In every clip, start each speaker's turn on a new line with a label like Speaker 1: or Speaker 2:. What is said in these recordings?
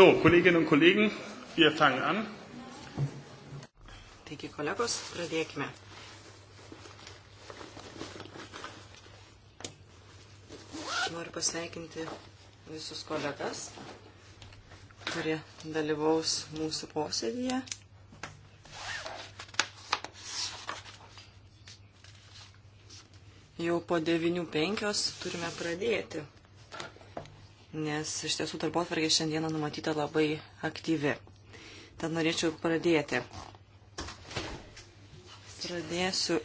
Speaker 1: So, Kolleginnen und Kollegen, wir fangen
Speaker 2: an. Taigi, kolegos, pradėkime. Noriu pasveikinti visus kolegas, kurie dalyvaus mūsų posėdėje. Jau po 9.5 turime pradėti nes iš tiesų darbo atvarkė šiandieną numatyta labai aktyvi. Tad norėčiau pradėti. Pradėsiu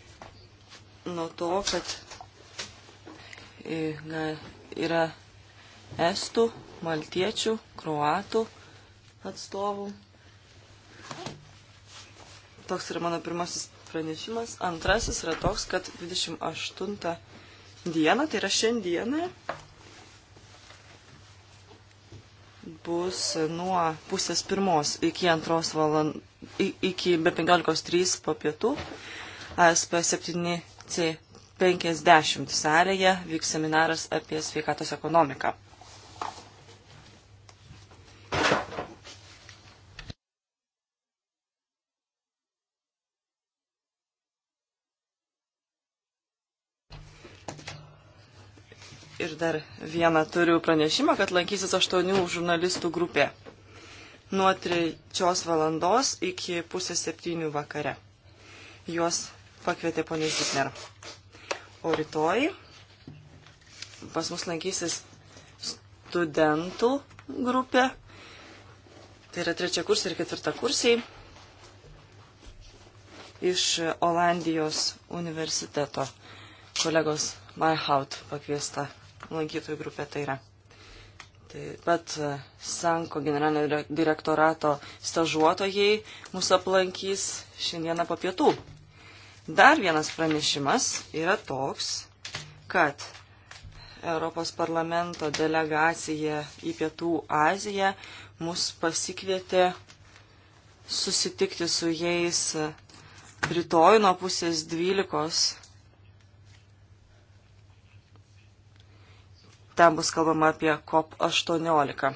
Speaker 2: nuo to, kad e, yra estų, maltiečių, kruatų atstovų. Toks yra mano pirmasis pranešimas. Antrasis yra toks, kad 28 dieną, tai yra šiandieną, bus nuo pusės pirmos iki antros valandos, iki be 15.03 po pietų, ASP 7C 50 salėje vyks seminaras apie sveikatos ekonomiką. Ir dar vieną turiu pranešimą, kad lankysis aštuonių žurnalistų grupė nuo trečios valandos iki pusės septynių vakare. Juos pakvietė ponė Zipner. O rytoj pas mus lankysis studentų grupė. Tai yra trečia kursai ir ketvirta kursiai iš Olandijos universiteto kolegos Myhout pakviesta lankytojų grupė tai yra. Taip pat e, Sanko generalinio direktorato stažuotojai mūsų aplankys šiandieną po pietų. Dar vienas pranešimas yra toks, kad Europos parlamento delegacija į Pietų Aziją mus pasikvietė susitikti su jais rytoj nuo pusės dvylikos Ten bus kalbama apie COP18.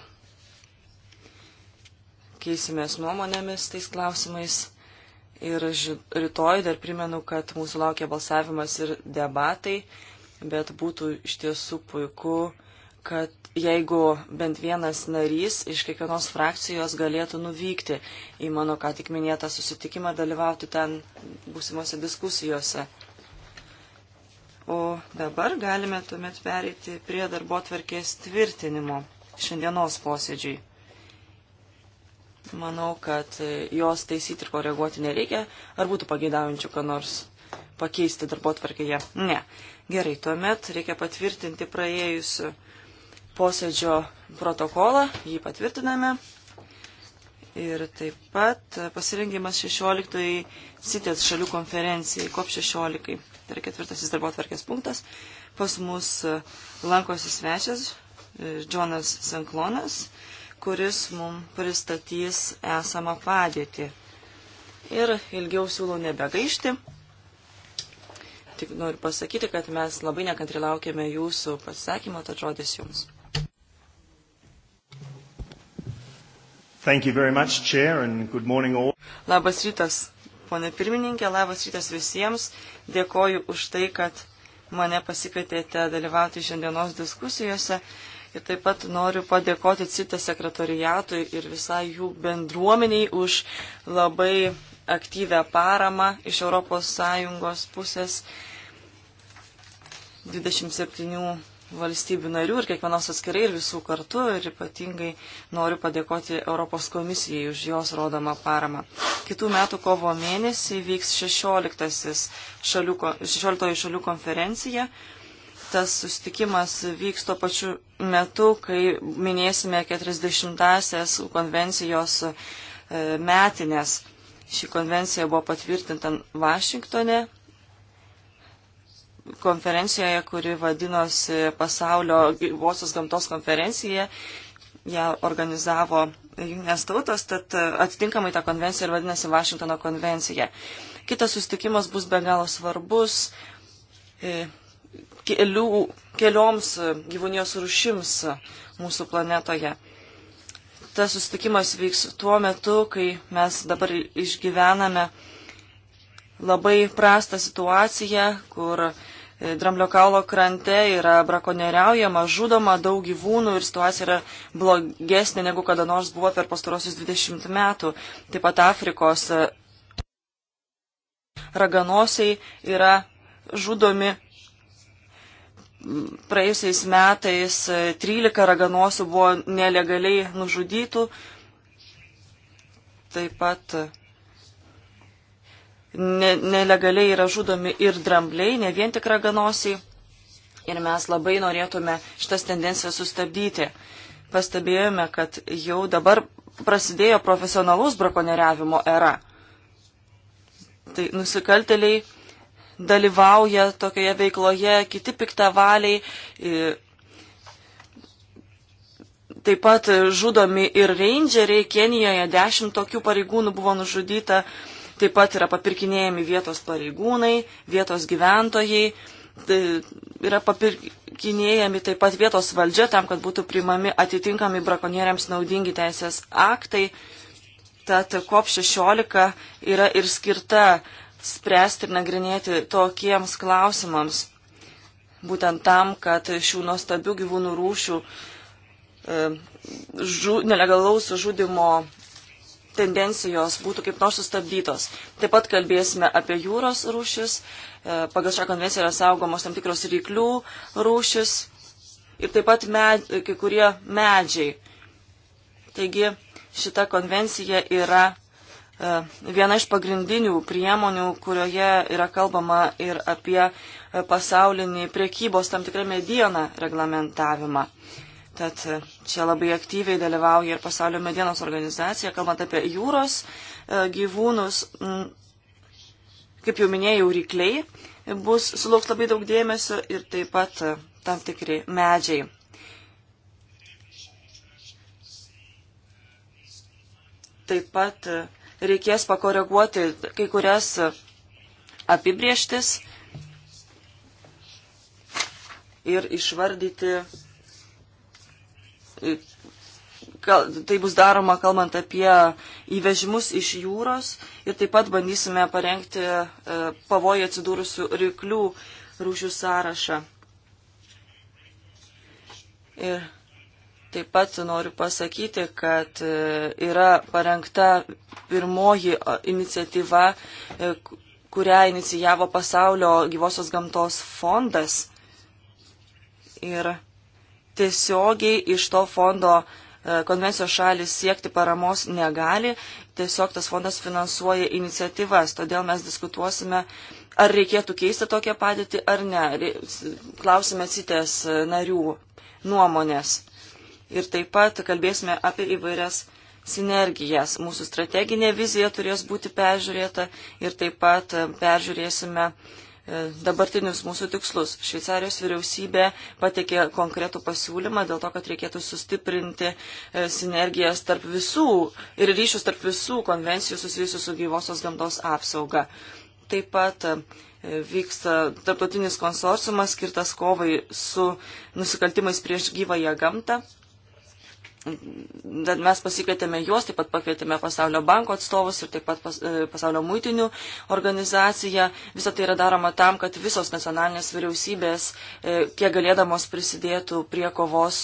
Speaker 2: Keisimės nuomonėmis tais klausimais. Ir rytoj dar primenu, kad mūsų laukia balsavimas ir debatai, bet būtų iš tiesų puiku, kad jeigu bent vienas narys iš kiekvienos frakcijos galėtų nuvykti į mano ką tik minėtą susitikimą, dalyvauti ten būsimose diskusijose. O dabar galime tuomet pereiti prie darbo tvarkės tvirtinimo šiandienos posėdžiui. Manau, kad jos taisyti ir koreguoti nereikia. Ar būtų pageidaujančių, ką nors pakeisti darbo tvarkėje? Ne. Gerai, tuomet reikia patvirtinti praėjusiu posėdžio protokolą. Jį patvirtiname. Ir taip pat pasirengimas 16 sitės šalių konferencijai, COP 16 tai yra ketvirtasis darbo atvarkės punktas, pas mus e, lankosi svečias e, Džonas Senklonas, kuris mums pristatys esamą padėtį. Ir ilgiau siūlau nebegaišti. Tik noriu pasakyti, kad mes labai nekantri laukiame jūsų pasisakymo, tad žodis jums.
Speaker 1: Thank you very much, Chair, and good morning all.
Speaker 2: Labas rytas, Pone pirmininkė, labas rytas visiems. Dėkoju už tai, kad mane pasikvietėte dalyvauti šiandienos diskusijose. Ir taip pat noriu padėkoti CITA sekretoriatui ir visai jų bendruomeniai už labai aktyvę paramą iš ES pusės 27 valstybių narių ir kiekvienos atskirai ir visų kartu ir ypatingai noriu padėkoti Europos komisijai už jos rodomą paramą. Kitų metų kovo mėnesį vyks 16, šalių, 16 šalių konferencija. Tas sustikimas vyks tuo pačiu metu, kai minėsime 40-asias konvencijos e, metinės. Ši konvencija buvo patvirtinta Vašingtone konferencijoje, kuri vadinosi Pasaulio gyvosios gamtos konferencija. Ja organizavo Junktinės tautos, tad atitinkamai ta konvencija ir vadinasi Vašingtono konvencija. Kitas sustikimas bus be galo svarbus e, kelių, kelioms gyvūnijos rušims mūsų planetoje. Tas sustikimas vyks tuo metu, kai mes dabar išgyvename labai prastą situaciją, kur Dramblio kaulo krante yra brakonieriaujama, žudoma daug gyvūnų ir situacija yra blogesnė negu kada nors buvo per pastarosius 20 metų. Taip pat Afrikos e, raganosiai yra žudomi. Praėjusiais metais 13 e, raganosių buvo nelegaliai nužudytų. Taip pat e, ne, nelegaliai yra žudomi ir drambliai, ne vien tik raganosiai. Ir mes labai norėtume šitas tendencijas sustabdyti. Pastebėjome, kad jau dabar prasidėjo profesionalus brakonieriavimo era. Tai nusikalteliai dalyvauja tokioje veikloje, kiti piktavaliai, taip pat žudomi ir rangeriai, Kenijoje dešimt tokių pareigūnų buvo nužudyta, Taip pat yra papirkinėjami vietos pareigūnai, vietos gyventojai, tai yra papirkinėjami taip pat vietos valdžia tam, kad būtų primami atitinkami brakonieriams naudingi teisės aktai. Tad COP16 yra ir skirta spręsti ir nagrinėti tokiems klausimams. Būtent tam, kad šių nuostabių gyvūnų rūšių e, žu, nelegalaus žudimo tendencijos būtų kaip nors sustabdytos. Taip pat kalbėsime apie jūros rūšis, e, pagal šią konvenciją yra saugomos tam tikros ryklių rūšis ir taip pat med, kai kurie medžiai. Taigi šita konvencija yra e, viena iš pagrindinių priemonių, kurioje yra kalbama ir apie pasaulinį priekybos tam tikrą medieną reglamentavimą. Tad čia labai aktyviai dalyvauja ir pasaulio medienos organizacija, kalbant apie jūros e, gyvūnus. Kaip jau minėjau, rykliai bus sulauks labai daug dėmesio ir taip pat e, tam tikri medžiai. Taip pat e, reikės pakoreguoti kai kurias apibrieštis ir išvardyti tai bus daroma kalbant apie įvežimus iš jūros ir taip pat bandysime parengti e, pavojų atsidūrusių ryklių rūšių sąrašą. Ir taip pat noriu pasakyti, kad e, yra parengta pirmoji e, iniciatyva, kurią inicijavo pasaulio gyvosios gamtos fondas. Ir tiesiogiai iš to fondo e, konvencijos šalis siekti paramos negali, tiesiog tas fondas finansuoja iniciatyvas, todėl mes diskutuosime, ar reikėtų keisti tokią padėtį ar ne. Klausime citės e, narių nuomonės. Ir taip pat kalbėsime apie įvairias sinergijas. Mūsų strateginė vizija turės būti peržiūrėta ir taip pat e, peržiūrėsime uh, E, dabartinius mūsų tikslus. Šveicarijos vyriausybė patikė konkretų pasiūlymą dėl to, kad reikėtų sustiprinti e, sinergijas tarp visų ir ryšius tarp visų konvencijų susijusių su gyvosios gamtos apsauga. Taip pat e, vyksta tarptautinis konsorciumas skirtas kovai su nusikaltimais prieš gyvąją gamtą. Bet mes pasikvietėme juos, taip pat pakvietėme pasaulio banko atstovus ir taip pat pas, e, pasaulio muitinių organizaciją. Visą tai yra daroma tam, kad visos nacionalinės vyriausybės, e, kiek galėdamos, prisidėtų prie kovos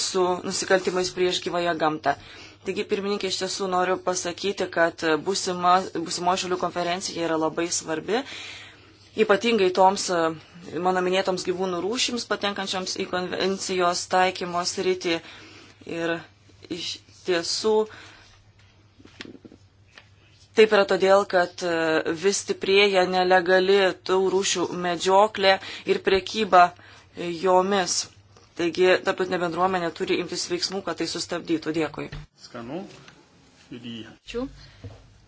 Speaker 2: su nusikaltimais prieš gyvąją gamtą. Taigi, pirmininkė, iš tiesų noriu pasakyti, kad būsimo, būsimo šalių konferencija yra labai svarbi, ypatingai toms e, mano minėtoms gyvūnų rūšims patenkančioms į konvencijos taikymos rytį. Ir iš tiesų taip yra todėl, kad e, vis stiprėja nelegali tų rūšių medžioklė ir prekyba e, jomis. Taigi, tarptautinė bendruomenė turi imtis veiksmų, kad tai sustabdytų. Dėkui. Skanu. Ačiū,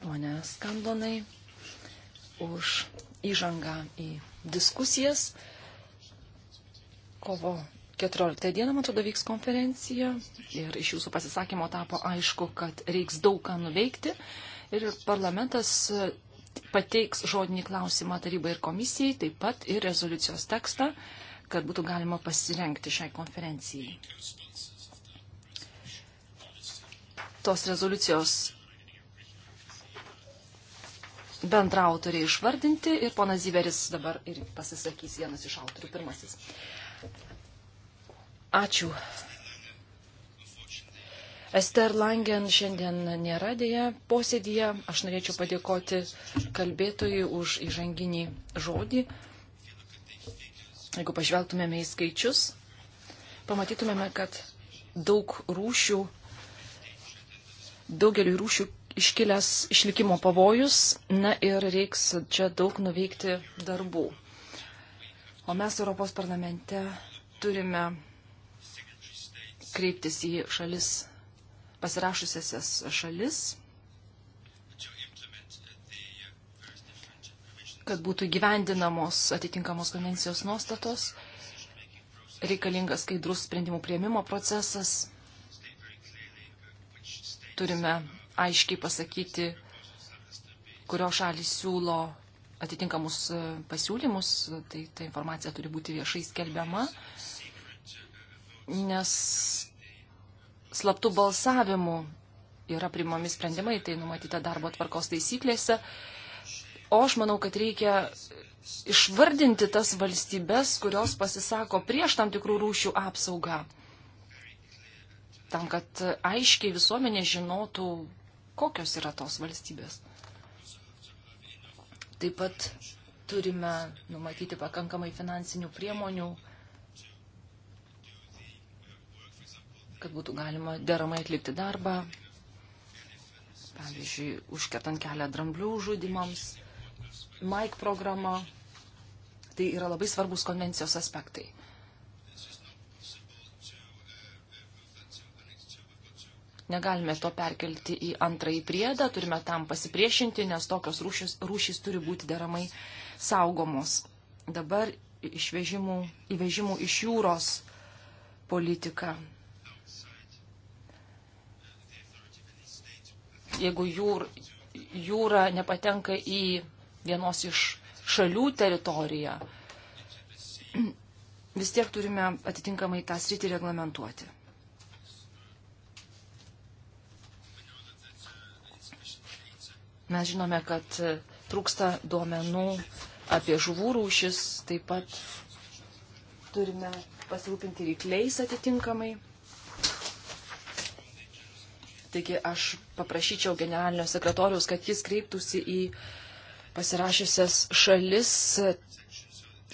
Speaker 3: ponė Skandonai, už įžangą į diskusijas. Kovo 14 dieną, man atrodo, vyks konferencija ir iš jūsų pasisakymo tapo aišku, kad reiks daug ką nuveikti ir parlamentas pateiks žodinį klausimą tarybai ir komisijai, taip pat ir rezoliucijos tekstą, kad būtų galima pasirengti šiai konferencijai. Tos rezoliucijos bendrautoriai išvardinti ir ponas Ziveris dabar ir pasisakys vienas iš autorių pirmasis. Uh, Ačiū. Ester Langen šiandien nėra dėja posėdėje. Aš norėčiau padėkoti kalbėtojui už įžanginį žodį. Jeigu pažvelgtumėme į skaičius, pamatytumėme, kad daug rūšių, daugeliu rūšių iškilęs išlikimo pavojus, na ir reiks čia daug nuveikti darbų. O mes Europos parlamente turime kreiptis į šalis, pasirašusiasias šalis, kad būtų gyvendinamos atitinkamos konvencijos nuostatos, reikalingas skaidrus sprendimų prieimimo procesas. Turime aiškiai pasakyti, kurio šalis siūlo atitinkamus e, pasiūlymus, tai ta informacija turi būti viešai skelbiama nes slaptų balsavimų yra primami sprendimai, tai numatyta darbo tvarkos taisyklėse. O aš manau, kad reikia išvardinti tas valstybės, kurios pasisako prieš tam tikrų rūšių apsaugą. Tam, kad aiškiai visuomenė žinotų, kokios yra tos valstybės. Taip pat turime numatyti pakankamai finansinių priemonių kad būtų galima deramai atlikti darbą, pavyzdžiui, užkertant kelią dramblių žudimams, Mike programa. Tai yra labai svarbus konvencijos aspektai. Negalime to perkelti į antrąjį priedą, turime tam pasipriešinti, nes tokios rūšys, rūšys turi būti deramai saugomos. Dabar išvežimų, įvežimų iš jūros politika jeigu jūr, jūra nepatenka į vienos iš šalių teritoriją, vis tiek turime atitinkamai tą sritį reglamentuoti. Mes žinome, kad trūksta duomenų apie žuvų rūšis, taip pat turime pasirūpinti rykliais atitinkamai. Taigi aš paprašyčiau generalinio sekretoriaus, kad jis kreiptųsi į pasirašysias šalis,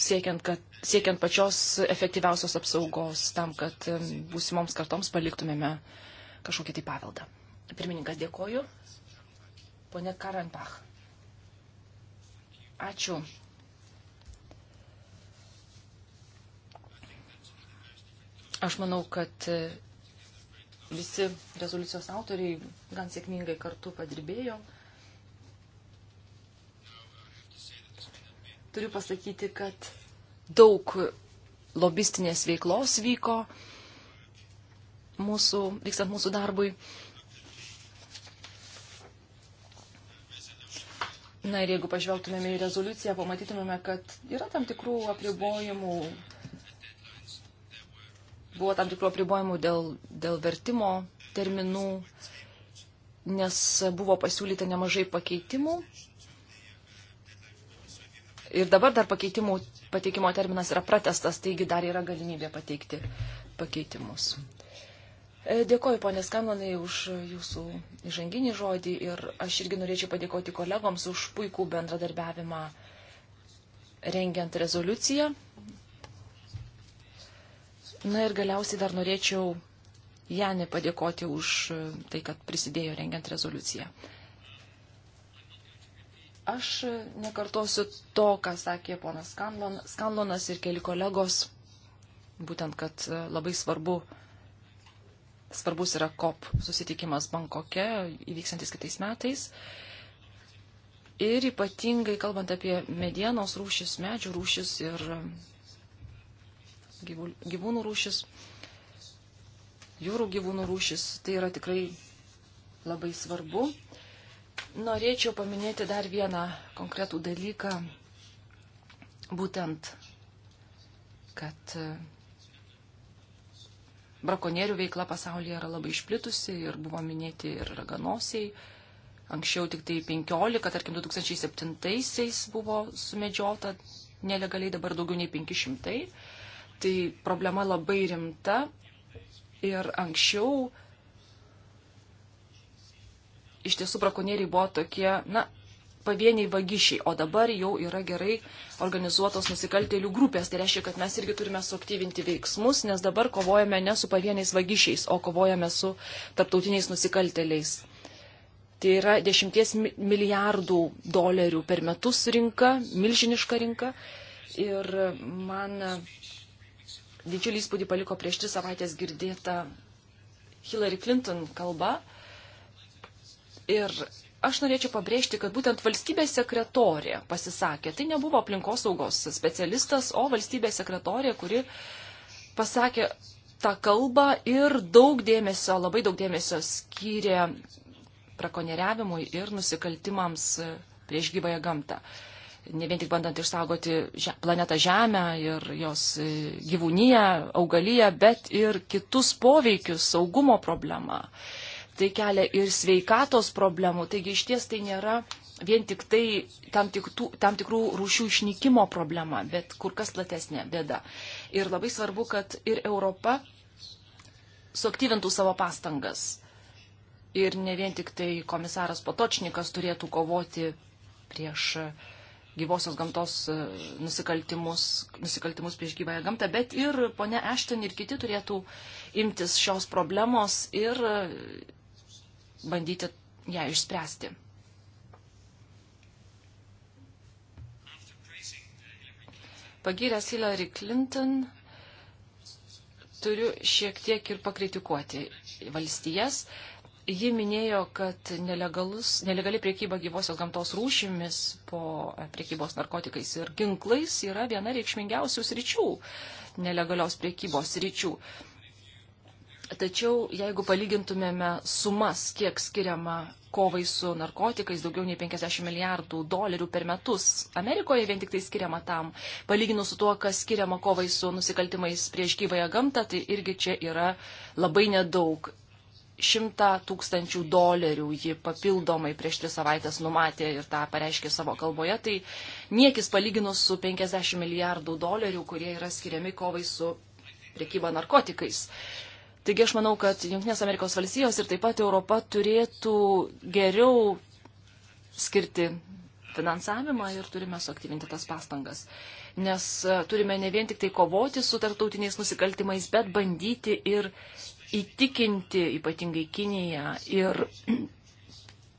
Speaker 3: siekiant, kad, siekiant pačios efektyviausios apsaugos, tam, kad būsimoms kartoms paliktumėme kažkokį tai paveldą. Pirmininkas, dėkoju. Pone Karanpach. Ačiū. Aš manau, kad visi rezoliucijos autoriai gan sėkmingai kartu padirbėjo. Turiu pasakyti, kad daug lobistinės veiklos vyko mūsų, vykstant mūsų darbui. Na ir jeigu pažvelgtumėme į rezoliuciją, pamatytumėme, kad yra tam tikrų apribojimų, buvo tam tikrų apribojimų dėl, dėl vertimo terminų, nes buvo pasiūlyta nemažai pakeitimų. Ir dabar dar pakeitimų pateikimo terminas yra pratestas, taigi dar yra galimybė pateikti pakeitimus. E, dėkoju, ponė Skanonai, už jūsų įžanginį žodį ir aš irgi norėčiau padėkoti kolegoms už puikų bendradarbiavimą rengiant rezoliuciją Na ir galiausiai dar norėčiau Janį padėkoti už tai, kad prisidėjo rengiant rezoliuciją. Aš nekartosiu to, ką sakė ponas Skanlon, Skanlonas ir keli kolegos, būtent, kad e, labai svarbu, svarbus yra COP susitikimas Bankoke, įvyksantis kitais metais. Ir ypatingai kalbant apie medienos rūšis, medžių rūšis ir gyvūnų rūšis, jūrų gyvūnų rūšis. Tai yra tikrai labai svarbu. Norėčiau paminėti dar vieną konkretų dalyką, būtent, kad brakonierių veikla pasaulyje yra labai išplitusi ir buvo minėti ir raganosiai. Anksčiau tik tai 15, tarkim 2007-aisiais buvo sumedžiota nelegaliai, dabar daugiau nei 500. Tai problema labai rimta ir anksčiau iš tiesų brakonieriai buvo tokie, na, pavieniai vagišiai, o dabar jau yra gerai organizuotos nusikaltėlių grupės. Tai reiškia, kad mes irgi turime suaktyvinti veiksmus, nes dabar kovojame ne su pavieniais vagišiais, o kovojame su tarptautiniais nusikaltėliais. Tai yra 10 milijardų dolerių per metus rinka, milžiniška rinka. Ir man didžiulį įspūdį paliko prieš tris savaitės girdėta Hillary Clinton kalba. Ir aš norėčiau pabrėžti, kad būtent valstybės sekretorė pasisakė. Tai nebuvo aplinkosaugos specialistas, o valstybės sekretorė, kuri pasakė tą kalbą ir daug dėmesio, labai daug dėmesio skyrė brakonieriavimui ir nusikaltimams prieš gyvąją gamtą. Uh, ne vien tik bandant išsaugoti planetą Žemę ir jos e, gyvūniją, augaliją, bet ir kitus poveikius, saugumo problemą. Tai kelia ir sveikatos problemų, taigi iš ties tai nėra vien tik tai tam, tiktų, tam tikrų rūšių išnykimo problema, bet kur kas platesnė bėda. Ir labai svarbu, kad ir Europa suaktyvintų savo pastangas. Ir ne vien tik tai komisaras Patočnikas turėtų kovoti prieš uh, gyvosios gamtos e, nusikaltimus, nusikaltimus prieš gyvąją gamtą, bet ir ponia Ešten ir kiti turėtų imtis šios problemos ir e, bandyti ją išspręsti. Pagyręs Hillary Clinton, turiu šiek tiek ir pakritikuoti valstijas. Ji minėjo, kad nelegali priekyba gyvosios gamtos rūšimis po e, priekybos narkotikais ir ginklais yra viena reikšmingiausių sričių, nelegalios priekybos sričių. Tačiau jeigu palygintumėme sumas, kiek skiriama kovai su narkotikais, daugiau nei 50 milijardų dolerių per metus, Amerikoje vien tik tai skiriama tam, palyginus su tuo, kas skiriama kovai su nusikaltimais prieš gyvąją gamtą, tai irgi čia yra labai nedaug. 100 tūkstančių dolerių ji papildomai prieš tris savaitės numatė ir tą pareiškė savo kalboje, tai niekis palyginus su 50 milijardų dolerių, kurie yra skiriami kovai su priekyba narkotikais. Taigi aš manau, kad Junktinės Amerikos valstijos ir taip pat Europa turėtų geriau skirti finansavimą ir turime suaktyvinti tas pastangas. Nes e, turime ne vien tik tai kovoti su tarptautiniais nusikaltimais, bet bandyti ir įtikinti ypatingai Kiniją ir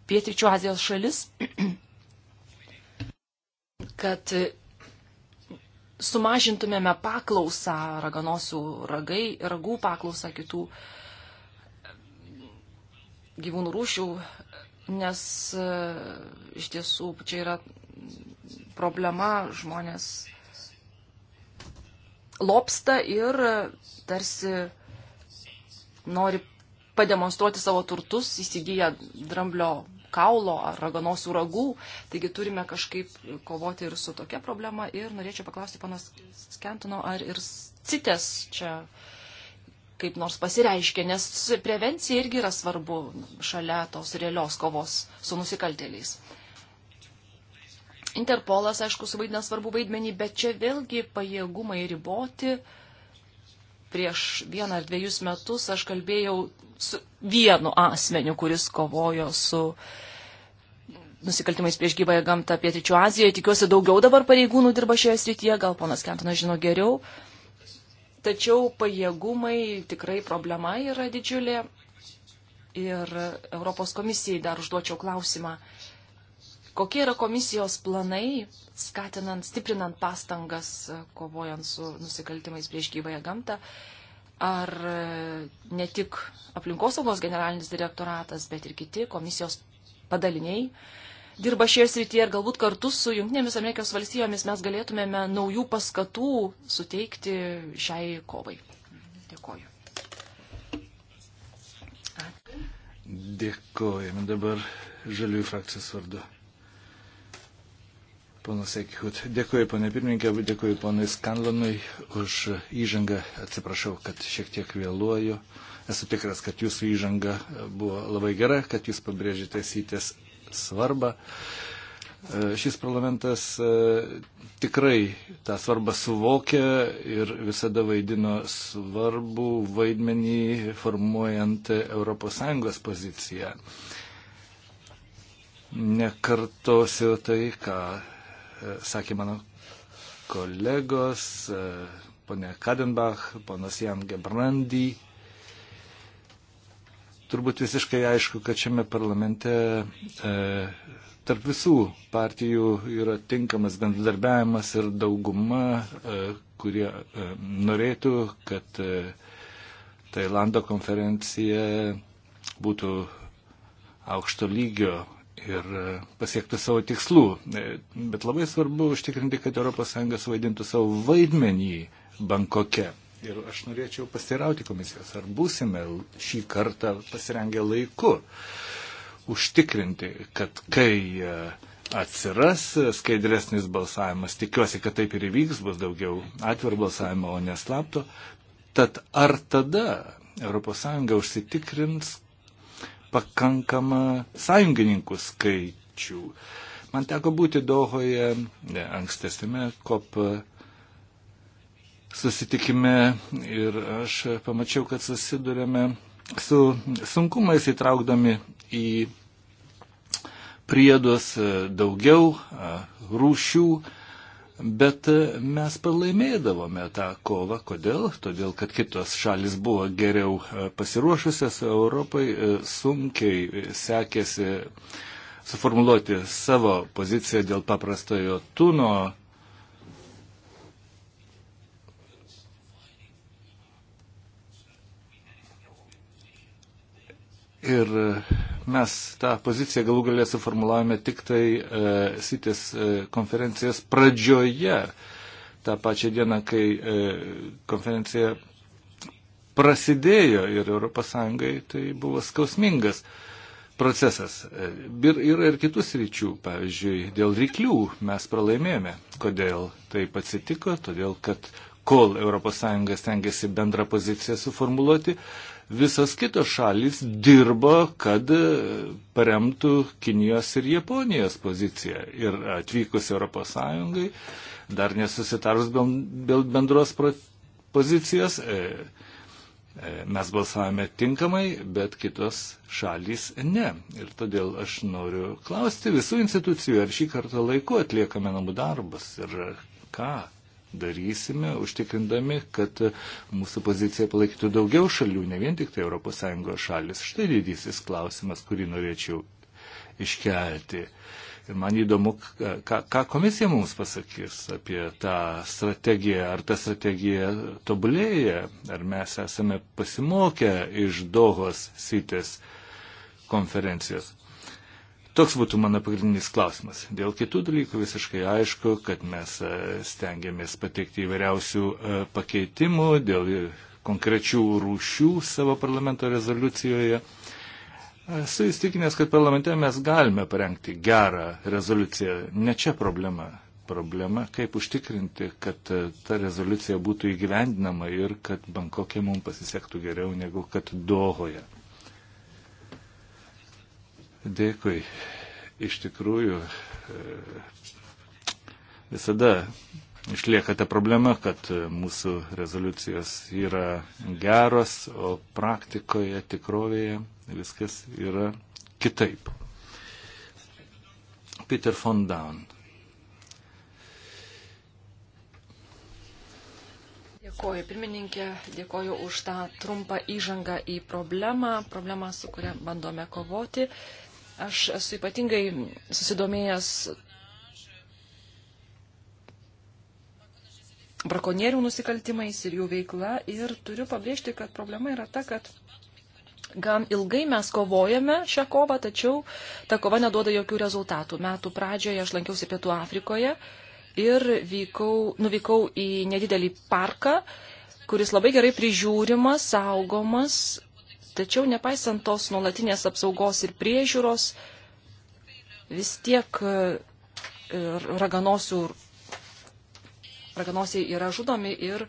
Speaker 3: Pietričių Azijos šalis, kad sumažintumėme paklausą raganosių ragai, ragų paklausą kitų gyvūnų rūšių, nes e, iš tiesų čia yra problema, žmonės lopsta ir e, tarsi nori pademonstruoti savo turtus, įsigyja dramblio kaulo ar raganosių ragų. Taigi turime kažkaip kovoti ir su tokia problema. Ir norėčiau paklausti panas Skentino, ar ir citės čia kaip nors pasireiškia, nes prevencija irgi yra svarbu šalia tos realios kovos su nusikaltėliais. Interpolas, aišku, suvaidina svarbu vaidmenį, bet čia vėlgi pajėgumai riboti, uh, prieš vieną ar dviejus metus aš kalbėjau su vienu asmeniu, kuris kovojo su nusikaltimais prieš gyvąją gamtą Pietričių Azijoje. Tikiuosi, daugiau dabar pareigūnų dirba šioje srityje, gal ponas Kentonas žino geriau. Tačiau pajėgumai tikrai problema yra didžiulė. Ir Europos komisijai dar užduočiau klausimą. Kokie yra komisijos planai, skatinant, stiprinant pastangas, e, kovojant su nusikaltimais prieš gyvąją gamtą? Ar e, ne tik aplinkosaugos generalinis direktoratas, bet ir kiti komisijos padaliniai dirba šioje srityje ir galbūt kartu su Junktinėmis Amerikos valstijomis mes galėtumėme naujų paskatų suteikti šiai kovai. Dėkoju.
Speaker 4: Dėkojame dabar žaliųjų frakcijos vardu. Ponas Eikut, dėkuoju ponė pirmininkė, dėkuoju ponui Skanlanui už įžangą. Atsiprašau, kad šiek tiek vėluoju. Esu tikras, kad jūsų įžanga buvo labai gera, kad jūs pabrėžėte sytės svarbą. Šis parlamentas e, tikrai tą svarbą suvokia ir visada vaidino svarbų vaidmenį formuojant ES poziciją. Nekartosiu tai, ką E, sakė mano kolegos, e, ponė Kadenbach, ponas Jan Gebrandy. Turbūt visiškai aišku, kad šiame parlamente e, tarp visų partijų yra tinkamas bendradarbiavimas ir dauguma, e, kurie e, norėtų, kad e, Tailando konferencija būtų aukšto lygio ir e, pasiektų savo tikslų. E, bet labai svarbu užtikrinti, kad ES vaidintų savo vaidmenį Bankoke. Ir aš norėčiau pasirauti komisijos, ar būsime šį kartą pasirengę laiku užtikrinti, kad kai e, atsiras skaidresnis balsavimas, tikiuosi, kad taip ir įvyks, bus daugiau atvir balsavimo, o neslapto, tad ar tada ES užsitikrins, pakankamą sąjungininkų skaičių. Man teko būti Dohoje ankstesnėme COP susitikime ir aš pamačiau, kad susidurėme su sunkumais įtraukdami į priedus e, daugiau e, rūšių Bet e, mes pralaimėdavome tą kovą. Kodėl? Todėl, kad kitos šalis buvo geriau e, pasiruošusios, Europai e, sunkiai sekėsi suformuluoti savo poziciją dėl paprastojo tuno Ir e, mes tą poziciją galų galę suformulavome tik tai e, sitės e, konferencijos pradžioje, tą pačią dieną, kai e, konferencija prasidėjo ir ES tai buvo skausmingas procesas. E, ir yra ir kitus ryčių, pavyzdžiui, dėl ryklių mes pralaimėjome. Kodėl taip atsitiko? Todėl, kad kol ES stengiasi bendrą poziciją suformuluoti, Visas kitos šalis dirbo, kad paremtų Kinijos ir Japonijos poziciją. Ir atvykus ES dar nesusitarus bendros pozicijos. E, e, mes balsavome tinkamai, bet kitos šalys ne. Ir todėl aš noriu klausti visų institucijų, ar šį kartą laiku atliekame namų darbus ir ką darysime, užtikrindami, kad mūsų poziciją palaikytų daugiau šalių, ne vien tik tai ES šalis. Štai didysis klausimas, kurį norėčiau iškelti. Ir man įdomu, ką, ką komisija mums pasakys apie tą strategiją, ar ta strategija tobulėja, ar mes esame pasimokę iš Dohos sitės konferencijos. Toks būtų mano pagrindinis klausimas. Dėl kitų dalykų visiškai aišku, kad mes e, stengiamės pateikti įvairiausių e, pakeitimų dėl konkrečių rūšių savo parlamento rezoliucijoje. E, esu įstikinęs, kad parlamente mes galime parengti gerą rezoliuciją. Ne čia problema. Problema, kaip užtikrinti, kad ta rezoliucija būtų įgyvendinama ir kad Bankokė mums pasisektų geriau negu kad Dohoje. Dėkui. Iš tikrųjų, e, visada išlieka ta problema, kad mūsų rezoliucijos yra geros, o praktikoje, tikrovėje viskas yra kitaip. Peter von Down.
Speaker 3: Dėkoju pirmininkė, dėkoju už tą trumpą įžangą į problemą, problemą, su kuria bandome kovoti. Aš esu ypatingai susidomėjęs brakonierių nusikaltimais ir jų veikla ir turiu pabrėžti, kad problema yra ta, kad gan ilgai mes kovojame šią kovą, tačiau ta kova neduoda jokių rezultatų. Metų pradžioje aš lankiausi Pietų Afrikoje ir vykau, nuvykau į nedidelį parką, kuris labai gerai prižiūrimas, saugomas Tačiau nepaisant tos nuolatinės apsaugos ir priežiūros, vis tiek e, raganosių, raganosiai yra žudomi ir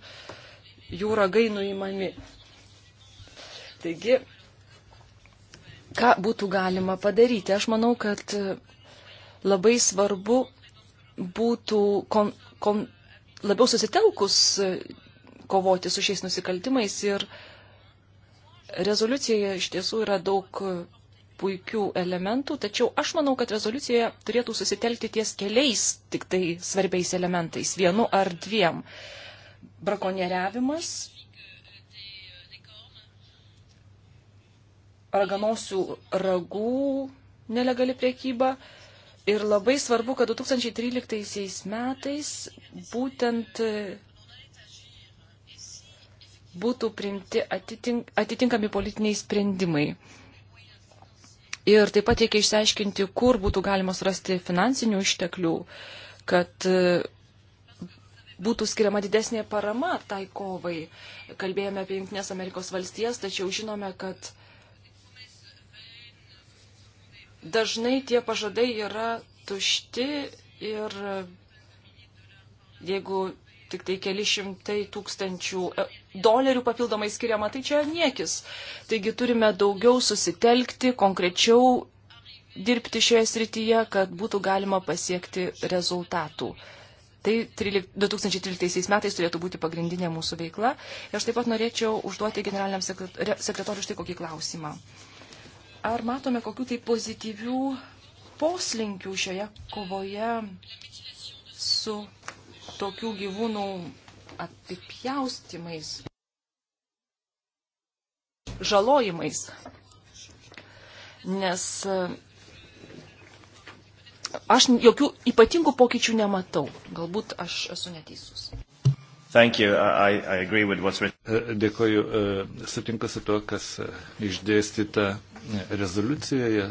Speaker 3: jų ragai nuimami. Taigi, ką būtų galima padaryti? Aš manau, kad e, labai svarbu būtų kon, kon, labiau susitelkus e, kovoti su šiais nusikaltimais ir uh, Rezoliucijoje iš tiesų yra daug puikių elementų, tačiau aš manau, kad rezoliucijoje turėtų susitelkti ties keliais tik tai svarbiais elementais, vienu ar dviem. Brakonieriavimas, raganosių ragų nelegali priekyba ir labai svarbu, kad 2013 metais būtent būtų priimti atitink, atitinkami politiniai sprendimai. Ir taip pat reikia išsiaiškinti, kur būtų galima surasti finansinių išteklių, kad e, būtų skiriama didesnė parama tai kovai. Kalbėjome apie Junktinės Amerikos valstijas, tačiau žinome, kad dažnai tie pažadai yra tušti ir jeigu tik tai keli šimtai tūkstančių e- dolerių papildomai skiriama, tai čia niekis. Taigi turime daugiau susitelkti, konkrečiau dirbti šioje srityje, kad būtų galima pasiekti rezultatų. Tai 2013 metais turėtų būti pagrindinė mūsų veikla. Ir aš taip pat norėčiau užduoti generaliniam sekretoriui štai kokį klausimą. Ar matome kokių tai pozityvių poslinkių šioje kovoje su tokių gyvūnų apipjaustimais, žalojimais. Nes e, aš jokių ypatingų pokyčių nematau. Galbūt aš esu neteisus.
Speaker 4: Thank you. I, I agree with what's written. E, dėkoju. E, sutinku su to, kas išdėstyta rezoliucijoje.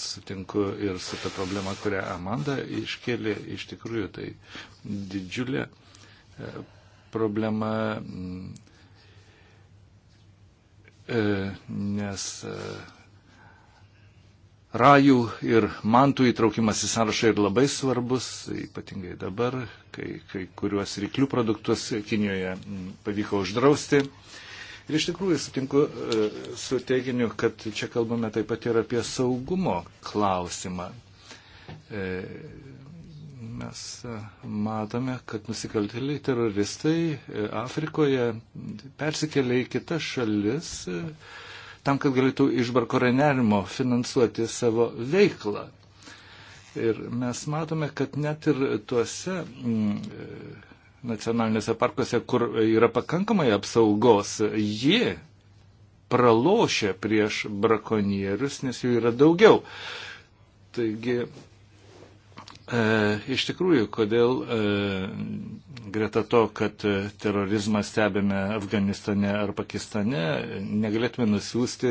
Speaker 4: Sutinku ir su ta problema, kurią Amanda iškėlė. Iš tikrųjų, tai didžiulė problema, mm, e, nes e, rajų ir mantų įtraukimas į sąrašą ir labai svarbus, ypatingai dabar, kai, kai kuriuos ryklių produktus Kinijoje mm, pavyko uždrausti. Ir iš tikrųjų sutinku e, su teiginiu, kad čia kalbame taip pat ir apie saugumo klausimą. Mes e, matome, kad nusikaltėliai teroristai e, Afrikoje persikelia į kitas šalis e, tam, kad galėtų iš barkorenerimo finansuoti savo veiklą. Ir mes matome, kad net ir tuose mm, nacionalinėse parkuose, kur yra pakankamai apsaugos, jie pralošia prieš brakonierius, nes jų yra daugiau. Taigi E, iš tikrųjų, kodėl e, greta to, kad e, terorizmą stebime Afganistane ar Pakistane, negalėtume nusiųsti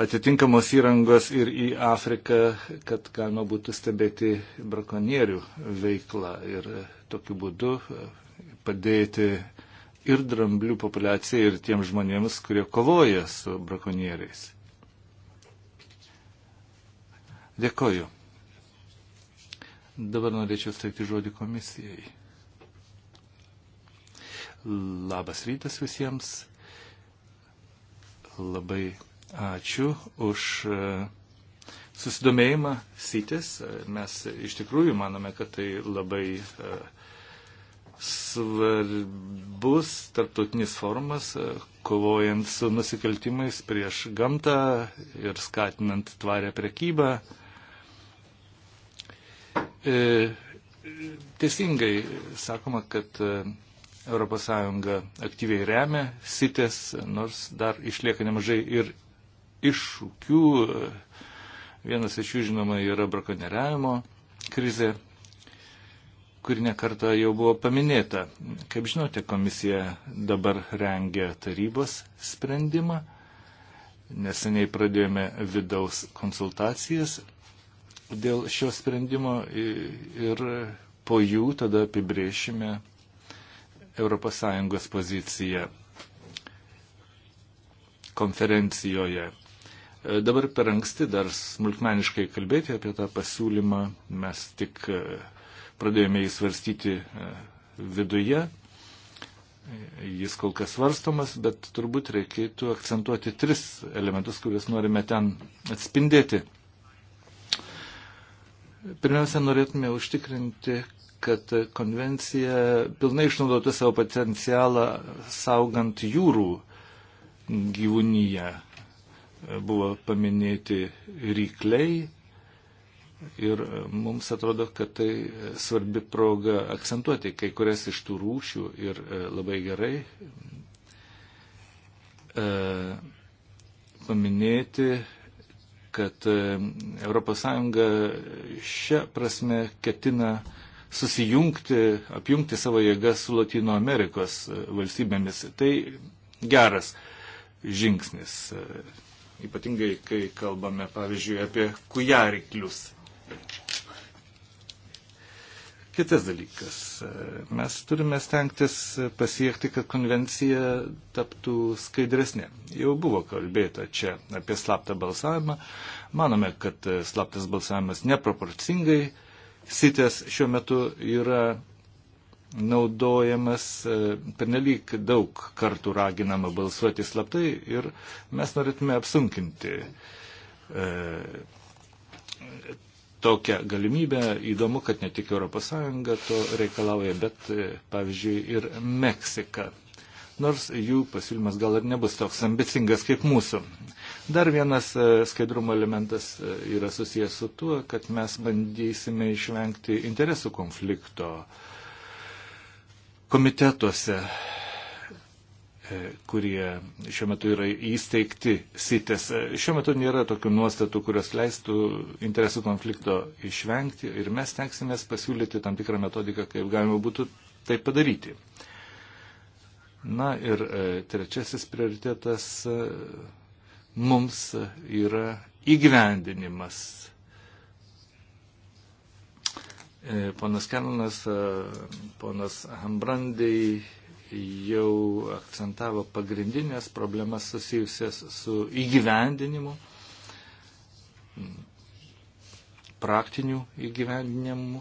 Speaker 4: atitinkamos įrangos ir į Afriką, kad galima būtų stebėti brakonierių veiklą ir tokiu būdu padėti ir dramblių populiacijai, ir tiem žmonėms, kurie kovoja su brakonieriais. Dėkoju. Dabar norėčiau steigti žodį komisijai. Labas rytas visiems. Labai ačiū už e, susidomėjimą sitis. Mes iš tikrųjų manome, kad tai labai e, svarbus tarptautinis forumas, e, kovojant su nusikaltimais prieš gamtą ir skatinant tvarę prekybą. E, teisingai sakoma, kad ES aktyviai remia sitės, nors dar išlieka nemažai ir iššūkių. E, vienas iš jų, žinoma, yra brakonieriavimo krizė, kuri nekarta jau buvo paminėta. Kaip žinote, komisija dabar rengia tarybos sprendimą. Neseniai pradėjome vidaus konsultacijas dėl šio sprendimo ir po jų tada apibrėšime ES poziciją konferencijoje. E, dabar per anksti dar smulkmeniškai kalbėti apie tą pasiūlymą. Mes tik e, pradėjome jį svarstyti e, viduje. Jis kol kas svarstomas, bet turbūt reikėtų akcentuoti tris elementus, kuriuos norime ten atspindėti. Pirmiausia, norėtume užtikrinti, kad konvencija pilnai išnaudotų savo potencialą saugant jūrų gyvūnyje. Buvo paminėti rykliai ir mums atrodo, kad tai svarbi proga akcentuoti kai kurias iš tų rūšių ir e, labai gerai e, paminėti kad ES šią prasme ketina susijungti, apjungti savo jėgas su Latino Amerikos e, valstybėmis. Tai geras žingsnis, e, ypatingai kai kalbame, pavyzdžiui, apie kujariklius. Kitas dalykas. Mes turime stengtis pasiekti, kad konvencija taptų skaidresnė. Jau buvo kalbėta čia apie slaptą balsavimą. Manome, kad slaptas balsavimas neproporcingai sitės šiuo metu yra naudojamas pernelyg daug kartų raginama balsuoti slaptai ir mes norėtume apsunkinti tokią galimybę. Įdomu, kad ne tik ES to reikalauja, bet e, pavyzdžiui ir Meksika. Nors jų pasiūlymas gal ir nebus toks ambicingas kaip mūsų. Dar vienas e, skaidrumo elementas e, yra susijęs su tuo, kad mes bandysime išvengti interesų konflikto komitetuose E, kurie šiuo metu yra įsteigti sitės. E, šiuo metu nėra tokių nuostatų, kurios leistų interesų konflikto išvengti ir mes tenksimės pasiūlyti tam tikrą metodiką, kaip galima būtų tai padaryti. Na ir e, trečiasis prioritetas mums yra įgyvendinimas. Ponas Kernas, ponas Hambrandai jau akcentavo pagrindinės problemas susijusias su įgyvendinimu, praktiniu įgyvendinimu.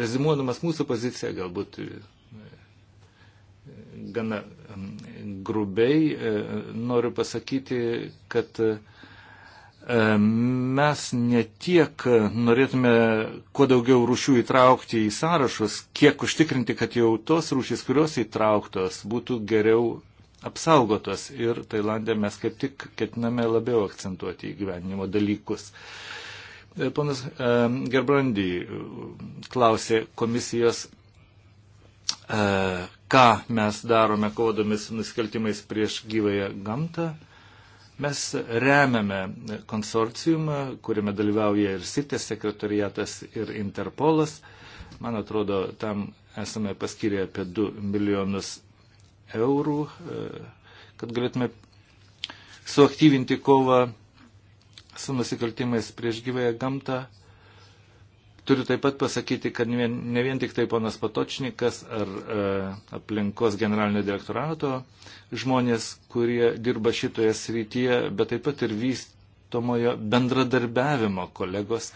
Speaker 4: Rezimuodamas mūsų poziciją, galbūt e, gana grubiai, e, noriu pasakyti, kad E, mes ne tiek norėtume kuo daugiau rūšių įtraukti į sąrašus, kiek užtikrinti, kad jau tos rūšys, kurios įtrauktos, būtų geriau apsaugotos. Ir Tailandė mes kaip tik ketiname labiau akcentuoti įgyvenimo dalykus. E, ponas e, Gerbrandy klausė komisijos, ką mes darome kovodami su nusikaltimais prieš gyvąją gamtą. Mes remiame konsorciumą, kuriame dalyvauja ir SITES sekretariatas ir Interpolas. Man atrodo, tam esame paskyrę apie 2 milijonus eurų, e, kad galėtume suaktyvinti kovą su nusikaltimais prieš gyvąją gamtą. Turiu taip pat pasakyti, kad ne vien tik tai ponas Patočnikas ar e, aplinkos generalinio direktorato žmonės, kurie dirba šitoje srityje, bet taip pat ir vystomojo bendradarbiavimo kolegos,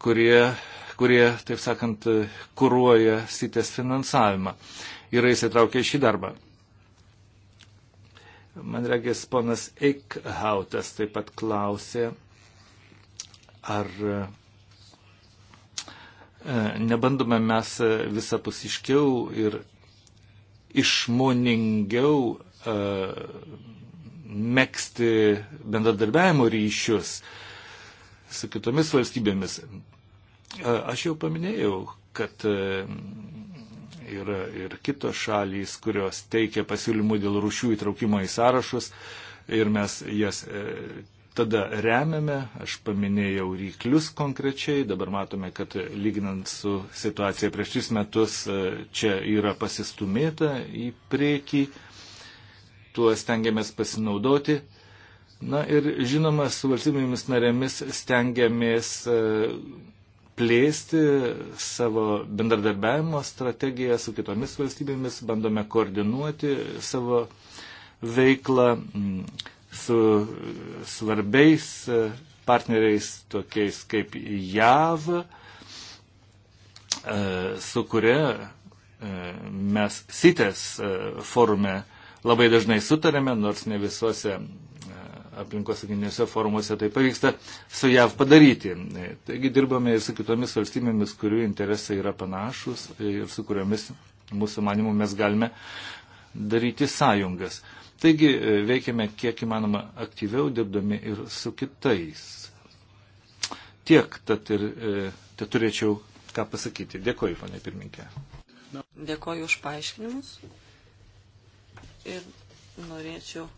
Speaker 4: kurie, kurie taip sakant, kūruoja sitės finansavimą, yra įsitraukę į šį darbą. Man regis, ponas Eichhautas taip pat klausė, ar E, nebandome mes e, visapusiškiau ir išmoningiau e, mėgsti bendradarbiavimo ryšius su kitomis valstybėmis. Aš jau paminėjau, kad yra ir kitos šalys, kurios teikia pasiūlymų dėl rušių įtraukimo į sąrašus ir mes jas tada remiame, aš paminėjau ryklius konkrečiai, dabar matome, kad lyginant su situacija prieš tris metus e, čia yra pasistumėta į priekį, tuo stengiamės pasinaudoti. Na ir žinoma, su valstybėmis narėmis stengiamės e, plėsti savo bendradarbiavimo strategiją su kitomis valstybėmis, bandome koordinuoti savo veiklą. M, mm su svarbiais e, partneriais tokiais kaip JAV, e, su kuria e, mes sitės forume labai dažnai sutarėme, nors ne visose aplinkosauginėse forumuose tai pavyksta su JAV padaryti. Taigi dirbame ir su kitomis valstybėmis, kurių interesai yra panašus ir su kuriomis mūsų manimų mes galime daryti sąjungas. Uh, Taigi e, veikiame kiek įmanoma aktyviau dirbdami ir su kitais. Tiek, tad ir te turėčiau ką pasakyti. Dėkoju, panė pirminkė.
Speaker 2: Dėkoju už paaiškinimus. Ir norėčiau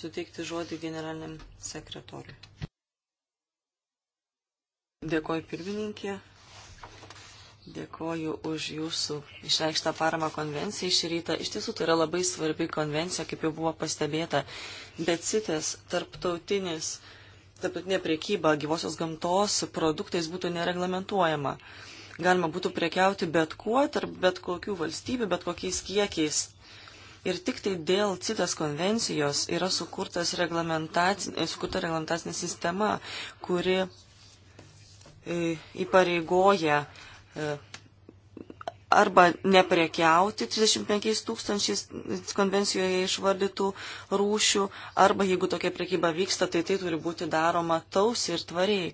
Speaker 2: suteikti žodį generaliniam sekretoriui. Dėkoju pirmininkė, Dėkoju už jūsų išreikštą paramą konvencijai šį rytą. Iš tiesų, tai yra labai svarbi konvencija, kaip jau buvo pastebėta. Bet sitės tarptautinis, tarptautinė priekyba gyvosios gamtos produktais būtų nereglamentuojama. Galima būtų priekiauti bet kuo, tarp bet kokių valstybių, bet kokiais kiekiais. Ir tik tai dėl CITES konvencijos yra sukurta reglamentacinė sistema, kuri e, įpareigoja E, arba neprekiauti 35 tūkstančiais konvencijoje išvardytų rūšių, arba jeigu tokia prekyba vyksta, tai tai turi būti daroma tausiai ir tvariai.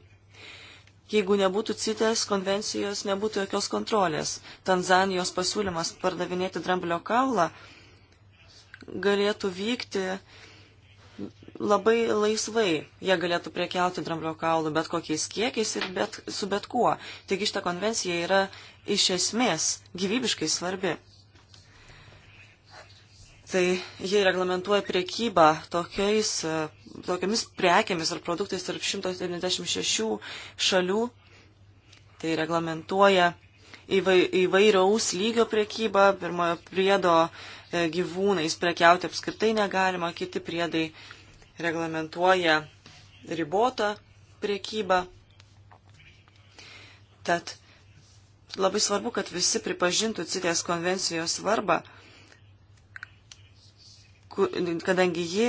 Speaker 2: Jeigu nebūtų CITES konvencijos, nebūtų jokios kontrolės. Tanzanijos pasiūlymas pardavinėti dramblio kaulą galėtų vykti labai laisvai. Jie galėtų priekiauti dramblio kaulų bet kokiais kiekiais ir bet, su bet kuo. Taigi šita konvencija yra iš esmės gyvybiškai svarbi. Tai jie reglamentuoja priekybą tokiais, e, tokiamis prekiamis ar produktais tarp 176 šalių. Tai reglamentuoja įvairiaus lygio priekybą, pirmojo priedo e, gyvūnais prekiauti apskritai negalima, kiti priedai reglamentuoja ribotą priekybą. Tad labai svarbu, kad visi pripažintų CITES konvencijos svarbą, kadangi ji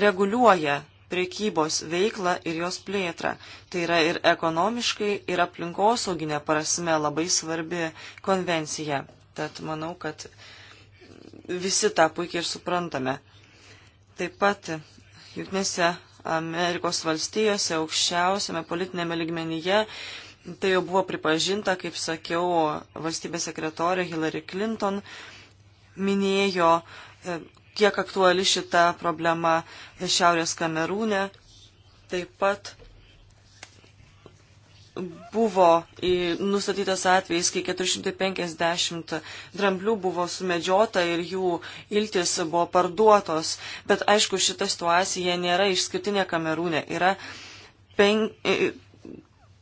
Speaker 2: reguliuoja priekybos veiklą ir jos plėtrą. Tai yra ir ekonomiškai, ir aplinkosauginė prasme labai svarbi konvencija. Tad manau, kad visi tą puikiai ir suprantame. Taip pat Junktinėse Amerikos valstijose aukščiausiame politinėme ligmenyje. Tai jau buvo pripažinta, kaip sakiau, valstybės sekretorė Hillary Clinton minėjo, e, kiek aktuali šita problema Šiaurės Kamerūne. Taip pat buvo nustatytas atvejis, kai 450 dramblių buvo sumedžiota ir jų iltis buvo parduotos. Bet aišku, šita situacija nėra išskirtinė kamerūne. Yra pen... E,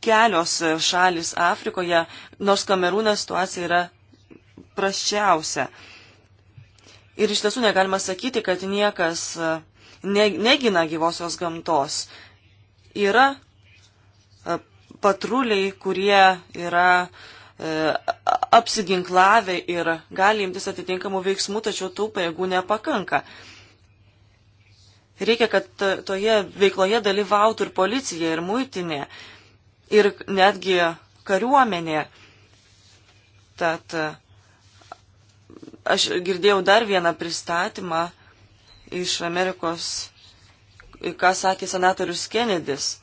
Speaker 2: kelios šalis Afrikoje, nors kamerūne situacija yra prasčiausia. Ir iš tiesų negalima sakyti, kad niekas e, ne, negina gyvosios gamtos. Yra patruliai, kurie yra e, apsiginklavę ir gali imtis atitinkamų veiksmų, tačiau tų pajėgų nepakanka. Reikia, kad toje veikloje dalyvautų ir policija, ir muitinė, ir netgi kariuomenė. Tad aš girdėjau dar vieną pristatymą iš Amerikos, ką sakė senatorius Kennedys.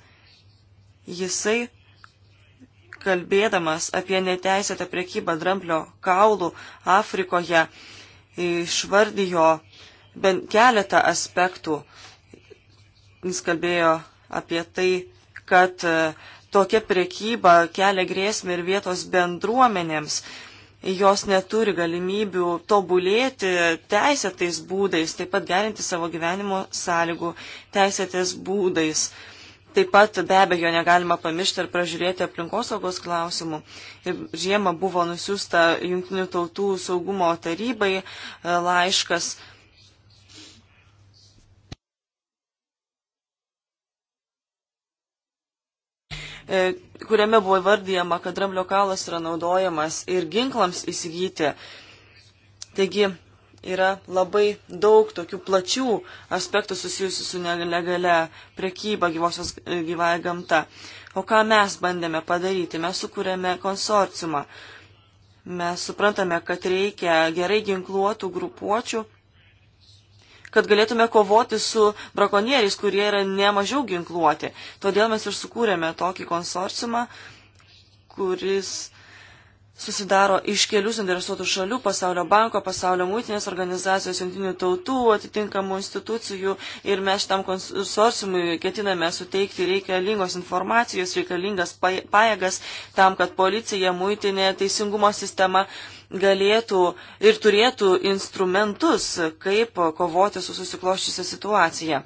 Speaker 2: Jisai kalbėdamas apie neteisėtą priekybą dramblio kaulų Afrikoje, išvardijo bent keletą aspektų. Jis kalbėjo apie tai, kad e, tokia priekyba kelia grėsmę ir vietos bendruomenėms. Jos neturi galimybių tobulėti teisėtais būdais, taip pat gerinti savo gyvenimo sąlygų teisėtais būdais. Taip pat be abejo negalima pamiršti ir pražiūrėti aplinkosaugos klausimų. Ir žiemą buvo nusiųsta Junktinių tautų saugumo tarybai e, laiškas. E, kuriame buvo įvardyjama, kad Dramblio kalas yra naudojamas ir ginklams įsigyti. Taigi yra labai daug tokių plačių aspektų susijusių su nelegale prekyba gyvosios e, gyvąją gamtą. O ką mes bandėme padaryti? Mes sukūrėme konsorciumą. Mes suprantame, kad reikia gerai ginkluotų grupuočių, kad galėtume kovoti su brakonieriais, kurie yra nemažiau ginkluoti. Todėl mes ir sukūrėme tokį konsorciumą, kuris uh, susidaro iš kelių suinteresuotų šalių - pasaulio banko, pasaulio mūtinės organizacijos, jungtinių tautų, atitinkamų institucijų ir mes šitam konsorciumui ketiname suteikti reikalingos informacijos, reikalingas pajėgas tam, kad policija, mūtinė, teisingumo sistema galėtų ir turėtų instrumentus, kaip kovoti su susikloščiusią situaciją.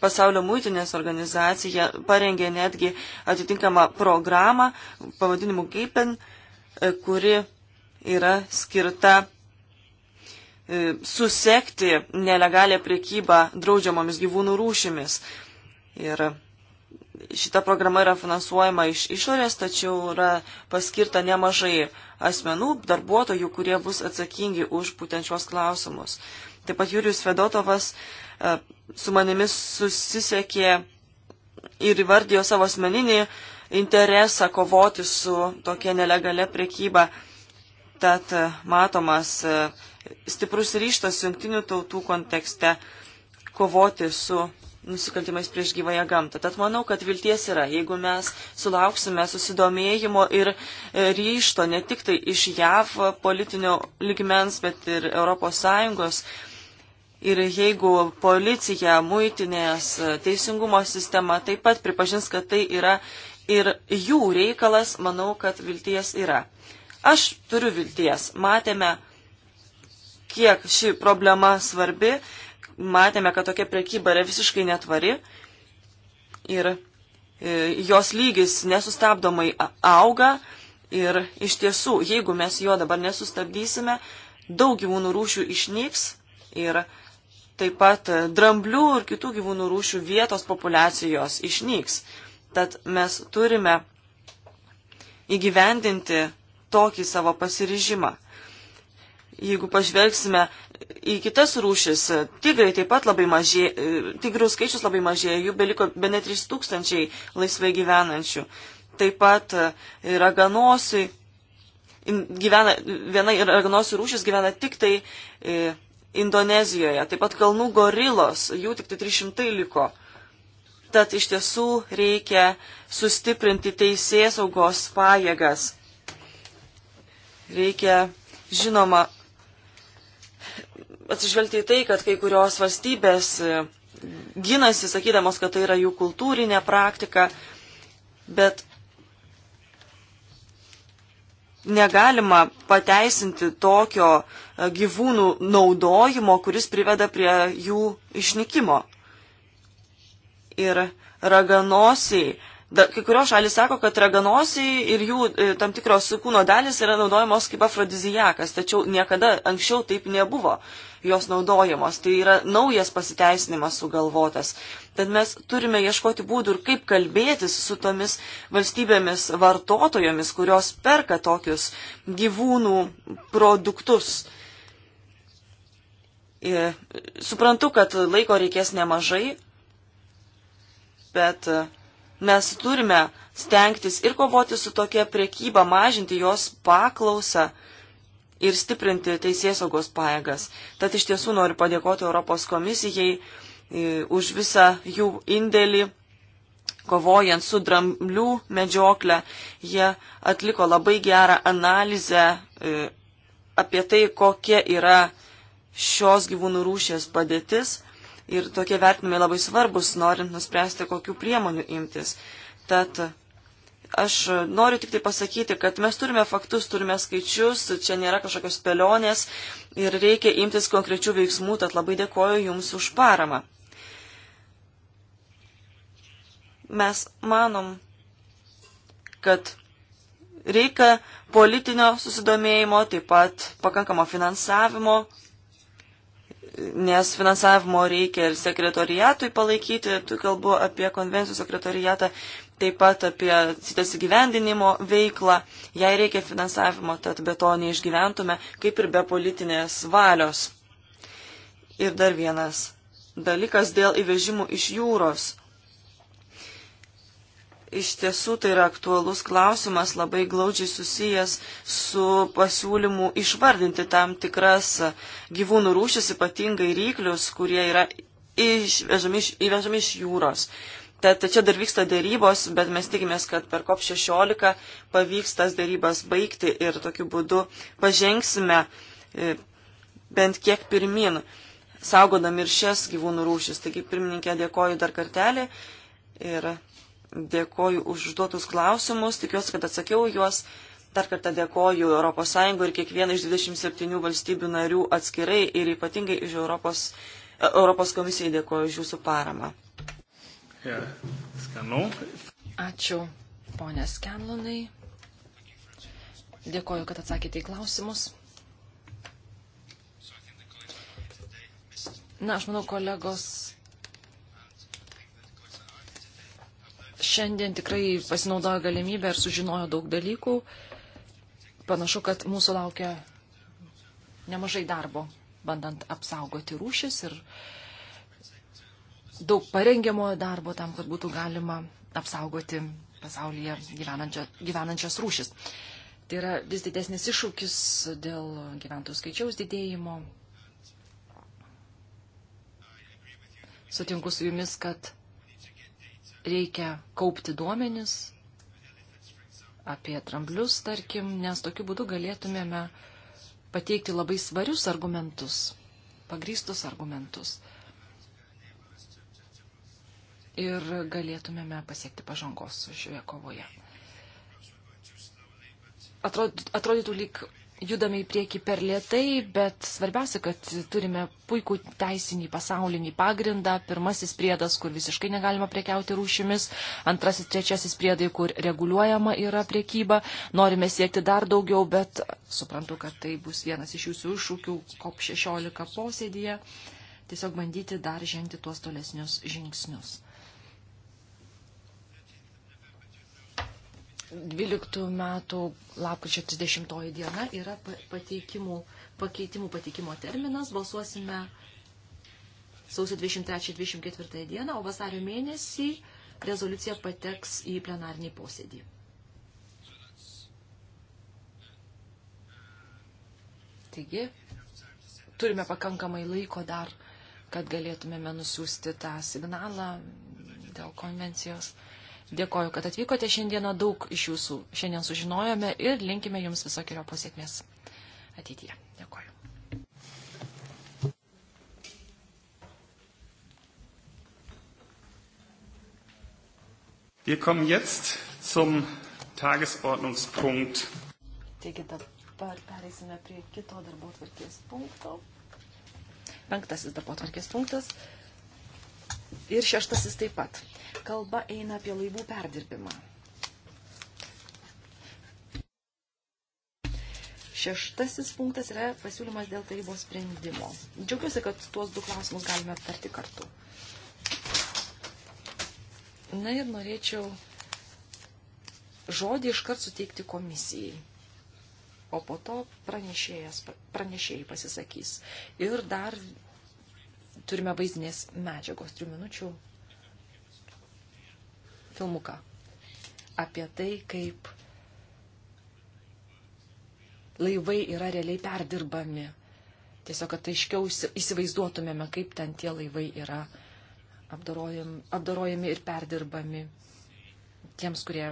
Speaker 2: Pasaulio mūtinės organizacija parengė netgi atitinkamą programą pavadinimu GAPEN E, kuri yra skirta e, susekti nelegalę priekybą draudžiamomis gyvūnų rūšimis. Ir šita programa yra finansuojama iš išorės, tačiau yra paskirta nemažai asmenų, darbuotojų, kurie bus atsakingi už būtent šios klausimus. Taip pat Jurijus Fedotovas e, su manimis susisiekė ir įvardijo savo asmeninį uh, interesą kovoti su tokia nelegalia priekyba. Tad e, matomas e, stiprus ryštas jungtinių tautų kontekste kovoti su nusikaltimais prieš gyvąją gamtą. Tad manau, kad vilties yra, jeigu mes sulauksime susidomėjimo ir e, ryšto ne tik tai iš JAV politinio ligmens, bet ir ES. Ir jeigu policija, muitinės, teisingumo sistema taip pat pripažins, kad tai yra ir jų reikalas, manau, kad vilties yra. Aš turiu vilties. Matėme, kiek ši problema svarbi, matėme, kad tokia prekyba yra visiškai netvari ir e, jos lygis nesustabdomai auga ir iš tiesų, jeigu mes jo dabar nesustabdysime, daug gyvūnų rūšių išnyks ir taip pat e, dramblių ir kitų gyvūnų rūšių vietos populiacijos išnyks. Tad mes turime įgyvendinti tokį savo pasirižimą. Jeigu pažvelgsime į kitas rūšis, tigrai taip pat labai mažėja, tigrų skaičius labai mažėja, jų beliko be net 3 tūkstančiai laisvai gyvenančių. Taip pat raganosiai gyvena, viena raganosių rūšis gyvena tik tai e, Indonezijoje, taip pat kalnų gorilos, jų tik tai 300 liko. Tad iš tiesų reikia sustiprinti teisės saugos pajėgas. Reikia, žinoma, atsižvelgti į tai, kad kai kurios valstybės e, ginasi, sakydamos, kad tai yra jų kultūrinė praktika, bet negalima pateisinti tokio e, gyvūnų naudojimo, kuris priveda prie jų išnykimo ir raganosiai. Da, kai kurios šalis sako, kad raganosiai ir jų e, tam tikros kūno dalis yra naudojamos kaip afrodizijakas, tačiau niekada anksčiau taip nebuvo jos naudojamos. Tai yra naujas pasiteisinimas sugalvotas. Tad mes turime ieškoti būdų ir kaip kalbėtis su tomis valstybėmis vartotojomis, kurios perka tokius gyvūnų produktus. Ir e, suprantu, kad laiko reikės nemažai, bet e, mes turime stengtis ir kovoti su tokia priekyba, mažinti jos paklausą ir stiprinti teisėsaugos pajėgas. Tad iš tiesų noriu padėkoti Europos komisijai e, už visą jų indėlį kovojant su dramblių medžiokle, jie atliko labai gerą analizę e, apie tai, kokia yra šios gyvūnų rūšės padėtis ir tokie vertinimai labai svarbus, norint nuspręsti, kokių priemonių imtis. Tad aš noriu tik tai pasakyti, kad mes turime faktus, turime skaičius, čia nėra kažkokios spėlionės ir reikia imtis konkrečių veiksmų, tad labai dėkoju Jums už paramą. Mes manom, kad reikia politinio susidomėjimo, taip pat pakankamo finansavimo nes finansavimo reikia ir sekretoriatui palaikyti, tu kalbu apie konvencijų sekretoriatą, taip pat apie citas įgyvendinimo veiklą, jai reikia finansavimo, tad be to neišgyventume, kaip ir be politinės valios. Ir dar vienas dalykas dėl įvežimų iš jūros. Iš tiesų tai yra aktualus klausimas, labai glaudžiai susijęs su pasiūlymu išvardinti tam tikras gyvūnų rūšis, ypatingai ryklius, kurie yra išvežami iš, įvežami iš jūros. Tad čia dar vyksta dėrybos, bet mes tikimės, kad per COP16 pavyks tas dėrybas baigti ir tokiu būdu pažengsime e, bent kiek pirmin, saugodami ir šias gyvūnų rūšis. Taigi, pirmininkė, dėkoju dar kartelį ir dėkoju už užduotus klausimus, tikiuosi, kad atsakiau juos. Dar kartą dėkoju ES ir kiekvieną iš 27 valstybių narių atskirai ir ypatingai iš Europos, e, Europos komisijai dėkoju už jūsų paramą.
Speaker 1: Ja,
Speaker 3: Ačiū, ponė Skenlonai. Dėkoju, kad atsakėte į klausimus. Na, aš manau, kolegos šiandien tikrai pasinaudojo galimybę ir sužinojo daug dalykų. Panašu, kad mūsų laukia nemažai darbo, bandant apsaugoti rūšis ir daug parengiamojo darbo tam, kad būtų galima apsaugoti pasaulyje gyvenančia, gyvenančias rūšis. Tai yra vis didesnis iššūkis dėl gyventojų skaičiaus didėjimo. Sutinku su jumis, kad reikia kaupti duomenis apie tramblius, tarkim, nes tokiu būdu galėtumėme pateikti labai svarius argumentus, pagrįstus argumentus. Ir galėtumėme pasiekti pažangos šioje kovoje. Atrodytų lyg judame į priekį per lietai, bet svarbiausia, kad turime puikų teisinį pasaulinį pagrindą. Pirmasis priedas, kur visiškai negalima prekiauti rūšimis, antrasis, trečiasis priedai, kur reguliuojama yra priekyba. Norime siekti dar daugiau, bet suprantu, kad tai bus vienas iš jūsų iššūkių COP16 posėdėje. Tiesiog bandyti dar žengti tuos tolesnius žingsnius. 12 metų lapkričio 30 diena yra pateikimų, pakeitimų pateikimo terminas. Balsuosime sausio 23-24 dieną, o vasario mėnesį rezoliucija pateks į plenarnį posėdį. Taigi, turime pakankamai laiko dar, kad galėtumėme nusiųsti tą signalą dėl konvencijos. Dėkoju, kad atvykote šiandieną, daug iš jūsų šiandien sužinojome ir linkime jums visokiojo pasiekmės ateityje. Dėkoju.
Speaker 1: Wir kommen jetzt zum Tagesordnungspunkt.
Speaker 3: Taigi dabar pereisime prie kito darbo tvarkės punkto. Penktasis darbo tvarkės punktas. Ir šeštasis taip pat. Kalba eina apie laivų perdirbimą. Šeštasis punktas yra pasiūlymas dėl tarybos sprendimo. Džiaugiuosi, kad tuos du klausimus galime aptarti kartu. Na ir norėčiau žodį iškart suteikti komisijai. O po to pranešėjas, pranešėjai pasisakys. Ir dar turime vaizdinės medžiagos, trijų minučių filmuką apie tai, kaip laivai yra realiai perdirbami. Tiesiog, kad aiškiau įsivaizduotumėme, kaip ten tie laivai yra apdarojami, apdarojami ir perdirbami. Tiems, kurie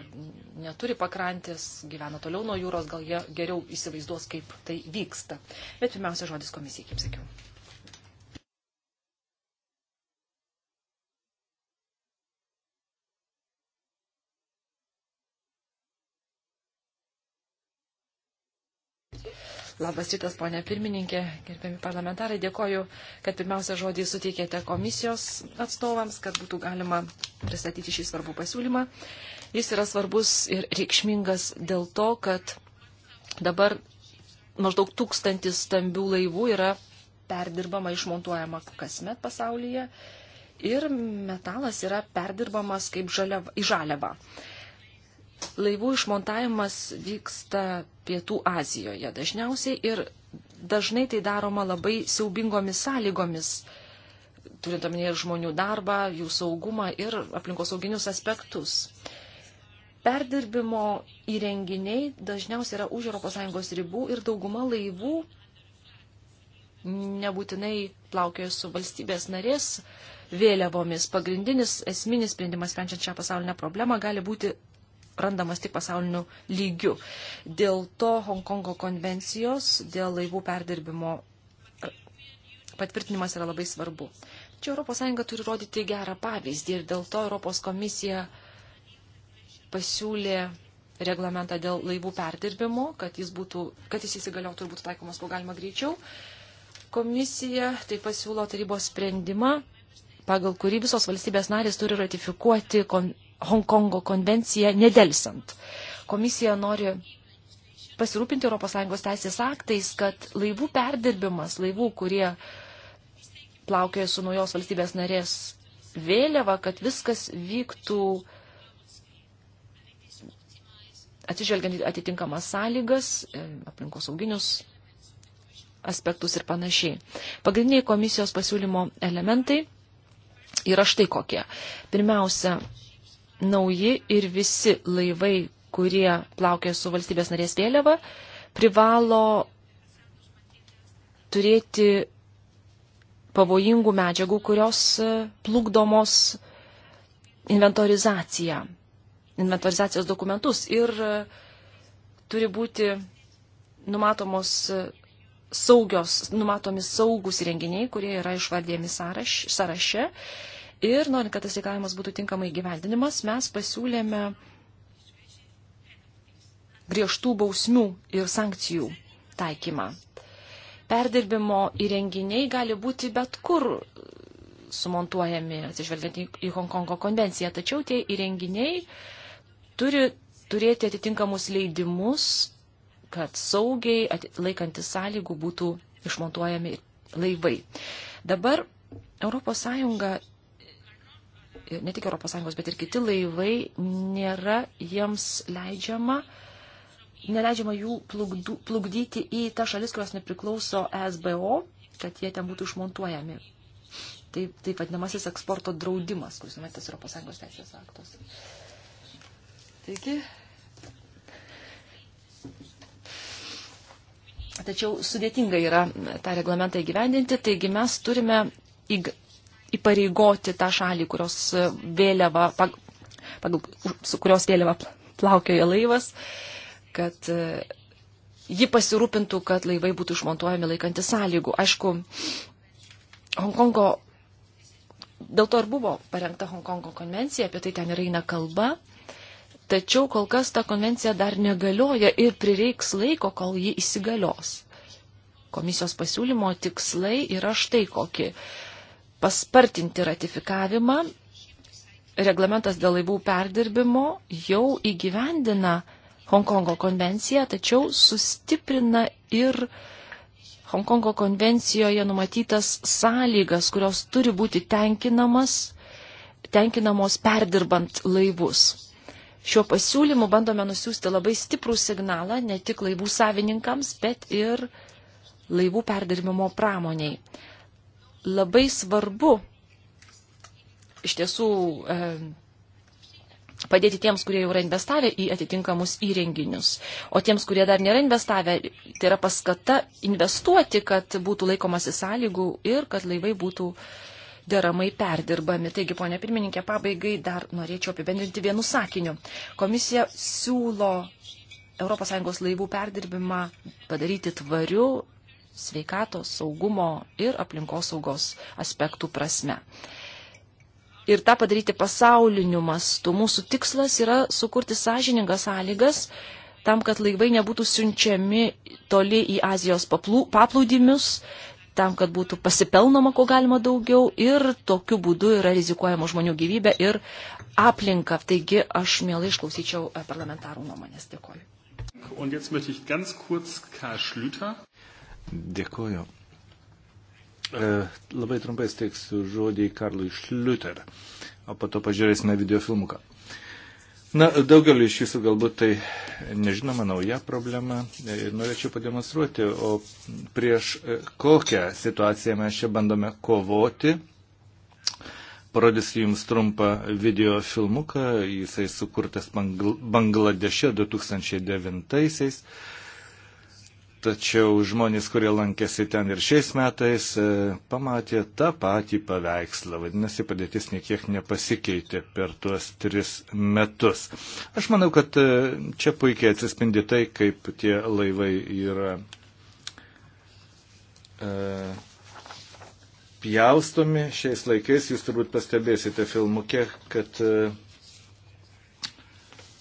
Speaker 3: neturi pakrantės, gyvena toliau nuo jūros, gal jie geriau įsivaizduos, kaip tai vyksta. Bet pirmiausia, žodis komisijai, kaip sakiau. Labas rytas, ponė pirmininkė, gerbiami parlamentarai. Dėkoju, kad pirmiausia žodį suteikėte komisijos atstovams, kad būtų galima pristatyti šį svarbų pasiūlymą. Jis yra svarbus ir reikšmingas dėl to, kad dabar maždaug tūkstantis stambių laivų yra perdirbama, išmontuojama kasmet pasaulyje ir metalas yra perdirbamas kaip žaliava, į žaliavą. žaliavą laivų išmontavimas vyksta Pietų Azijoje dažniausiai ir dažnai tai daroma labai siaubingomis sąlygomis, turint omenyje žmonių darbą, jų saugumą ir aplinkosauginius aspektus. Perdirbimo įrenginiai dažniausiai yra už ES ribų ir dauguma laivų nebūtinai plaukioja su valstybės narės vėliavomis. Pagrindinis esminis sprendimas sprendžiant šią pasaulinę problemą gali būti randamas tik pasauliniu lygiu. Dėl to Hongkongo konvencijos, dėl laivų perdirbimo e, patvirtinimas yra labai svarbu. Čia ES turi rodyti gerą pavyzdį ir dėl to Europos komisija pasiūlė reglamentą dėl laivų perdirbimo, kad jis, būtų, kad jis įsigaliotų ir būtų taikomas kuo galima greičiau. Komisija taip pasiūlo tarybos sprendimą, pagal kurį visos valstybės narės turi ratifikuoti kon Hongkongo konvenciją nedelsant. Komisija nori pasirūpinti ES teisės aktais, kad laivų perdirbimas, laivų, kurie plaukioja su naujos valstybės narės vėliava, kad viskas vyktų atsižvelgiant atitinkamas sąlygas, e, aplinkos auginius aspektus ir panašiai. Pagrindiniai komisijos pasiūlymo elementai yra štai kokie. Pirmiausia, nauji ir visi laivai, kurie plaukia su valstybės narės vėliava, privalo turėti pavojingų medžiagų, kurios e, plukdomos inventorizaciją, inventorizacijos dokumentus ir e, turi būti numatomos e, saugios, numatomi saugus renginiai, kurie yra išvardėmi sąraš, sąraše Ir norint, kad tas reikalavimas būtų tinkamai gyvendinimas, mes pasiūlėme griežtų bausmių ir sankcijų taikymą. Perdirbimo įrenginiai gali būti bet kur sumontuojami, atsižvelgiant į Hongkongo konvenciją, tačiau tie įrenginiai turi turėti atitinkamus leidimus, kad saugiai laikantis sąlygų būtų išmontuojami laivai. Dabar ES ne tik ES, bet ir kiti laivai, nėra jiems leidžiama, neleidžiama jų plugdu, plugdyti į tą šalis, kurios nepriklauso e SBO, kad jie ten būtų išmontuojami. Tai taip vadinamasis eksporto draudimas, kuris numatytas ES teisės aktos. Taigi. Tačiau sudėtinga yra tą reglamentą įgyvendinti, taigi mes turime įg įpareigoti tą šalį, kurios vėliava, pagal, su kurios vėliava plaukioja laivas, kad e, ji pasirūpintų, kad laivai būtų išmontuojami laikantis sąlygų. Aišku, Hongkongo, dėl to ir buvo parengta Hongkongo konvencija, apie tai ten ir eina kalba. Tačiau kol kas ta konvencija dar negalioja ir prireiks laiko, kol ji įsigalios. Komisijos pasiūlymo tikslai yra štai kokie paspartinti ratifikavimą. Reglamentas dėl laivų perdirbimo jau įgyvendina Hongkongo konvenciją, tačiau sustiprina ir Hongkongo konvencijoje numatytas sąlygas, kurios turi būti tenkinamas, tenkinamos perdirbant laivus. Šiuo pasiūlymu bandome nusiųsti labai stiprų signalą ne tik laivų savininkams, bet ir laivų perdirbimo pramoniai labai svarbu iš tiesų e, padėti tiems, kurie jau yra investavę į atitinkamus įrenginius. O tiems, kurie dar nėra investavę, tai yra paskata investuoti, kad būtų laikomasi sąlygų ir kad laivai būtų deramai perdirbami. Taigi, ponė pirmininkė, pabaigai dar norėčiau apibendrinti vienu sakiniu. Komisija siūlo ES laivų perdirbimą padaryti tvariu, sveikatos, saugumo ir aplinkosaugos aspektų prasme. Ir tą padaryti pasauliniu mastu. Mūsų tikslas yra sukurti sąžiningas sąlygas tam, kad laivai nebūtų siunčiami toli į Azijos paplūdimius, tam, kad būtų pasipelnoma, ko galima daugiau ir tokiu būdu yra rizikuojama žmonių gyvybė ir aplinka. Taigi aš mielai išklausyčiau e, parlamentarų nuomonės. Dėkoju.
Speaker 1: Und jetzt möchte ich ganz kurz Karl Schlüter.
Speaker 4: Dėkoju. E, labai trumpai steiksiu žodį Karlui Šliuter, o po to pažiūrėsime videofilmuką. Na, daugeliu iš jūsų galbūt tai nežinoma nauja problema e, ir norėčiau pademonstruoti, o prieš e, kokią situaciją mes čia bandome kovoti. Parodysiu jums trumpą video filmuką, jisai sukurtas Bangladeše 2009-aisiais. Tačiau žmonės, kurie lankėsi ten ir šiais metais, e, pamatė tą patį paveikslą. Vadinasi, padėtis niekiek nepasikeitė per tuos tris metus. Aš manau, kad e, čia puikiai atsispindi tai, kaip tie laivai yra e, pjaustomi šiais laikais. Jūs turbūt pastebėsite filmuke, kad e,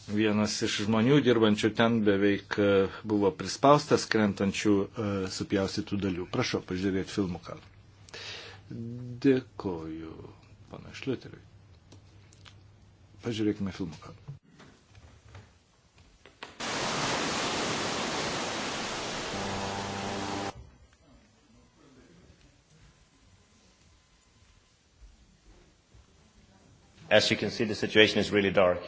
Speaker 4: Vienas iš žmonių dirbančių ten beveik e, buvo prispaustas krentančių e, supjaustytų dalių. Prašau pažiūrėti filmuką. Dėkoju, pana Šliuteriui. Pažiūrėkime filmuką.
Speaker 1: As you can see, the situation is really dark.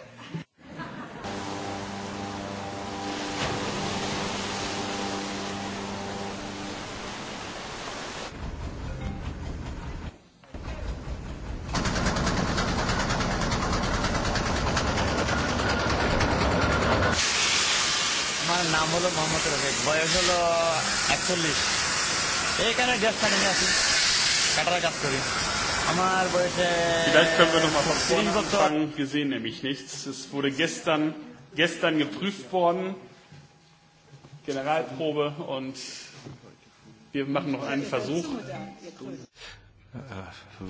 Speaker 2: চল্লিশ এইখানে gas cutting আছি কাটার কাজ করি আমার বয়সে Vielleicht können wir nochmal von vorne
Speaker 1: anfangen. Wir sehen nämlich nichts. Es wurde gestern, gestern geprüft worden. Generalprobe und wir machen noch einen Versuch.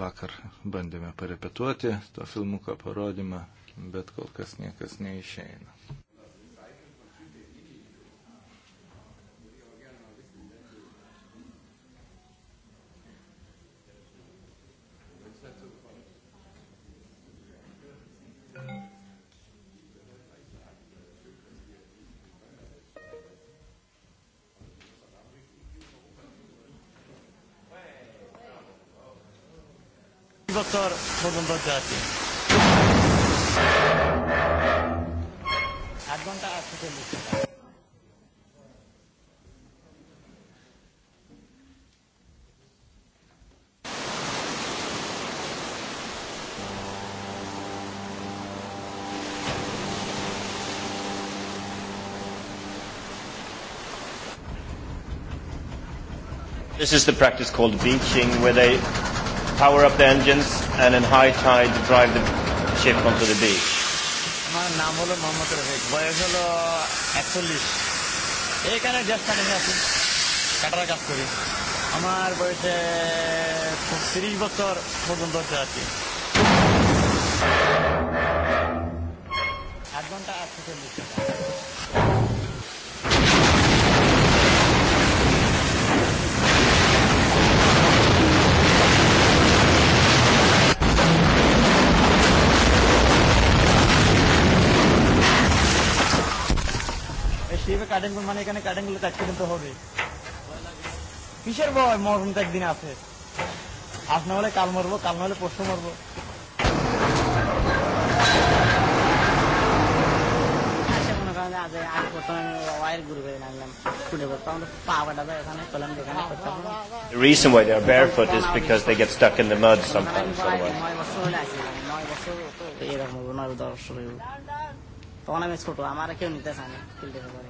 Speaker 4: Vakar bandėme parepetuoti to filmuko parodymą, bet kol kas niekas neišeina. motor বদলতে
Speaker 5: আট ঘন্টা আট থেকে লিখতে
Speaker 1: This is the practice called beaching, where they power up the engines and in high tide drive the ship onto the beach.
Speaker 5: আমার নাম হলো মোহাম্মদ রফিক বয়স হলো একচল্লিশ এখানে ডেস্টানিং আছি
Speaker 2: কাটার কাজ করি আমার বয়সে তিরিশ বছর পর্যন্ত হচ্ছে আছি
Speaker 1: আট ঘন্টা আটশো চল্লিশ টাকা
Speaker 2: সেভাবে কাটিং মানে এখানে কাটিং গুলো কাটতে কিন্তু হবে কিসের ভয় মরণ তো একদিন আছে আজ না হলে কাল মরবো কাল না হলে পরশু মরবো
Speaker 1: The reason why they are barefoot is because they get stuck in the mud sometimes.
Speaker 2: Otherwise. তখন আমি ছোট আমার কেউ নিতে চায় না ফিল্ডের পরে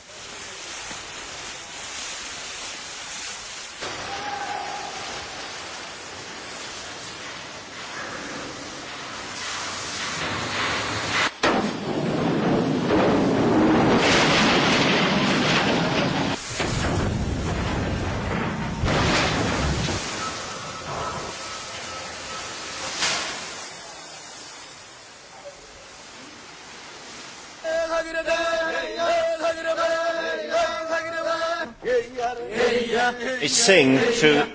Speaker 3: sing to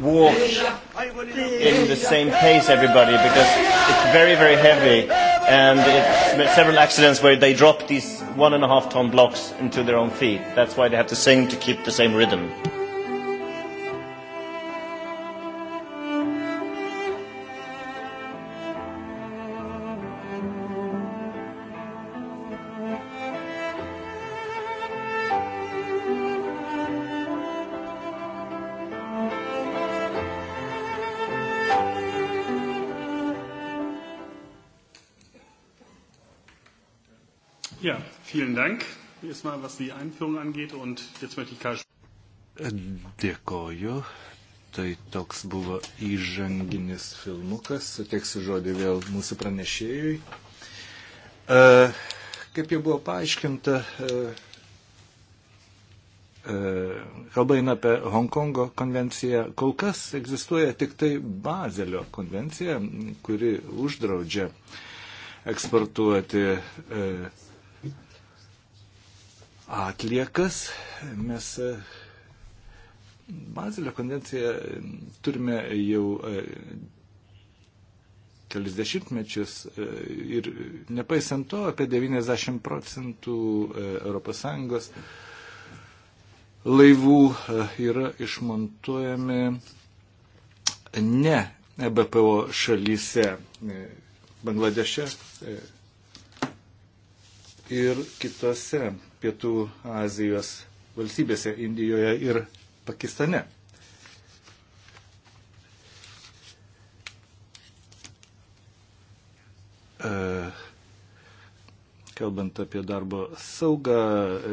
Speaker 3: walk
Speaker 4: in
Speaker 1: the same pace, everybody, because it's very, very heavy. And it's several accidents where they drop these one and a half ton blocks into their own feet. That's why they have to sing to keep the same rhythm. Ja, vielen Dank. Erstmal, was die Einführung angeht und jetzt möchte ich Karl.
Speaker 4: Dėkoju. Tai toks buvo įžanginis filmukas. Suteiksiu žodį vėl mūsų pranešėjui. E, kaip jau buvo paaiškinta, e, e, kalba eina apie Hongkongo konvenciją. Kol kas egzistuoja tik tai Bazelio konvencija, kuri uždraudžia eksportuoti e, atliekas. Mes e, Bazilio konvenciją e, turime jau e, kelis dešimtmečius ir nepaisant to apie 90 procentų ES laivų yra išmontuojami ne EBPO šalyse Bangladeše ir kitose Pietų Azijos valstybėse Indijoje ir Pakistane. E, kalbant apie darbo saugą,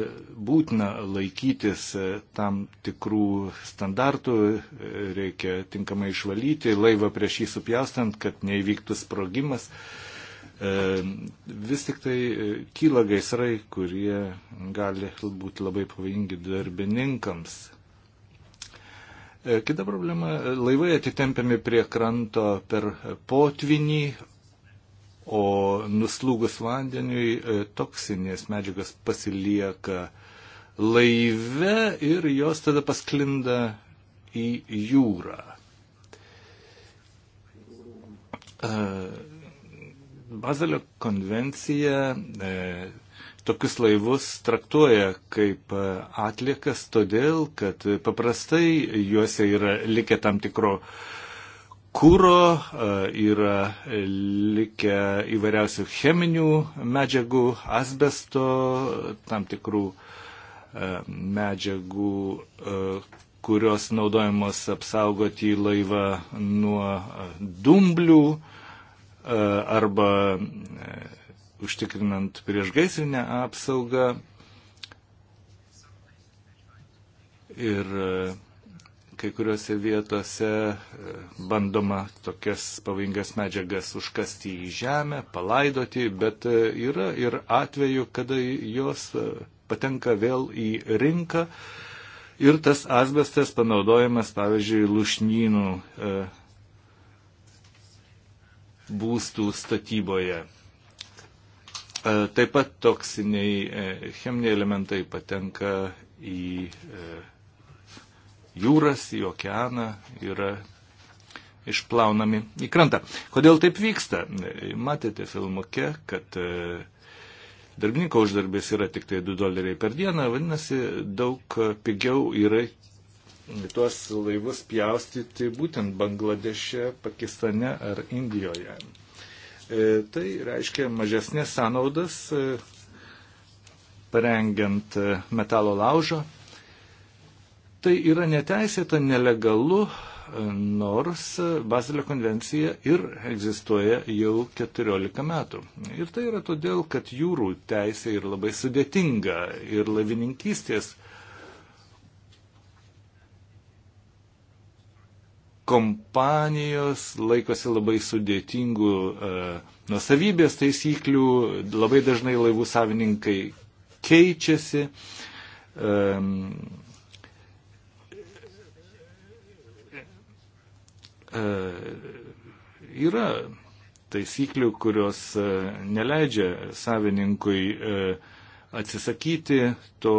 Speaker 4: e, būtina laikytis e, tam tikrų standartų, reikia tinkamai išvalyti laivą prieš jį supjaustant, kad neįvyktų sprogimas. E, E, vis tik tai e, kyla gaisrai, kurie gali būti labai pavojingi darbininkams. E, kita problema - laivai atitempiami prie kranto per potvinį, o nuslūgus vandeniui toksinės medžiagas pasilieka laive ir jos tada pasklinda į jūrą. Bazelio konvencija e, tokius laivus traktuoja kaip e, atliekas, todėl kad paprastai juose yra likę tam tikro kūro, e, yra likę įvairiausių cheminių medžiagų, asbesto, tam tikrų e, medžiagų, kurios naudojamos apsaugoti laivą nuo dumblių arba e, užtikrinant priešgaisrinę apsaugą. Ir e, kai kuriuose vietose e, bandoma tokias pavojingas medžiagas užkasti į žemę, palaidoti, bet yra ir atveju, kada jos patenka vėl į rinką ir tas asbestas panaudojamas, pavyzdžiui, lušnynų būstų statyboje. E, taip pat toksiniai e, cheminiai elementai patenka į e, jūras, į okeaną, yra išplaunami į krantą. Kodėl taip vyksta? Matėte filmuke, kad darbininko uždarbės yra tik tai 2 doleriai per dieną, vadinasi, daug pigiau yra tuos laivus pjaustyti būtent Bangladeše, Pakistane ar Indijoje. E, tai reiškia mažesnės sąnaudas e, parengiant e, metalo laužą. Tai yra neteisėta, nelegalu, nors Bazilio konvencija ir egzistuoja jau 14 metų. Ir tai yra todėl, kad jūrų teisė yra labai sudėtinga ir lavininkystės kompanijos laikosi labai sudėtingų e, nusavybės taisyklių, labai dažnai laivų savininkai keičiasi. E, e, yra taisyklių, kurios e, neleidžia savininkui e, atsisakyti to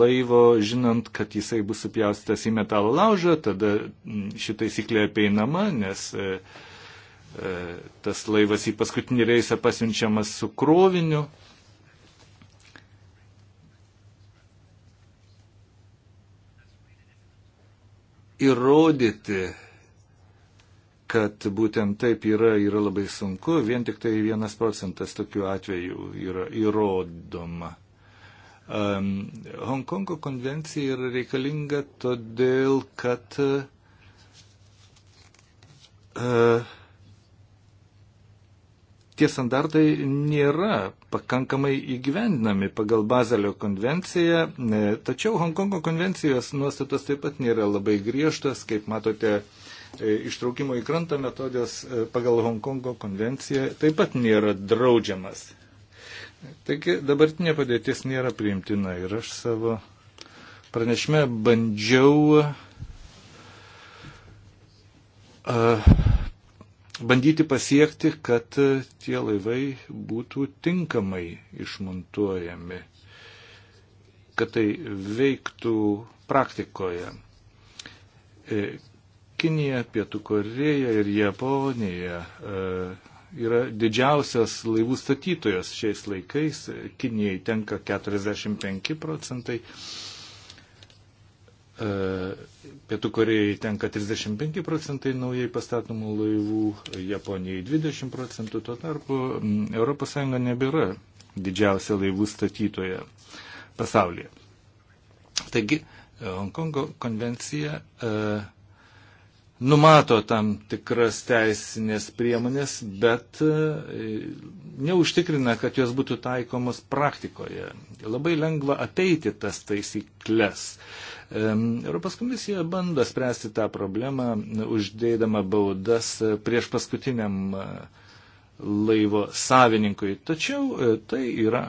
Speaker 4: laivo, žinant, kad jisai bus supjaustas į metalo laužą, tada mm, ši taisyklė apeinama, nes e, e, tas laivas į paskutinį reisą pasiunčiamas su kroviniu. Įrodyti kad būtent taip yra, yra labai sunku, vien tik tai vienas procentas tokių atvejų yra įrodoma. Um, Hongkongo konvencija yra reikalinga todėl, kad uh, tie standartai nėra pakankamai įgyvendinami pagal Bazelio konvenciją, e, tačiau Hongkongo konvencijos nuostatos taip pat nėra labai griežtas, kaip matote, uh, E, ištraukimo į krantą metodas e, pagal Hongkongo konvenciją taip pat nėra draudžiamas. Taigi dabartinė padėtis nėra priimtina ir aš savo pranešime bandžiau uh, bandyti pasiekti, kad tie laivai būtų tinkamai išmontuojami, kad tai veiktų praktikoje Kinija, Pietų Koreja ir Japonija e, yra didžiausias laivų statytojas šiais laikais. Kinijai tenka 45 procentai, e, Pietų Korejai tenka 35 procentai naujai pastatomų laivų, Japonijai 20 procentų, tuo tarpu ES nebėra didžiausia laivų statytoja pasaulyje. Taigi, Hongkongo konvencija uh, numato tam tikras teisinės priemonės, bet e, neužtikrina, kad jos būtų taikomos praktikoje. Labai lengva apeiti tas taisyklės. Europos komisija bando spręsti tą problemą, uždėdama baudas e, prieš paskutiniam e, laivo savininkui. Tačiau tai yra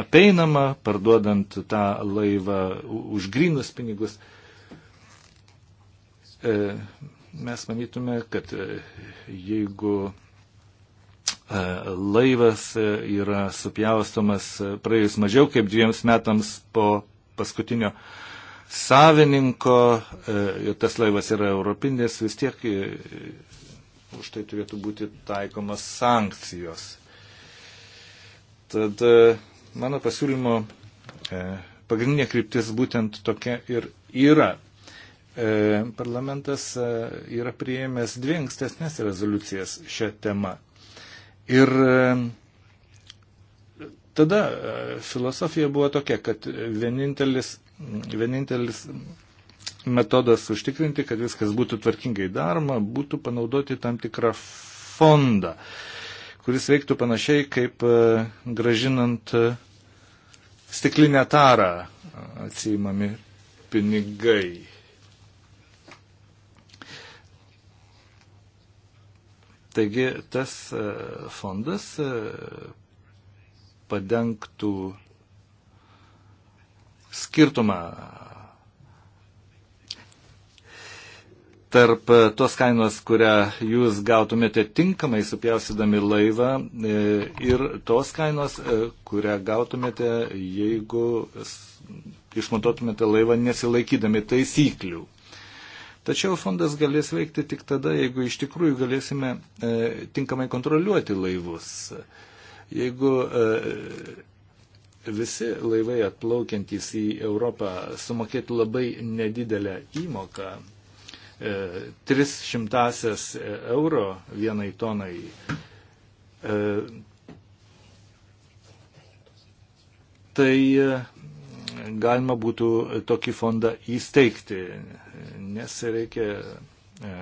Speaker 4: apeinama, parduodant tą laivą už grinus pinigus mes manytume, kad e, jeigu e, laivas e, yra supjaustomas praėjus mažiau kaip dviems metams po paskutinio savininko ir tas laivas yra europinis, vis tiek už tai turėtų būti taikomas sankcijos. Tad mano pasiūlymo pagrindinė kryptis būtent tokia ir yra. E, parlamentas e, yra prieėmęs dvi ankstesnės rezoliucijas šią temą. Ir e, tada filosofija buvo tokia, kad vienintelis, vienintelis metodas užtikrinti, kad viskas būtų tvarkingai daroma, būtų panaudoti tam tikrą fondą, kuris veiktų panašiai kaip gražinant stiklinę tarą atsiimami pinigai. Taigi tas e, fondas e, padengtų skirtumą tarp tos kainos, kurią jūs gautumėte tinkamai supjausydami laivą e, ir tos kainos, kurią gautumėte, jeigu išmontuotumėte laivą nesilaikydami taisyklių. Tačiau fondas galės veikti tik tada, jeigu iš tikrųjų galėsime e, tinkamai kontroliuoti laivus. Jeigu e, visi laivai atplaukiantys į Europą sumokėtų labai nedidelę įmoką, e, 300 euro vienai tonai, e, tai e, galima būtų tokį fondą įsteigti, nes reikia e,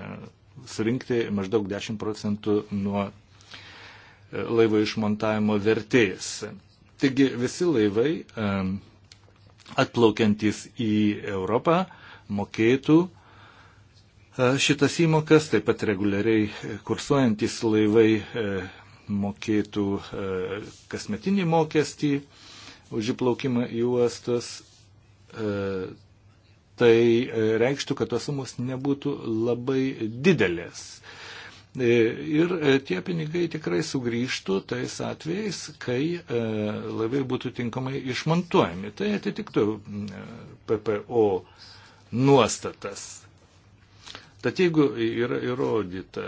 Speaker 4: surinkti maždaug 10 procentų nuo e, laivo išmontavimo vertės. Taigi visi laivai e, atplaukiantis į Europą mokėtų šitas įmokas, taip pat reguliariai kursuojantis laivai mokėtų kasmetinį mokestį už įplaukimą į uostus, e, tai e, reikštų, kad tos sumos nebūtų labai didelės. E, ir tie pinigai tikrai sugrįžtų tais atvejais, kai laivai būtų tinkamai išmontuojami. Tai atitiktų mm, PPO nuostatas. Tad jeigu yra įrodyta,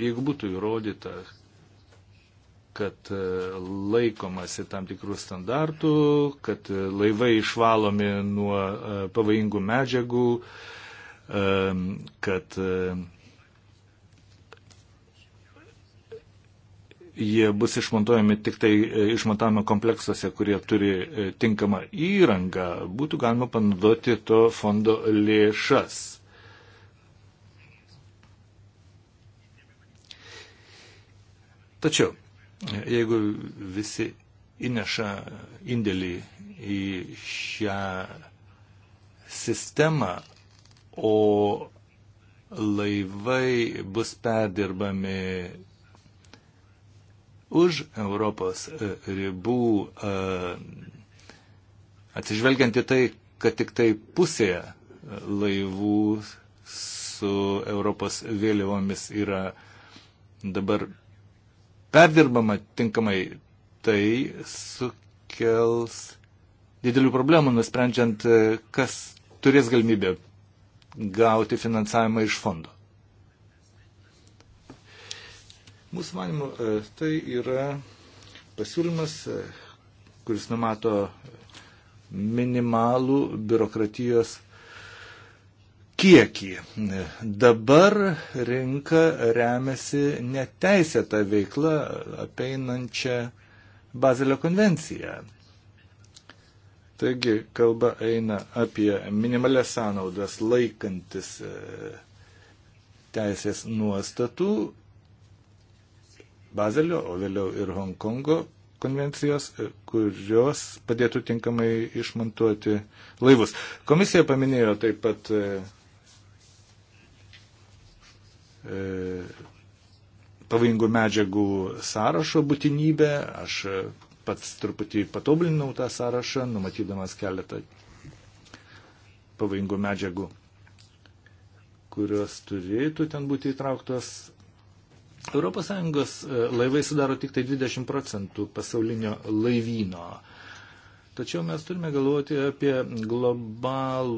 Speaker 4: jeigu būtų įrodyta, kad e, laikomasi tam tikrų standartų, kad e, laivai išvalomi nuo e, pavojingų medžiagų, kad jie bus išmontuojami tik tai išmontavimo kompleksuose, kurie turi tinkamą įrangą, būtų galima panaudoti to fondo lėšas. Tačiau Jeigu visi įneša indėlį į šią sistemą, o laivai bus perdirbami už Europos e, ribų, e, atsižvelgiant į tai, kad tik tai pusė e, laivų su Europos vėliavomis yra dabar perdirbama tinkamai, tai sukels didelių problemų, nusprendžiant, e, kas turės galimybę gauti finansavimą iš fondo. Mūsų manimu, e, tai yra pasiūlymas, e, kuris numato minimalų biurokratijos kiekį. Dabar rinka remiasi neteisėta veikla apeinančia Bazelio konvenciją. Taigi kalba eina apie minimalės sąnaudas laikantis e, teisės nuostatų Bazelio, o vėliau ir Hongkongo konvencijos, e, kurios padėtų tinkamai išmontuoti laivus. Komisija paminėjo taip pat e, E, pavojingų medžiagų sąrašo būtinybę. Aš pats truputį patobulinau tą sąrašą, numatydamas keletą pavojingų medžiagų, kurios turėtų ten būti įtrauktos. ES e, laivai sudaro tik tai 20 procentų pasaulinio laivyno. Tačiau mes turime galvoti apie global,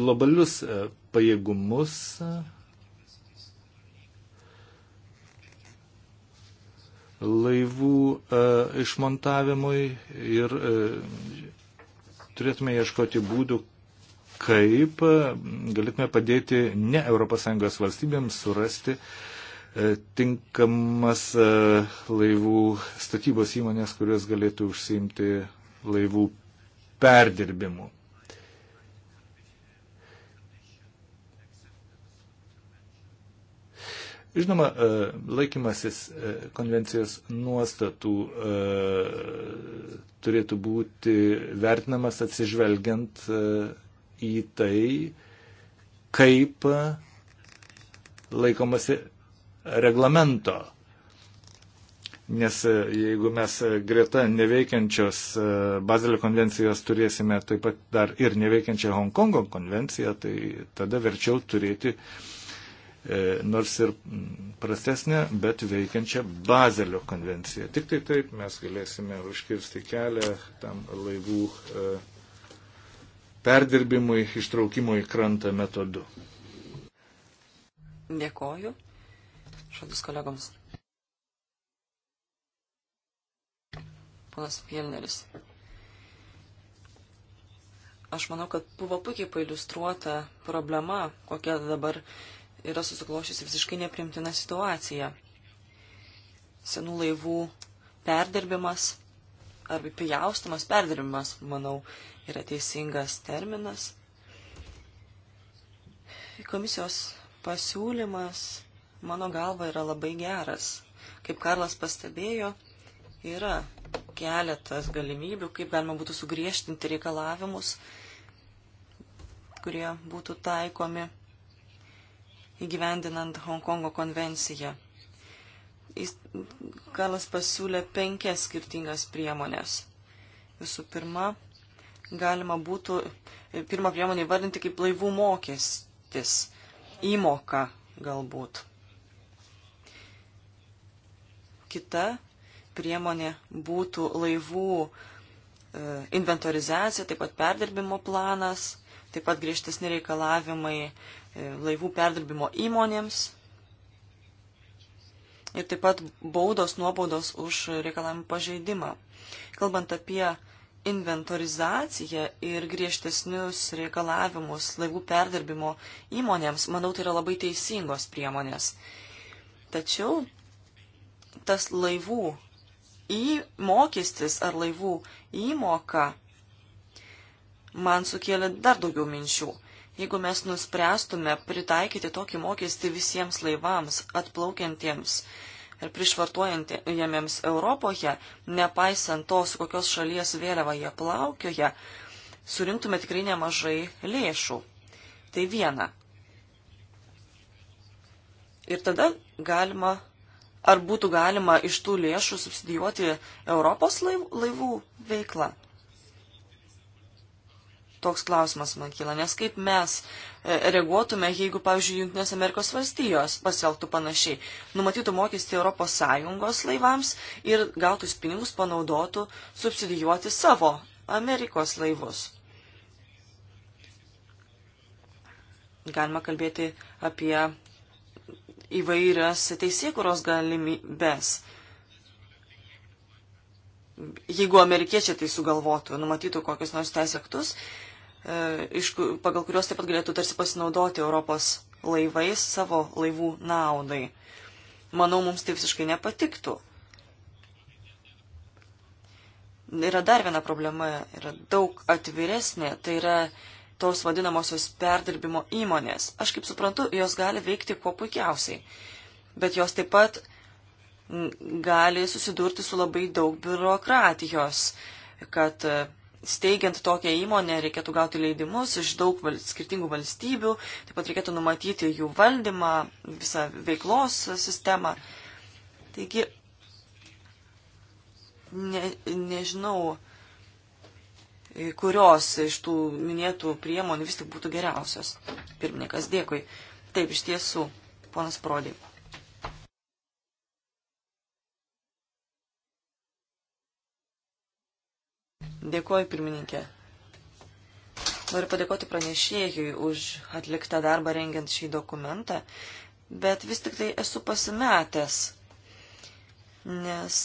Speaker 4: globalius e, pajėgumus laivų e, išmontavimui ir e, turėtume ieškoti būdų, kaip e, galėtume padėti ne ES valstybėms surasti tinkamas laivų statybos įmonės, kurios galėtų užsiimti laivų perdirbimu. Žinoma, e, laikymasis e, konvencijos nuostatų e, turėtų būti vertinamas atsižvelgiant į tai, kaip laikomasi reglamento. Nes jeigu mes greta neveikiančios Bazelio konvencijos turėsime taip pat dar ir neveikiančią Hongkongo konvenciją, tai tada verčiau turėti uh, E, nors ir prastesnę, bet veikiančią Bazelio konvenciją. Tik tai taip mes galėsime užkirsti kelią tam laivų e, perdirbimui, ištraukimui į krantą metodu.
Speaker 2: Dėkoju. Šodis kolegoms. Ponas Pielneris. Aš manau, kad buvo puikiai pailustruota problema, kokia dabar yra susiklošusi visiškai neprimtina situacija. Senų laivų perdirbimas ar pjaustimas, perdirbimas, manau, yra teisingas terminas. Komisijos pasiūlymas, mano galva, yra labai geras. Kaip Karlas pastebėjo, yra keletas galimybių, kaip galima būtų sugriežtinti reikalavimus, kurie būtų taikomi įgyvendinant Hongkongo konvenciją. Galas pasiūlė penkias skirtingas priemonės. Visų pirma, galima būtų pirmą priemonę įvardinti kaip laivų mokestis, įmoka galbūt. Kita priemonė būtų laivų e, inventorizacija, taip pat perdirbimo planas, taip pat griežtesni reikalavimai E, laivų perdirbimo įmonėms. Ir taip pat baudos nuobaudos už reikalavimų pažeidimą. Kalbant apie inventorizaciją ir griežtesnius reikalavimus laivų perdirbimo įmonėms, manau, tai yra labai teisingos priemonės. Tačiau tas laivų įmokestis ar laivų įmoka man sukėlė dar daugiau minčių. Jeigu mes nuspręstume pritaikyti tokį mokestį visiems laivams atplaukiantiems ir prišvartuojantiems Europoje, nepaisant to, su kokios šalies vėliava jie plaukioja, surinktume tikrai nemažai lėšų. Tai viena. Ir tada galima, ar būtų galima iš tų lėšų subsidijuoti Europos laivų veiklą toks klausimas man kyla, nes kaip mes e, reaguotume, jeigu, pavyzdžiui, Junktinės Amerikos valstijos pasielgtų panašiai, numatytų mokestį Europos Sąjungos laivams ir gautus pinigus panaudotų subsidijuoti savo Amerikos laivus. Galima kalbėti apie įvairias teisėkuros galimybės jeigu amerikiečiai tai sugalvotų, numatytų kokius nors teisės aktus, E, iš, pagal kuriuos taip pat galėtų tarsi pasinaudoti Europos laivais savo laivų naudai. Manau, mums tai visiškai nepatiktų. Yra dar viena problema, yra daug atviresnė, tai yra tos vadinamosios perdirbimo įmonės. Aš kaip suprantu, jos gali veikti kuo puikiausiai, bet jos taip pat gali susidurti su labai daug biurokratijos, kad e, steigiant tokią įmonę reikėtų gauti leidimus iš daug val skirtingų valstybių, taip pat reikėtų numatyti jų valdymą, visą veiklos sistemą. Taigi, ne, nežinau, kurios iš tų minėtų priemonių vis tik būtų geriausios. Pirmininkas, dėkui. Taip, iš tiesų, ponas Prodė. Dėkuoju, pirmininkė. Noriu padėkoti pranešėjui už atliktą darbą rengiant šį dokumentą, bet vis tik tai esu pasimetęs, nes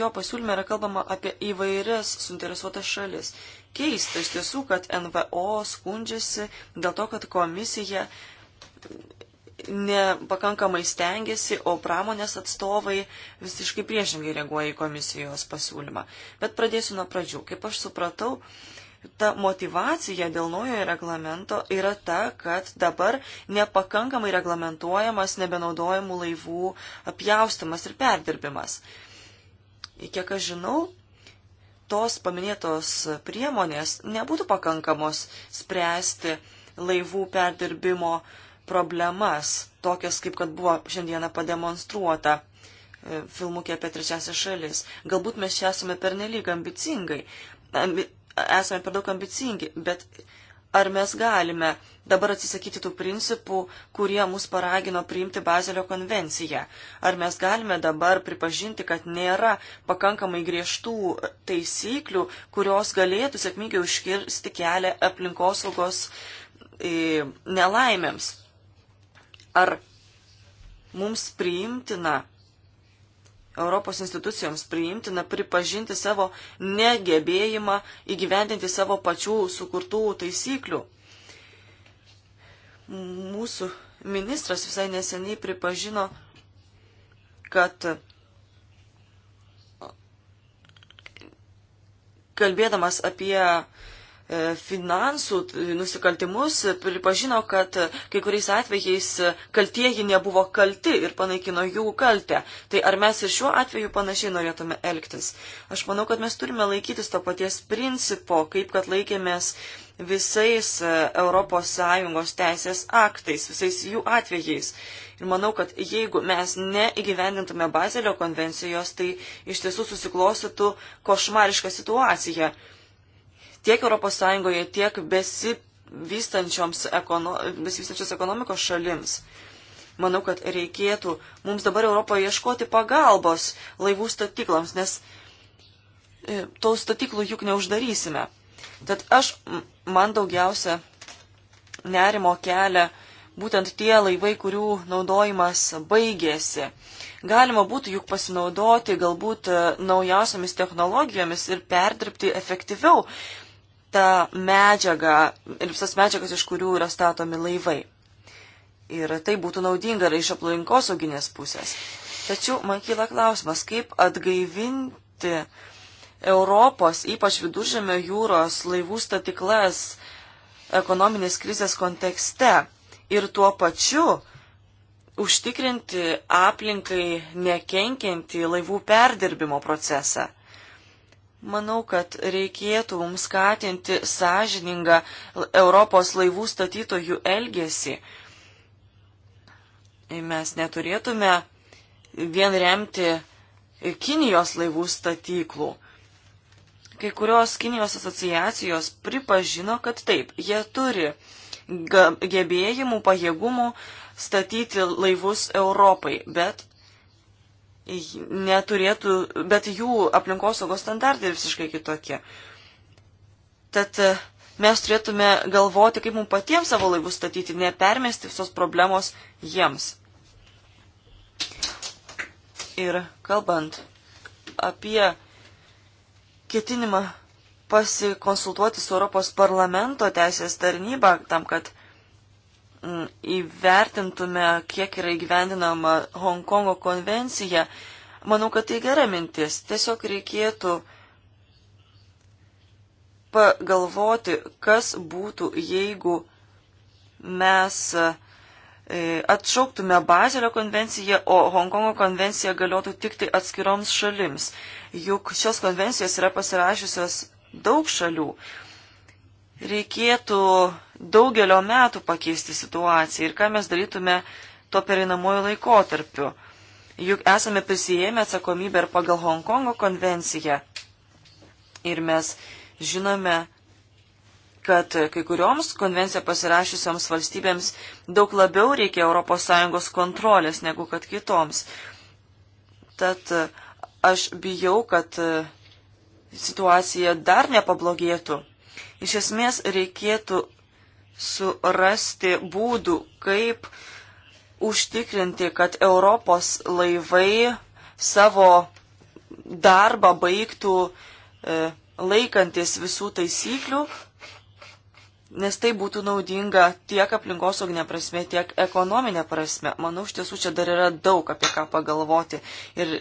Speaker 2: jo pasiūlyme yra kalbama apie įvairias suinteresuotas šalis. Keista iš tiesų, kad NVO skundžiasi dėl to, kad komisija nepakankamai stengiasi, o pramonės atstovai visiškai priešingai reaguoja į komisijos pasiūlymą. Bet pradėsiu nuo pradžių. Kaip aš supratau, ta motivacija dėl naujojo reglamento yra ta, kad dabar nepakankamai reglamentuojamas nebenaudojamų laivų apjaustimas ir perdirbimas. Ir kiek aš žinau, tos paminėtos priemonės nebūtų pakankamos spręsti laivų perdirbimo uh, problemas, tokias kaip kad buvo šiandieną pademonstruota e, filmukė apie trečiasias šalis. Galbūt mes čia esame pernelyg ambicingai, ambi, esame per daug ambicingi, bet ar mes galime dabar atsisakyti tų principų, kurie mus paragino priimti Bazelio konvenciją? Ar mes galime dabar pripažinti, kad nėra pakankamai griežtų taisyklių, kurios galėtų sėkmingai užkirsti kelią aplinkosaugos e, nelaimėms? ar mums priimtina, Europos institucijoms priimtina pripažinti savo negebėjimą įgyvendinti savo pačių sukurtų taisyklių. Mūsų ministras visai neseniai pripažino, kad kalbėdamas apie E, finansų e, nusikaltimus, pripažino, kad kai kuriais atvejais kaltieji nebuvo kalti ir panaikino jų kaltę. Tai ar mes ir šiuo atveju panašiai norėtume elgtis? Aš manau, kad mes turime laikytis to paties principo, kaip kad laikėmės visais ES teisės aktais, visais jų atvejais. Ir manau, kad jeigu mes neįgyvendintume Bazelio konvencijos, tai iš tiesų susiklostytų košmariška situacija tiek ES, tiek besivystančios ekono, ekonomikos šalims. Manau, kad reikėtų mums dabar Europoje ieškoti pagalbos laivų statyklams, nes e, tų statyklų juk neuždarysime. Tad aš, man daugiausia nerimo kelia būtent tie laivai, kurių naudojimas baigėsi. Galima būtų juk pasinaudoti galbūt e, naujausiamis technologijomis ir perdirbti efektyviau tą medžiagą ir visas medžiagas, iš kurių yra statomi laivai. Ir tai būtų naudinga ir iš aplinkosauginės pusės. Tačiau man kyla klausimas, kaip atgaivinti Europos, ypač viduržėmio jūros laivų statiklas ekonominės krizės kontekste ir tuo pačiu užtikrinti aplinkai nekenkiantį laivų perdirbimo procesą. Manau, kad reikėtų mums skatinti sąžiningą Europos laivų statytojų elgesį. Mes neturėtume vien remti Kinijos laivų statyklų. Kai kurios Kinijos asociacijos pripažino, kad taip, jie turi gebėjimų, pajėgumų statyti laivus Europai, bet neturėtų, bet jų aplinkosaugos standartai visiškai kitokie. Tad e, mes turėtume galvoti, kaip mums patiems savo laivus statyti, nepermesti visos problemos jiems. Ir kalbant apie ketinimą pasikonsultuoti su Europos parlamento teisės tarnyba tam, kad Mm, įvertintume, kiek yra įgyvendinama Hongkongo konvencija, manau, kad tai gera mintis. Tiesiog reikėtų pagalvoti, kas būtų, jeigu mes e, atšauktume Bazelio konvenciją, o Hongkongo konvencija galiotų tik tai atskiroms šalims. Juk šios konvencijos yra pasirašiusios daug šalių. Reikėtų daugelio metų pakeisti situaciją ir ką mes darytume tuo pereinamojo laikotarpiu. Juk esame prisijėmę atsakomybę ir pagal Hongkongo konvenciją. Ir mes žinome, kad kai kurioms konvenciją pasirašysioms valstybėms daug labiau reikia ES kontrolės negu kad kitoms. Tad e, aš bijau, kad e, situacija dar nepablogėtų. Iš esmės reikėtų surasti būdų, kaip užtikrinti, kad Europos laivai savo darbą baigtų e, laikantis visų taisyklių, nes tai būtų naudinga tiek aplinkosauginė prasme, tiek ekonominė prasme. Manau, iš tiesų čia dar yra daug apie ką pagalvoti ir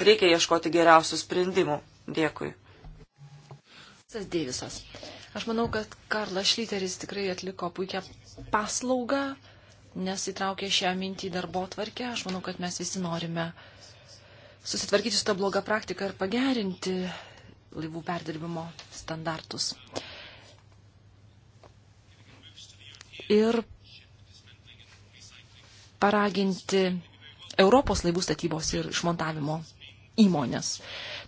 Speaker 2: reikia ieškoti geriausių sprendimų. Dėkui. Dėvisas.
Speaker 3: Aš manau, kad Karlas Šlyteris tikrai atliko puikią paslaugą, nes įtraukė šią mintį į darbo tvarkę. Aš manau, kad mes visi norime susitvarkyti su tą blogą praktiką ir pagerinti laivų perdirbimo standartus. Ir paraginti Europos laivų statybos ir išmontavimo įmonės.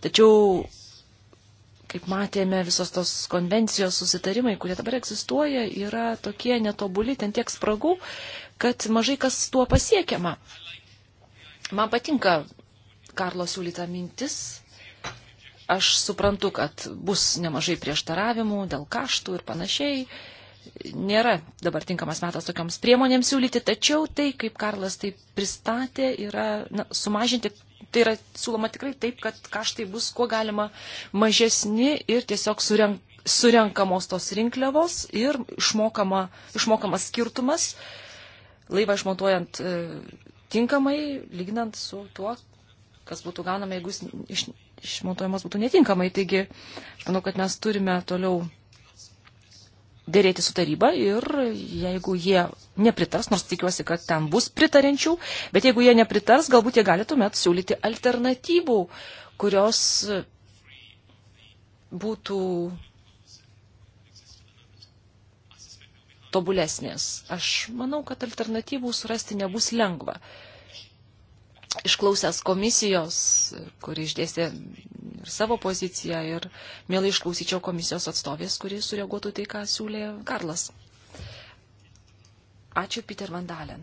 Speaker 3: Tačiau kaip matėme, visos tos konvencijos susitarimai, kurie dabar egzistuoja, yra tokie netobuli, ten tiek spragų, kad mažai kas tuo pasiekiama. Man patinka Karlo siūlyta mintis. Aš suprantu, kad bus nemažai prieštaravimų dėl kaštų ir panašiai. Nėra dabar tinkamas metas tokioms priemonėms siūlyti, tačiau tai, kaip Karlas tai pristatė, yra na, sumažinti tai yra siūloma tikrai taip, kad kaštai bus kuo galima mažesni ir tiesiog surenk, surenkamos tos rinkliavos ir išmokama, išmokamas skirtumas laivą išmontuojant e, tinkamai, lyginant su tuo, kas būtų gaunama, jeigu jis iš, išmontuojamas būtų netinkamai. Taigi, aš manau, kad mes turime toliau dėrėti su taryba ir jeigu jie nepritars, nors tikiuosi, kad ten bus pritarinčių, bet jeigu jie nepritars, galbūt jie gali tuomet siūlyti alternatyvų, kurios e, būtų tobulesnės. Aš manau, kad alternatyvų surasti nebus lengva. Išklausęs komisijos, kuri išdėstė ir savo poziciją, ir mielai išklausyčiau komisijos atstovės, kuris sureaguotų tai, ką siūlė Karlas. Ačiū, Peter Vandalen.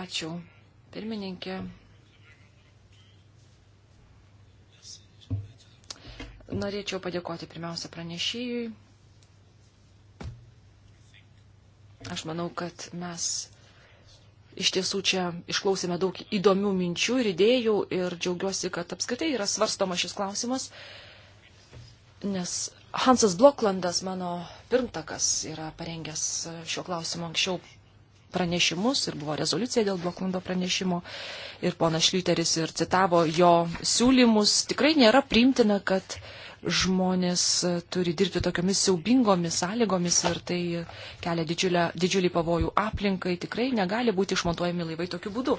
Speaker 3: Ačiū, pirmininkė. Norėčiau padėkoti pirmiausia pranešėjui. Aš manau, kad mes iš tiesų čia išklausėme daug įdomių minčių ir idėjų ir džiaugiuosi, kad apskritai yra svarstoma šis klausimas, nes Hansas Bloklandas, mano pirmtakas, yra parengęs šiuo klausimu anksčiau pranešimus ir buvo rezoliucija dėl Bloklando pranešimo ir ponas Šlyteris ir citavo jo siūlymus. Tikrai nėra primtina, kad žmonės turi dirbti tokiamis siaubingomis sąlygomis ir tai kelia didžiulę, didžiulį pavojų aplinkai. Tikrai negali būti išmontuojami laivai tokiu būdu.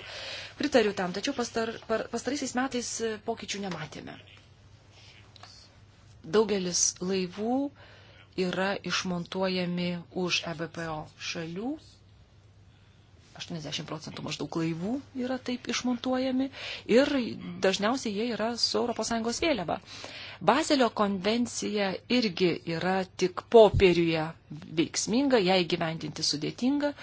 Speaker 3: Pritariu tam, tačiau pastar, par, pastaraisiais metais pokyčių nematėme daugelis laivų yra išmontuojami už EBPO šalių. 80 procentų maždaug laivų yra taip išmontuojami ir dažniausiai jie yra su ES vėliava. Bazelio konvencija irgi yra tik popieriuje veiksminga, ją įgyvendinti sudėtinga,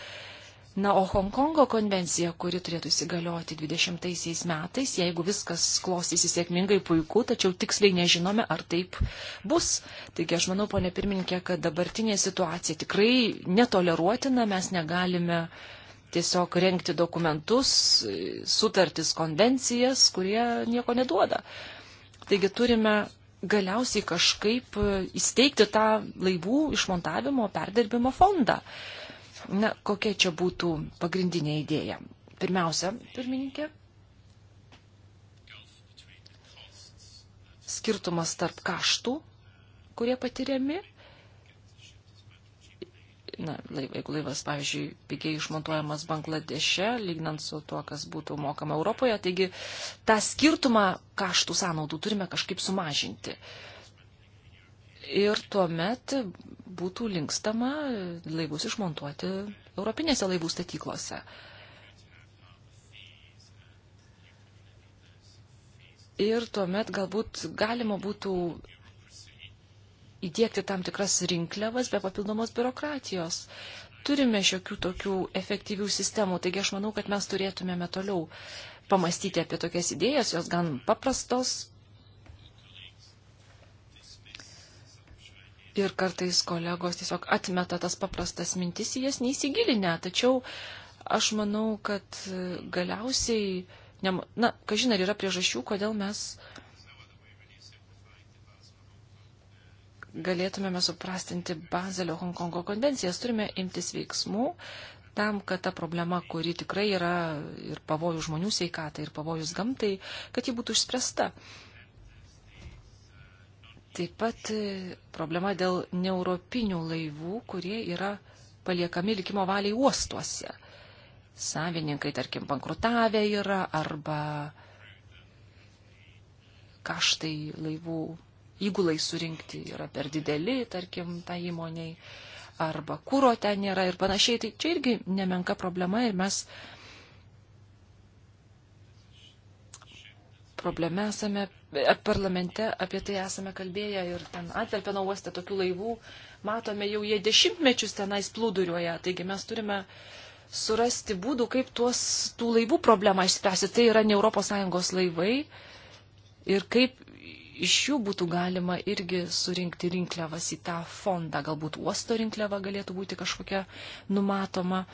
Speaker 3: Na, o Hongkongo konvencija, kuri turėtų įsigalioti 20 metais, jeigu viskas klostysi sėkmingai, puiku, tačiau tiksliai nežinome, ar taip bus. Taigi aš manau, ponė pirmininkė, kad dabartinė situacija tikrai netoleruotina, mes negalime tiesiog renkti dokumentus, sutartis, konvencijas, kurie nieko neduoda. Taigi turime galiausiai kažkaip įsteigti tą laivų išmontavimo, perdirbimo fondą. Uh, Na, kokia čia būtų pagrindinė idėja? Pirmiausia, pirmininkė, skirtumas tarp kaštų, kurie patiriami. Na, jeigu laivas, pavyzdžiui, pigiai išmontuojamas Bangladeše, lygnant su tuo, kas būtų mokama Europoje, taigi tą skirtumą kaštų sąnaudų turime kažkaip sumažinti. Uh, ir tuomet būtų linkstama laivus išmontuoti europinėse laivų statyklose. Ir tuomet galbūt galima būtų įdėkti tam tikras rinkliavas be papildomos biurokratijos. Turime šiokių tokių efektyvių sistemų, taigi aš manau, kad mes turėtumėme toliau pamastyti apie tokias idėjas, jos gan paprastos, Ir kartais kolegos tiesiog atmeta tas paprastas mintis, jas neįsigilinę. Tačiau aš manau, kad galiausiai, ne, na, kažin ar yra priežasčių, kodėl mes galėtumėme suprastinti Bazelio Hongkongo konvencijas. Turime imtis veiksmų tam, kad ta problema, kuri tikrai yra ir pavojų žmonių sveikatai, ir pavojus gamtai, kad ji būtų išspręsta. Uh, Taip pat e, problema dėl neuropinių laivų, kurie yra paliekami likimo valiai uostuose. Savininkai, tarkim, bankrutavę yra arba kaštai laivų įgulai surinkti yra per dideli, tarkim, tai įmoniai, arba kūro ten nėra ir panašiai. Tai čia irgi nemenka problema ir mes probleme esame, e, parlamente apie tai esame kalbėję ir ten Antverpeno uoste tokių laivų, matome jau jie dešimtmečius tenais plūduriuoja, taigi mes turime surasti būdų, kaip tuos, tų laivų problemą išspręsti. Tai yra ne ES laivai ir kaip iš jų būtų galima irgi surinkti rinkliavas į tą fondą. Galbūt uosto rinkliava galėtų būti kažkokia numatoma.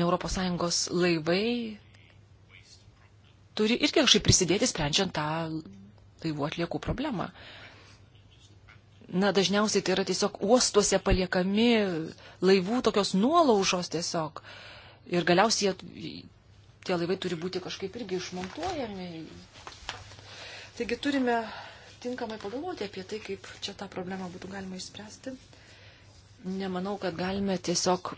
Speaker 3: Ne ES laivai turi irgi kažkaip prisidėti sprendžiant tą laivų atliekų problemą. Na, dažniausiai tai yra tiesiog uostuose paliekami laivų tokios nuolaužos tiesiog. Ir galiausiai tie laivai turi būti kažkaip irgi išmontuojami. Taigi turime tinkamai pagalvoti apie tai, kaip čia tą problemą būtų galima išspręsti. Nemanau, kad galime tiesiog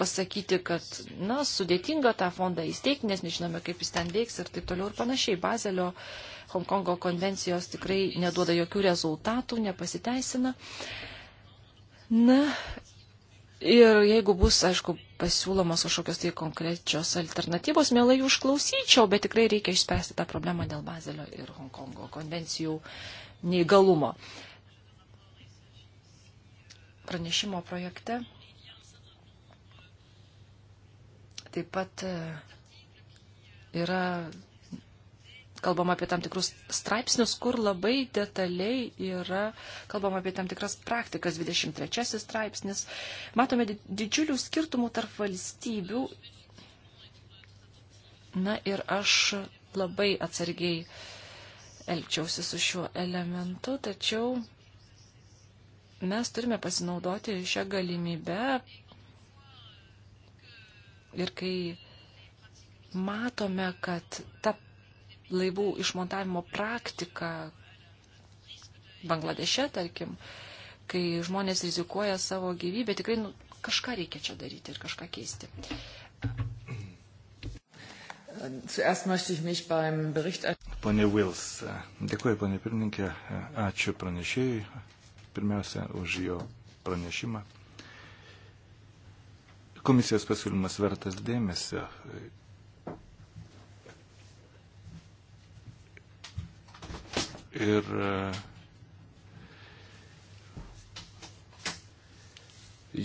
Speaker 3: pasakyti, kad, na, sudėtinga tą fondą įsteigti, nes nežinome, kaip jis ten veiks ir taip toliau ir panašiai. Bazelio Hongkongo konvencijos tikrai neduoda jokių rezultatų, nepasiteisina. Na, ir jeigu bus, aišku, pasiūlomos kažkokios tai konkrečios alternatyvos, mielai jų užklausyčiau, bet tikrai reikia išspręsti tą problemą dėl Bazelio ir Hongkongo konvencijų neįgalumo. Pranešimo projekte Taip pat e, yra kalbama apie tam tikrus straipsnius, kur labai detaliai yra kalbama apie tam tikras praktikas, 23 straipsnis. Matome didžiulių skirtumų tarp valstybių. Na ir aš labai atsargiai elgčiausi su šiuo elementu, tačiau mes turime pasinaudoti šią galimybę Ir kai matome, kad ta laivų išmontavimo praktika Bangladeše, tarkim, kai žmonės rizikuoja savo gyvybę, tikrai nu, kažką reikia čia daryti ir kažką keisti.
Speaker 4: Pone Wills, dėkuoju, pone pirmininkė, ačiū pranešėjai, pirmiausia, už jo pranešimą. Komisijos pasiūlymas vertas dėmesio. Ir e,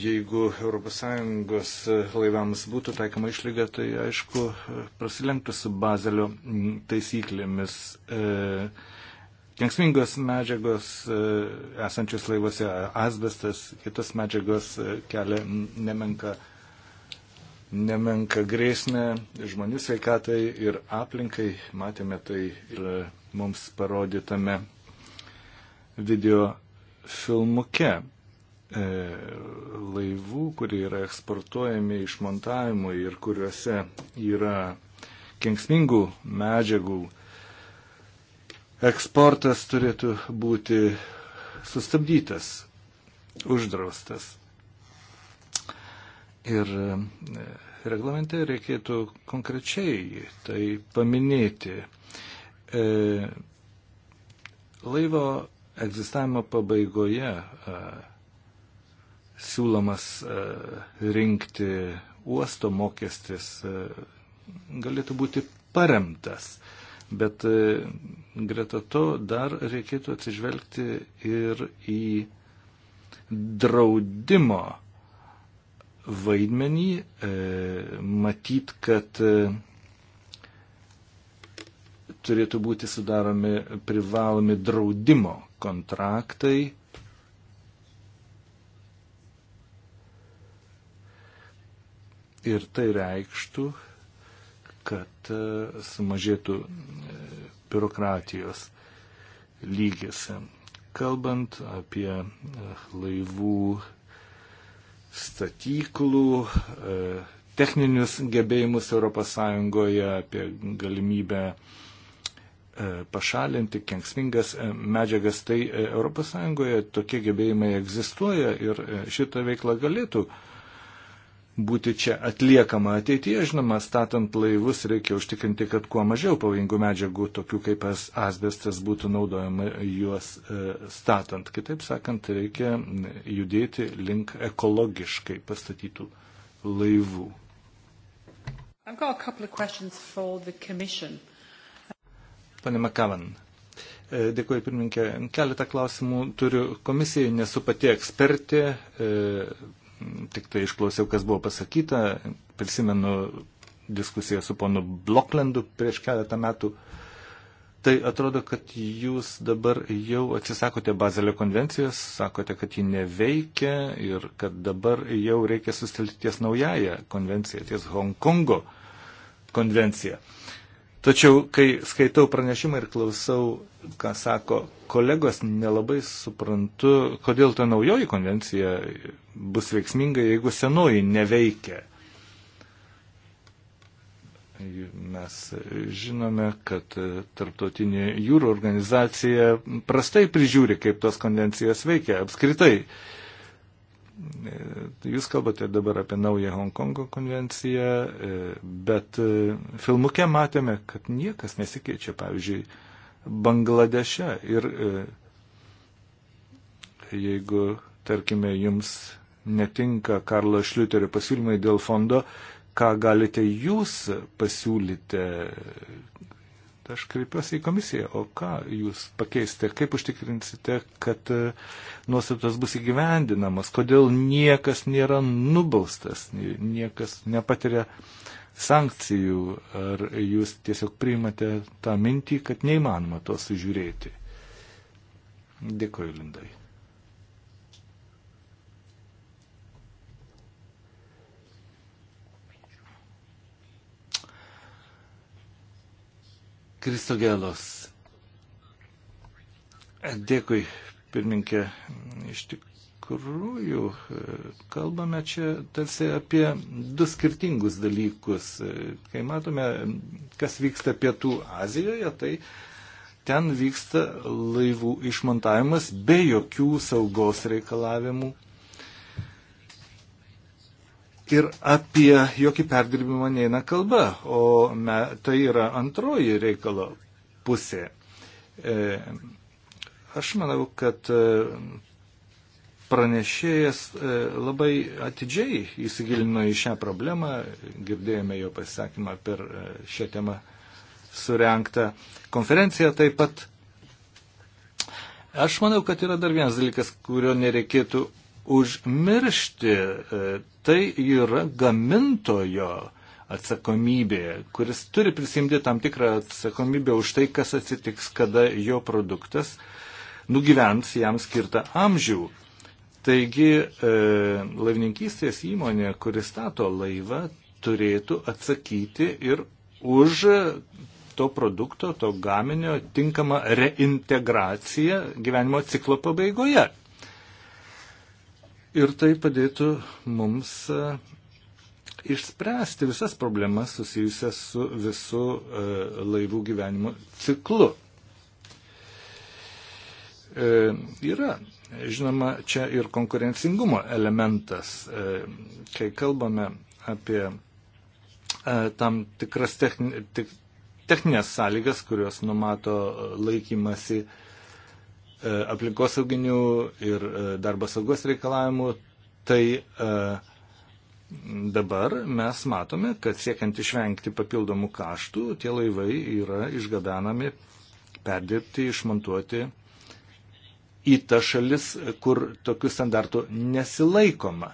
Speaker 4: jeigu ES laivams būtų taikoma išlyga, tai aišku, prasilenktų su bazelio taisyklėmis. E, kenksmingos medžiagos e, esančios laivose, asbestas, kitos medžiagos e, kelia nemenka nemenka grėsmę žmonių sveikatai ir aplinkai. Matėme tai ir mums parodytame video filmuke. E, laivų, kurie yra eksportuojami išmontavimui ir kuriuose yra kengsmingų medžiagų, eksportas turėtų būti sustabdytas, uždraustas. Ir e, reglamente reikėtų konkrečiai tai paminėti. E, laivo egzistavimo pabaigoje e, siūlomas e, rinkti uosto mokestis e, galėtų būti paremtas, bet e, greta to dar reikėtų atsižvelgti ir į draudimo vaidmenį, e, matyt, kad e, turėtų būti sudaromi privalomi draudimo kontraktai. Ir tai reikštų, kad e, sumažėtų biurokratijos lygis. Kalbant apie laivų statyklų, e, techninius gebėjimus ES, apie galimybę e, pašalinti kenksmingas e, medžiagas, tai ES tokie gebėjimai egzistuoja ir šitą veiklą galėtų uh, būti čia atliekama ateityje. Žinoma, statant laivus reikia užtikrinti, kad kuo mažiau pavojingų medžiagų, tokių kaip asbestas, būtų naudojama juos e, statant. Kitaip sakant, reikia judėti link ekologiškai pastatytų laivų. Pane Makavan, e, Dėkuoju, pirmininkė. Keletą klausimų turiu komisijai, nesu pati ekspertė, e, tik tai išklausiau, kas buvo pasakyta, prisimenu diskusiją su ponu Bloklendu prieš keletą metų. Tai atrodo, kad jūs dabar jau atsisakote Bazelio konvencijos, sakote, kad ji neveikia ir kad dabar jau reikia sustelti ties naująją konvenciją, ties Hongkongo konvenciją. Uh, Tačiau, kai skaitau pranešimą ir klausau, ką sako kolegos, nelabai suprantu, kodėl ta naujoji konvencija bus veiksminga, jeigu senoji neveikia. Mes žinome, kad tarptautinė jūrų organizacija prastai prižiūri, kaip tos konvencijos veikia. Apskritai, E, tai jūs kalbate dabar apie naują Hongkongo konvenciją, e, bet e, filmuke matėme, kad niekas nesikeičia, pavyzdžiui, Bangladeše. Ir jeigu, tarkime, jums netinka Karlo Šliuterio pasiūlymai dėl fondo, ką galite jūs pasiūlyti, Aš kreipiuosi į komisiją, o ką jūs pakeisite, kaip užtikrinsite, kad e, nuostatos bus įgyvendinamas, kodėl niekas nėra nubaustas, niekas nepatiria sankcijų, ar jūs tiesiog priimate tą mintį, kad neįmanoma to sužiūrėti. Dėkuoju, Lindai. Kristogelos. Dėkui, pirminkė. Iš tikrųjų, kalbame čia tarsi apie du skirtingus dalykus. Kai matome, kas vyksta Pietų Azijoje, tai ten vyksta laivų išmontavimas be jokių saugos reikalavimų ir apie jokį perdirbimą neina kalba, o me, tai yra antroji reikalo pusė. E, aš manau, kad e, pranešėjas e, labai atidžiai įsigilino į šią problemą, girdėjome jo pasisakymą per e, šią temą surenktą konferenciją taip pat. Aš manau, kad yra dar vienas dalykas, kurio nereikėtų užmiršti. E, tai yra gamintojo atsakomybė, kuris turi prisimti tam tikrą atsakomybę už tai, kas atsitiks, kada jo produktas nugyvens jam skirtą amžių. Taigi e, laivininkystės įmonė, kuri stato laivą, turėtų atsakyti ir už to produkto, to gaminio tinkamą reintegraciją gyvenimo ciklo pabaigoje ir tai padėtų mums e, išspręsti visas problemas susijusias su visu e, laivų gyvenimo ciklu. E, yra, žinoma, čia ir konkurencingumo elementas, kai kalbame apie tam tikras techninės sąlygas, kurios numato laikymasi uh, E, aplinkosauginių ir e, darbo saugos reikalavimų, tai e, dabar mes matome, kad siekiant išvengti papildomų kaštų, tie laivai yra išgabenami, perdirbti, išmontuoti į tą šalis, kur tokių standartų nesilaikoma.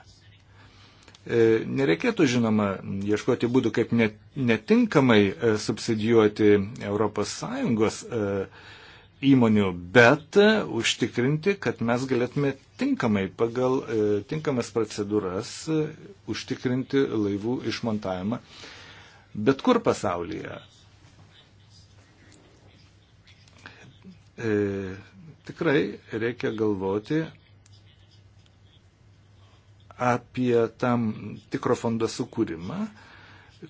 Speaker 4: Nereikėtų, žinoma, ieškoti būdų, kaip netinkamai subsidijuoti ES įmonių, bet užtikrinti, kad mes galėtume tinkamai pagal e, tinkamas procedūras e, užtikrinti laivų išmontavimą bet kur pasaulyje. E, tikrai reikia galvoti apie tam tikro fondo sukūrimą,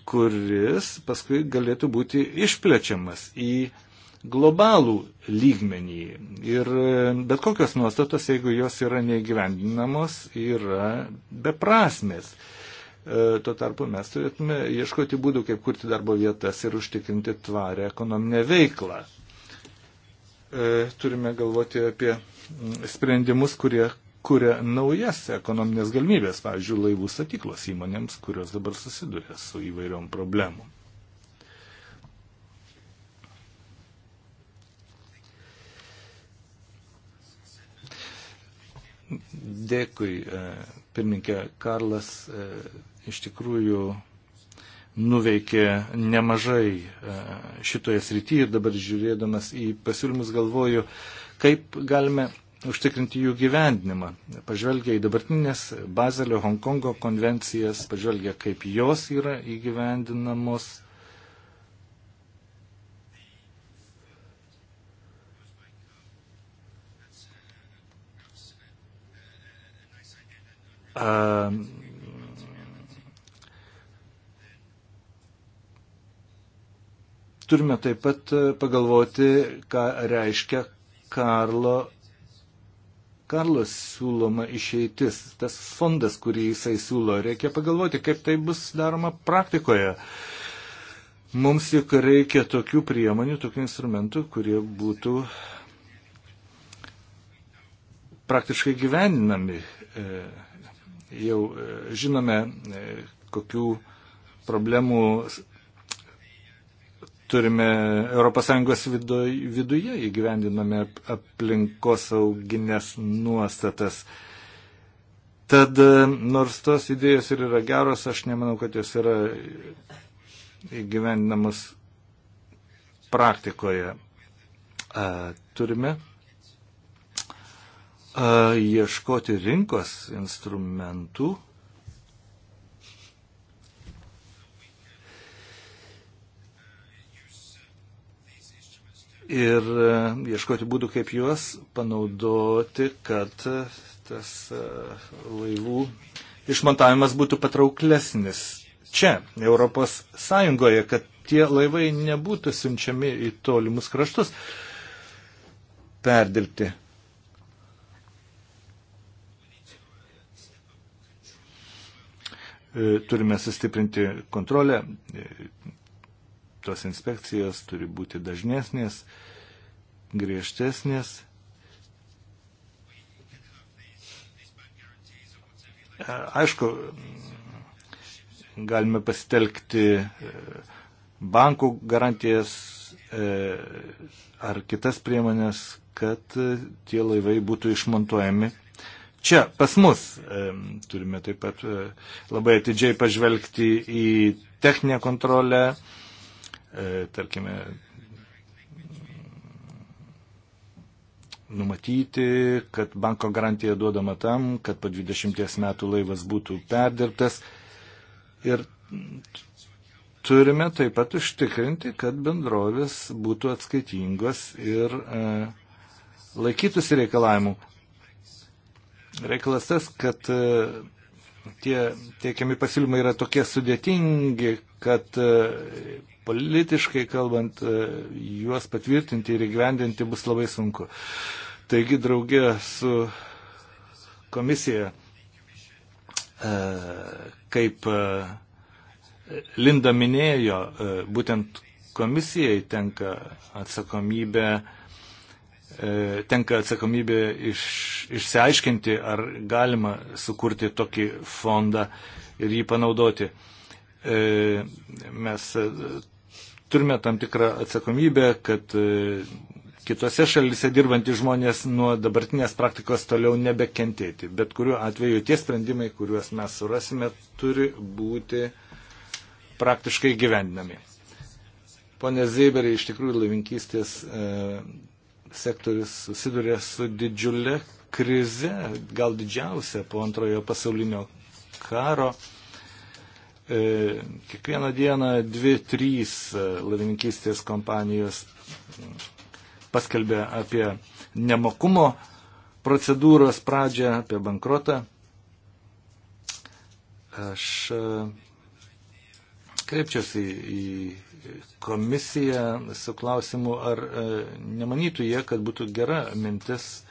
Speaker 4: kuris paskui galėtų būti išplečiamas į e, globalų lygmenį. Ir e, bet kokios nuostatos, jeigu jos yra neįgyvendinamos, yra beprasmės. E, tuo tarpu mes turėtume ieškoti būdų, kaip kurti darbo vietas ir užtikrinti tvarę ekonominę veiklą. E, turime galvoti apie sprendimus, kurie kuria naujas ekonominės galimybės, pavyzdžiui, laivų statyklos įmonėms, kurios dabar susiduria su įvairiom problemom. Dėkui, e, pirmininkė Karlas e, iš tikrųjų nuveikė nemažai e, šitoje srityje ir dabar žiūrėdamas į pasiūlymus galvoju, kaip galime užtikrinti jų gyvendinimą. Pažvelgia į dabartinės Bazelio Hongkongo konvencijas, pažvelgia, kaip jos yra įgyvendinamos um, turime taip pat e, pagalvoti, ką reiškia Karlo, Karlos siūloma išeitis, tas fondas, kurį jisai siūlo. Reikia pagalvoti, kaip tai bus daroma praktikoje. Mums juk reikia tokių priemonių, tokių instrumentų, kurie būtų praktiškai gyveninami. E, jau e, žinome, e, kokių problemų turime ES viduje įgyvendiname aplinkosauginės nuostatas. Tad e, nors tos idėjos ir yra geros, aš nemanau, kad jos yra įgyvendinamos praktikoje. Turime ieškoti rinkos instrumentų, ir e, ieškoti būdų, kaip juos panaudoti, kad tas e, laivų išmontavimas būtų patrauklesnis čia, Europos Sąjungoje, kad tie laivai nebūtų siunčiami į tolimus kraštus perdirbti. E, turime sustiprinti kontrolę, e, tos inspekcijos turi būti dažnesnės, griežtesnės. E, aišku, galime pasitelkti bankų garantijas ar kitas priemonės, kad tie laivai būtų išmontuojami Čia pas mus turime taip pat e, labai atidžiai pažvelgti į techninę kontrolę, e, tarkime, numatyti, kad banko garantija duodama tam, kad po 20 metų laivas būtų perdirbtas. Ir turime taip pat užtikrinti, kad bendrovės būtų atskaitingos ir e, laikytųsi reikalavimų. Reikalas tas, kad e, tie teikiami pasiūlymai yra tokie sudėtingi, kad e, politiškai kalbant e, juos patvirtinti ir įgyvendinti bus labai sunku. Taigi draugė su komisija kaip Linda minėjo, būtent komisijai tenka atsakomybė E, tenka atsakomybė iš, išsiaiškinti, ar galima sukurti tokį fondą ir jį panaudoti. E, mes e, turime tam tikrą atsakomybę, kad kitose šalise dirbantys žmonės nuo dabartinės praktikos toliau nebekentėti. Bet kuriuo atveju tie sprendimai, kuriuos mes surasime, turi būti praktiškai gyvendinami. Pone Zeiberį, iš tikrųjų lavinkystės sektorius susiduria su didžiulė krize, gal didžiausia po antrojo pasaulinio karo. E, kiekvieną dieną dvi, trys e, lavininkystės kompanijos paskelbė apie nemokumo procedūros pradžią, apie bankrotą. Aš e, kreipčiausi į, į komisiją su klausimu, ar e, nemanytų jie, kad būtų gera mintis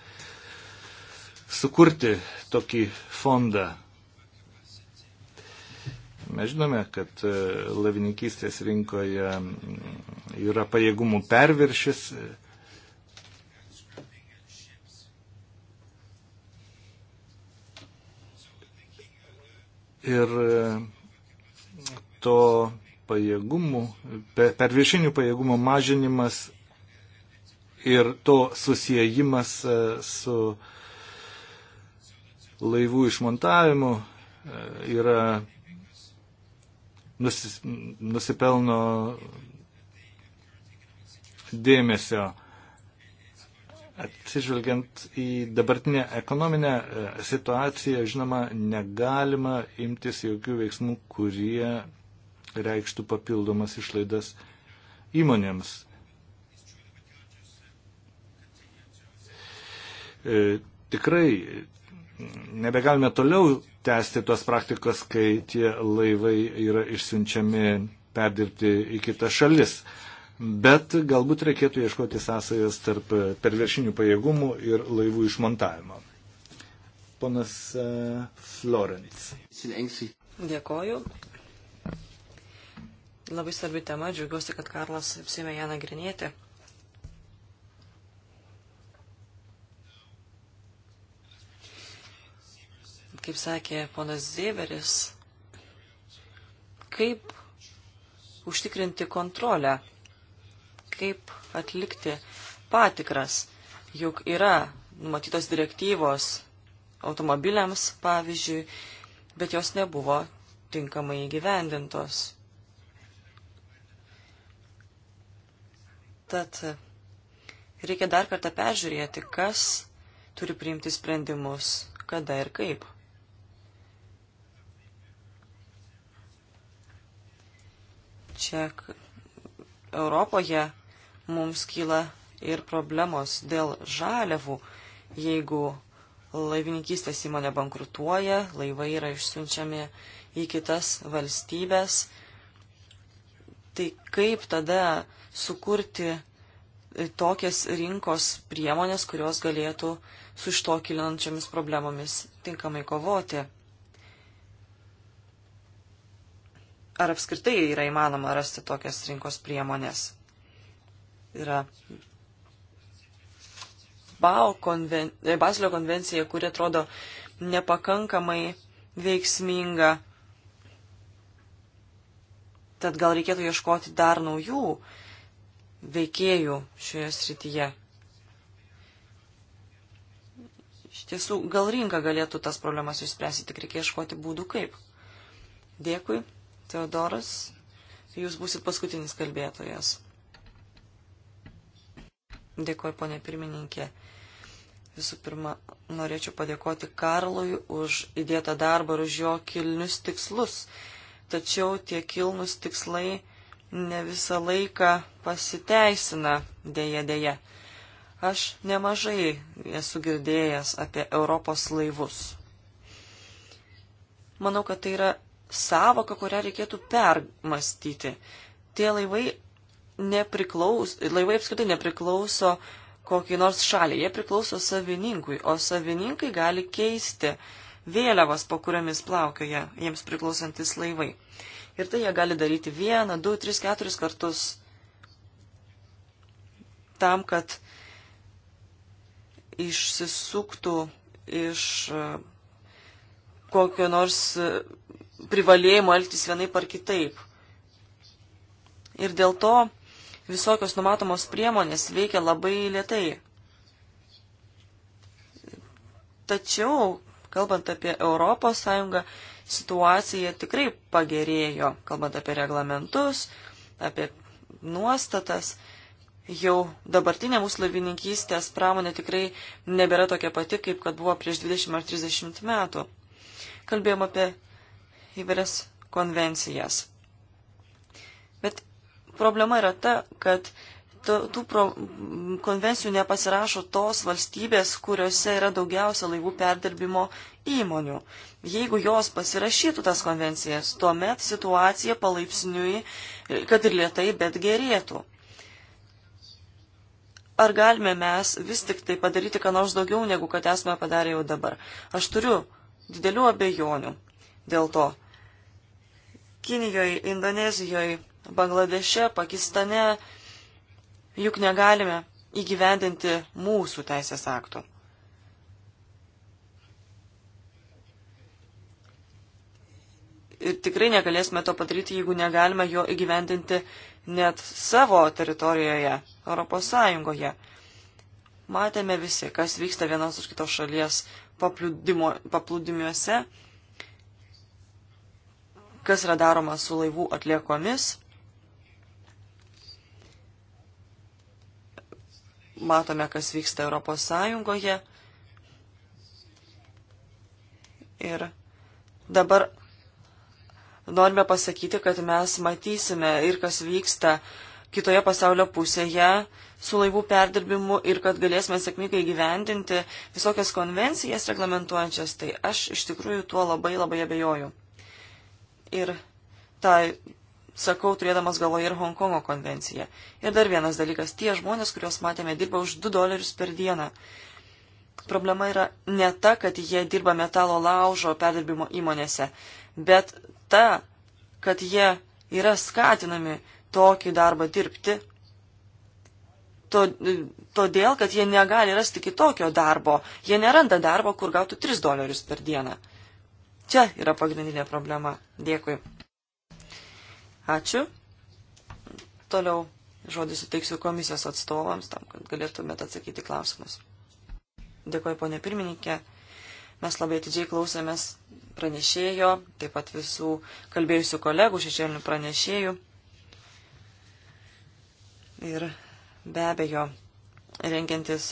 Speaker 4: sukurti tokį fondą. Mes žinome, kad e, lavininkystės rinkoje mm, yra pajėgumų perviršis. Ir e, to pajėgumų, perviršinių pajėgumų mažinimas ir to susijimas e, su laivų išmontavimu e, yra nusis, nusipelno dėmesio atsižvelgiant į dabartinę ekonominę e, situaciją, žinoma, negalima imtis jokių veiksmų, kurie reikštų papildomas išlaidas įmonėms. E, tikrai nebegalime toliau tęsti tos praktikos, kai tie laivai yra išsiunčiami perdirbti į kitas šalis. Bet galbūt reikėtų ieškoti sąsajas tarp perviršinių pajėgumų ir laivų išmontavimo. Ponas e, Florence.
Speaker 2: Dėkoju labai svarbi tema, džiaugiuosi, kad Karlas apsėmė ją nagrinėti. Kaip sakė ponas Zėveris, kaip užtikrinti kontrolę, kaip atlikti patikras, juk yra numatytos direktyvos automobiliams, pavyzdžiui, bet jos nebuvo tinkamai įgyvendintos. Tad reikia dar kartą peržiūrėti, kas turi priimti sprendimus, kada ir kaip. Čia Europoje mums kyla ir problemos dėl žaliavų, jeigu laivininkystės įmonė bankrutuoja, laivai yra išsiunčiami į kitas valstybės, tai kaip tada sukurti e, tokias rinkos priemonės, kurios galėtų su iš to kilančiamis problemomis tinkamai kovoti. Ar apskritai yra įmanoma rasti tokias rinkos priemonės? Yra BAO konven... E, Basilio konvencija, kuri atrodo nepakankamai veiksminga. Tad gal reikėtų ieškoti dar naujų veikėjų šioje srityje. Iš tiesų, gal rinka galėtų tas problemas išspręsti, tik reikia ieškoti būdų kaip. Dėkui, Teodoras, jūs būsit paskutinis kalbėtojas. Dėkuoju, ponė pirmininkė. Visų pirma, norėčiau padėkoti Karlui už įdėtą darbą ir už jo kilnius tikslus. Tačiau tie kilnus tikslai ne visą laiką pasiteisina dėja dėja. Aš nemažai esu girdėjęs apie Europos laivus. Manau, kad tai yra savoka, kurią reikėtų permastyti. Tie laivai, nepriklaus, laivai apskritai nepriklauso kokiai nors šaliai, jie priklauso savininkui, o savininkai gali keisti vėliavas, po kuriamis plaukioja jiems priklausantis laivai. Ir tai jie gali daryti vieną, du, tris, keturis kartus tam, kad išsisuktų iš e, kokio nors e, privalėjimo elgtis vienaip ar kitaip. Ir dėl to visokios numatomos priemonės veikia labai lietai. Tačiau Kalbant apie ES, situacija tikrai pagerėjo, kalbant apie reglamentus, apie nuostatas. Jau dabartinė mūsų laivininkystės pramonė tikrai nebėra tokia pati, kaip kad buvo prieš 20 ar 30 metų. Kalbėjom apie įvairias konvencijas. Bet problema yra ta, kad tų pro, konvencijų nepasirašo tos valstybės, kuriuose yra daugiausia laivų perdirbimo įmonių. Jeigu jos pasirašytų tas konvencijas, tuomet situacija palaipsniui, kad ir lietai, bet gerėtų. Ar galime mes vis tik tai padaryti ką nors daugiau, negu kad esame padarę jau dabar? Aš turiu didelių abejonių dėl to. Kinijoje, Indonezijoje, Bangladeše, Pakistane, Juk negalime įgyvendinti mūsų teisės aktų. Ir tikrai negalėsime to padaryti, jeigu negalime jo įgyvendinti net savo teritorijoje, Europos Sąjungoje. Matėme visi, kas vyksta vienos už kitos šalies paplūdimiuose, kas yra daroma su laivų atliekomis. matome, kas vyksta Europos Sąjungoje. Ir dabar norime pasakyti, kad mes matysime ir kas vyksta kitoje pasaulio pusėje su laivų perdirbimu ir kad galėsime sėkmingai gyvendinti visokias konvencijas reglamentuojančias, tai aš iš tikrųjų tuo labai labai abejoju. Ir tai sakau, turėdamas galvoje ir Hongkongo konvenciją. Ir dar vienas dalykas, tie žmonės, kuriuos matėme, dirba už 2 dolerius per dieną. Problema yra ne ta, kad jie dirba metalo laužo perdirbimo įmonėse, bet ta, kad jie yra skatinami tokį darbą dirbti, to, todėl, kad jie negali rasti kitokio darbo. Jie neranda darbo, kur gautų 3 dolerius per dieną. Čia yra pagrindinė problema. Dėkui. Ačiū. Toliau žodį suteiksiu komisijos atstovams, tam, kad galėtumėt atsakyti klausimus. Dėkuoju, ponė pirmininkė. Mes labai atidžiai klausėmės pranešėjo, taip pat visų kalbėjusių kolegų, šešėlinių pranešėjų. Ir be abejo, rengiantis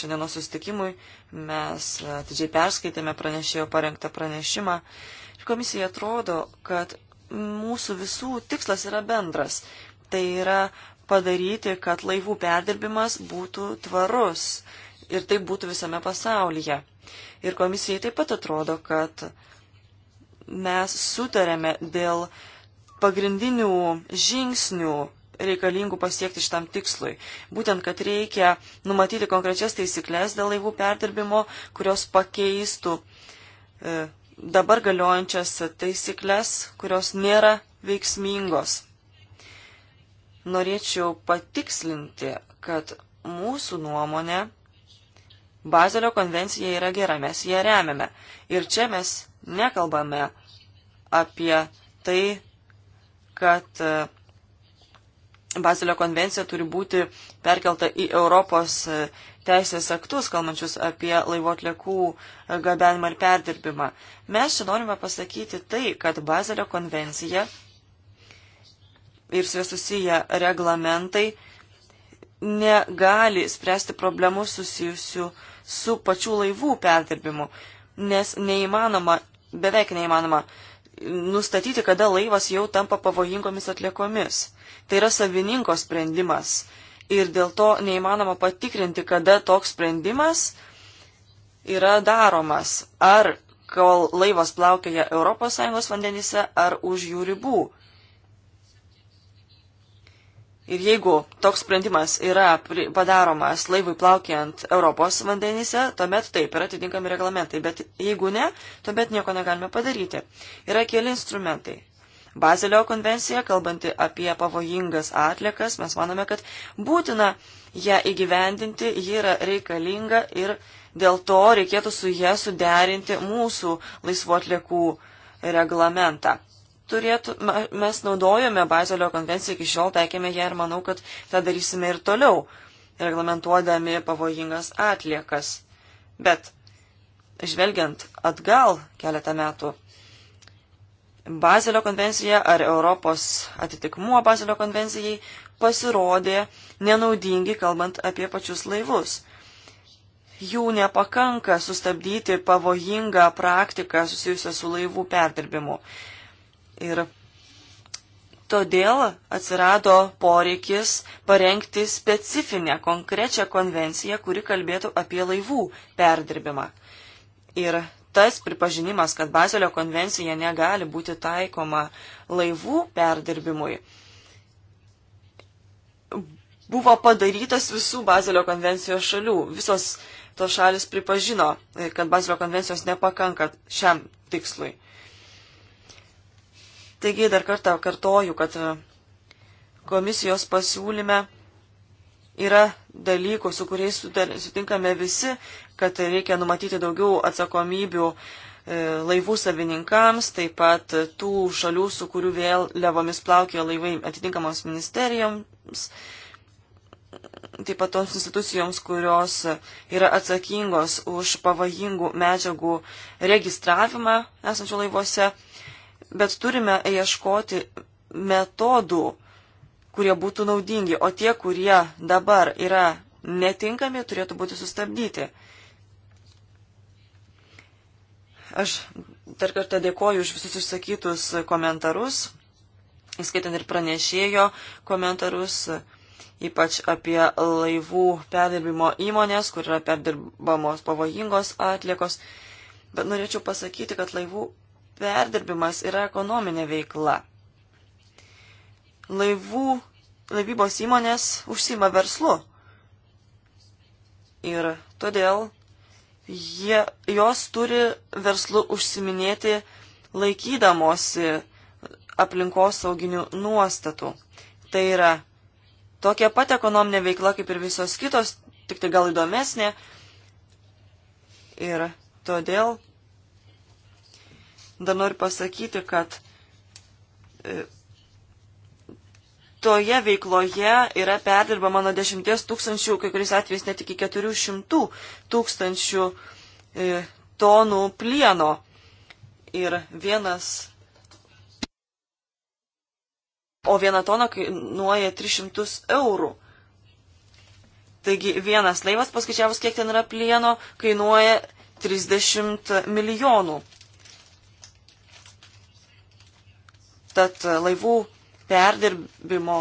Speaker 2: šiandienos sustikimui, mes atidžiai perskaitėme pranešėjo parengtą pranešimą. Ir komisija atrodo, kad mūsų visų tikslas yra bendras. Tai yra padaryti, kad laivų perdirbimas būtų tvarus ir tai būtų visame pasaulyje. Ir komisijai taip pat atrodo, kad mes sutarėme dėl pagrindinių žingsnių reikalingų pasiekti šitam tikslui. Būtent, kad reikia numatyti konkrečias taisyklės dėl laivų perdirbimo, kurios pakeistų e, dabar galiojančias taisyklės, kurios nėra veiksmingos. Norėčiau patikslinti, kad mūsų nuomonė Bazelio konvencija yra gera, mes ją remiame. Ir čia mes nekalbame apie tai, kad Basilio konvencija turi būti perkelta į Europos e, teisės aktus, kalbančius apie laivo atliekų e, gabenimą ir perdirbimą. Mes čia norime pasakyti tai, kad Basilio konvencija ir su jie susiję reglamentai negali spręsti problemų susijusių su pačių laivų perdirbimu, nes neįmanoma, beveik neįmanoma nustatyti, kada laivas jau tampa pavojingomis atliekomis. Tai yra savininko sprendimas ir dėl to neįmanoma patikrinti, kada toks sprendimas yra daromas. Ar kol laivas plaukioja ES vandenyse, ar už jų ribų. Ir jeigu toks sprendimas yra padaromas laivui plaukiant Europos vandenyse, tuomet taip yra atitinkami reglamentai, bet jeigu ne, tuomet nieko negalime padaryti. Yra keli instrumentai. Bazelio konvencija, kalbanti apie pavojingas atlikas, mes manome, kad būtina ją įgyvendinti, ji yra reikalinga ir dėl to reikėtų su ją suderinti mūsų laisvo atliekų reglamentą turėtų, mes naudojame Bazelio konvenciją iki šiol, taikėme ją ir manau, kad tą darysime ir toliau, reglamentuodami pavojingas atliekas. Bet, žvelgiant atgal keletą metų, Bazelio konvencija ar Europos atitikmuo Bazelio konvencijai pasirodė nenaudingi, kalbant apie pačius laivus. Jų nepakanka sustabdyti pavojingą praktiką susijusią su laivų perdirbimu. Ir todėl atsirado poreikis parengti specifinę konkrečią konvenciją, kuri kalbėtų apie laivų perdirbimą. Ir tas pripažinimas, kad Bazelio konvencija negali būti taikoma laivų perdirbimui, buvo padarytas visų Bazelio konvencijos šalių. Visos tos šalis pripažino, kad Bazelio konvencijos nepakanka šiam tikslui. Taigi dar kartą kartoju, kad e, komisijos pasiūlyme yra dalykų, su kuriais sutinkame visi, kad reikia numatyti daugiau atsakomybių e, laivų savininkams, taip pat tų šalių, su kurių vėl levomis plaukio laivai atitinkamos ministerijoms, taip pat toms institucijoms, kurios yra atsakingos už pavojingų medžiagų registravimą esančių laivuose bet turime ieškoti metodų, kurie būtų naudingi, o tie, kurie dabar yra netinkami, turėtų būti sustabdyti. Aš dar kartą dėkoju už visus išsakytus komentarus, įskaitant ir pranešėjo komentarus, ypač apie laivų perdirbimo įmonės, kur yra perdirbamos pavojingos atliekos. Bet norėčiau pasakyti, kad laivų perdirbimas yra ekonominė veikla. Laivų, laivybos įmonės užsima verslu. Ir todėl jie, jos turi verslu užsiminėti laikydamosi aplinkos sauginių nuostatų. Tai yra tokia pat ekonominė veikla kaip ir visos kitos, tik tai gal įdomesnė. Ir todėl Dar noriu pasakyti, kad e, toje veikloje yra perdirbama nuo 10 tūkstančių, kai kuriais atvejais net iki 400 tūkstančių e, tonų plieno. Ir vienas. O viena tona kainuoja 300 eurų. Taigi vienas laivas, paskaičiavus, kiek ten yra plieno, kainuoja 30 milijonų Tad laivų perdirbimo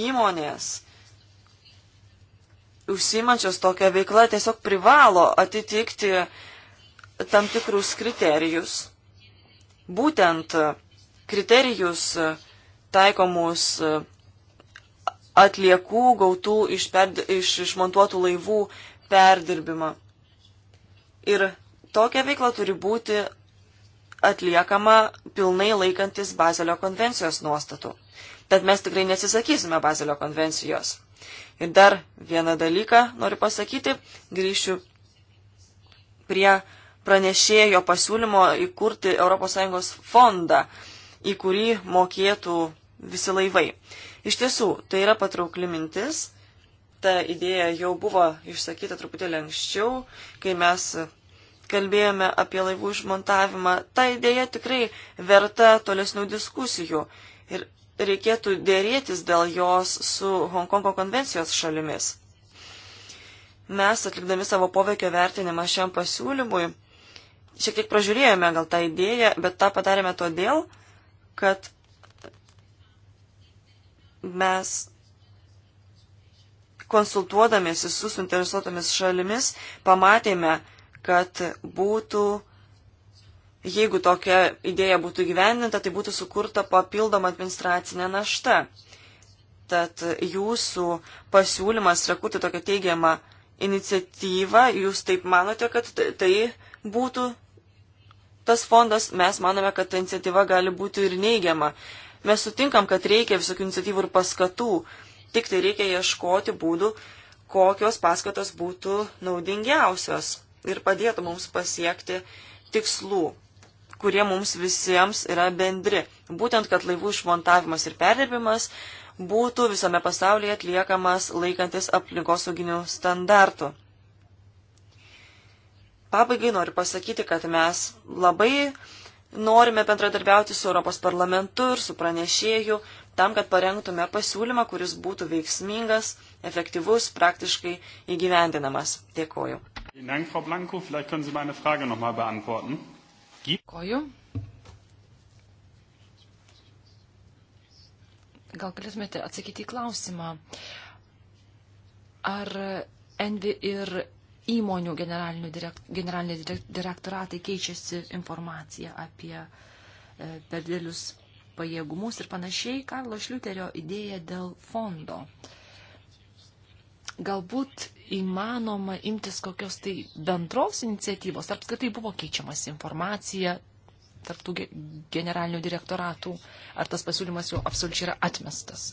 Speaker 2: įmonės užsimančios tokią veiklą tiesiog privalo atitikti tam tikrus kriterijus. Būtent kriterijus taikomus atliekų gautų iš, perd, iš išmontuotų laivų perdirbimą. Ir tokia veikla turi būti atliekama pilnai laikantis Bazelio konvencijos nuostatų. Tad mes tikrai nesisakysime Bazelio konvencijos. Ir dar vieną dalyką noriu pasakyti, grįšiu prie pranešėjo pasiūlymo įkurti ES fondą, į kurį mokėtų visi laivai. Iš tiesų, tai yra patraukli mintis, ta idėja jau buvo išsakyta truputėlį anksčiau, kai mes kalbėjome apie laivų išmontavimą, ta idėja tikrai verta tolesnių diskusijų ir reikėtų dėrėtis dėl jos su Hongkongo konvencijos šalimis. Mes, atlikdami savo poveikio vertinimą šiam pasiūlymui, šiek tiek pražiūrėjome gal tą idėją, bet tą padarėme todėl, kad mes konsultuodamėsi su suinteresuotomis šalimis pamatėme, kad būtų, jeigu tokia idėja būtų gyveninta, tai būtų sukurta papildoma administracinė našta. Tad jūsų pasiūlymas yra kurti tokią teigiamą iniciatyvą, jūs taip manote, kad tai būtų tas fondas, mes manome, kad ta iniciatyva gali būti ir neigiama. Mes sutinkam, kad reikia visokių iniciatyvų ir paskatų, tik tai reikia ieškoti būdų, kokios paskatos būtų naudingiausios ir padėtų mums pasiekti tikslų, kurie mums visiems yra bendri. Būtent, kad laivų išmontavimas ir perdirbimas būtų visame pasaulyje atliekamas laikantis aplinkosauginių standartų. Pabaigai noriu pasakyti, kad mes labai norime bendradarbiauti su Europos parlamentu ir su pranešėju tam, kad parengtume pasiūlymą, kuris būtų veiksmingas efektyvus, praktiškai įgyvendinamas. Dėkoju.
Speaker 1: Dėkoju.
Speaker 3: Gal galėtumėte atsakyti į klausimą, ar Envi ir įmonių direkt, generaliniai direkt, direktoratai keičiasi informaciją apie e, per dėlius pajėgumus ir panašiai Karlo Šliuterio idėja dėl fondo. E, galbūt įmanoma imtis kokios tai bendros iniciatyvos, apskritai buvo keičiamas informacija tarptų generalinių direktoratų, ar tas pasiūlymas jau absoliučiai yra atmestas.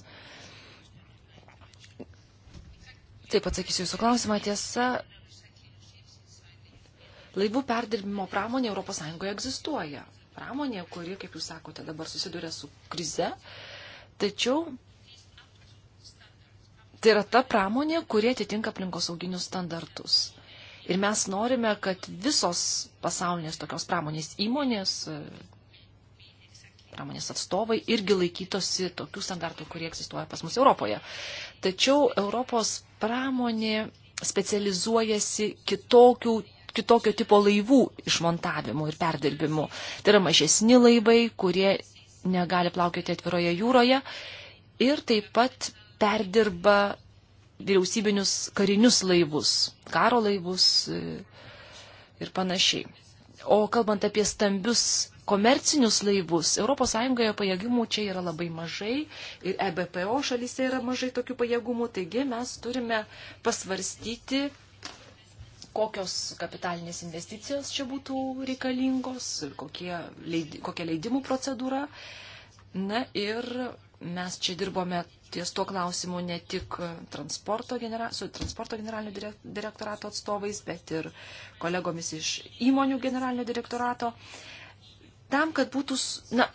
Speaker 3: Taip atsakysiu jūsų klausimą. Tiesa, laivų perdirbimo pramonė ES egzistuoja. Pramonė, kuri, kaip jūs sakote, dabar susiduria su krize, tačiau tai yra ta pramonė, kurie atitinka aplinkosauginius standartus. Ir mes norime, kad visos pasaulinės tokios pramonės įmonės, pramonės atstovai irgi laikytosi tokių standartų, kurie egzistuoja pas mus Europoje. Tačiau Europos pramonė specializuojasi kitokių kitokio tipo laivų išmontavimu ir perdirbimu. Tai yra mažesni laivai, kurie negali plaukioti atviroje jūroje ir taip pat perdirba vyriausybinius karinius laivus, karo laivus e, ir panašiai. O kalbant apie stambius komercinius laivus, ES pajėgumų čia yra labai mažai ir EBPO šalyse yra mažai tokių pajėgumų, taigi mes turime pasvarstyti, kokios kapitalinės investicijos čia būtų reikalingos, kokie, leidi, kokia leidimų procedūra. Na ir mes čia dirbome ties tuo klausimu ne tik transporto genera su transporto generalinio direktorato atstovais, bet ir kolegomis iš įmonių generalinio direktorato. Tam, kad būtų, na,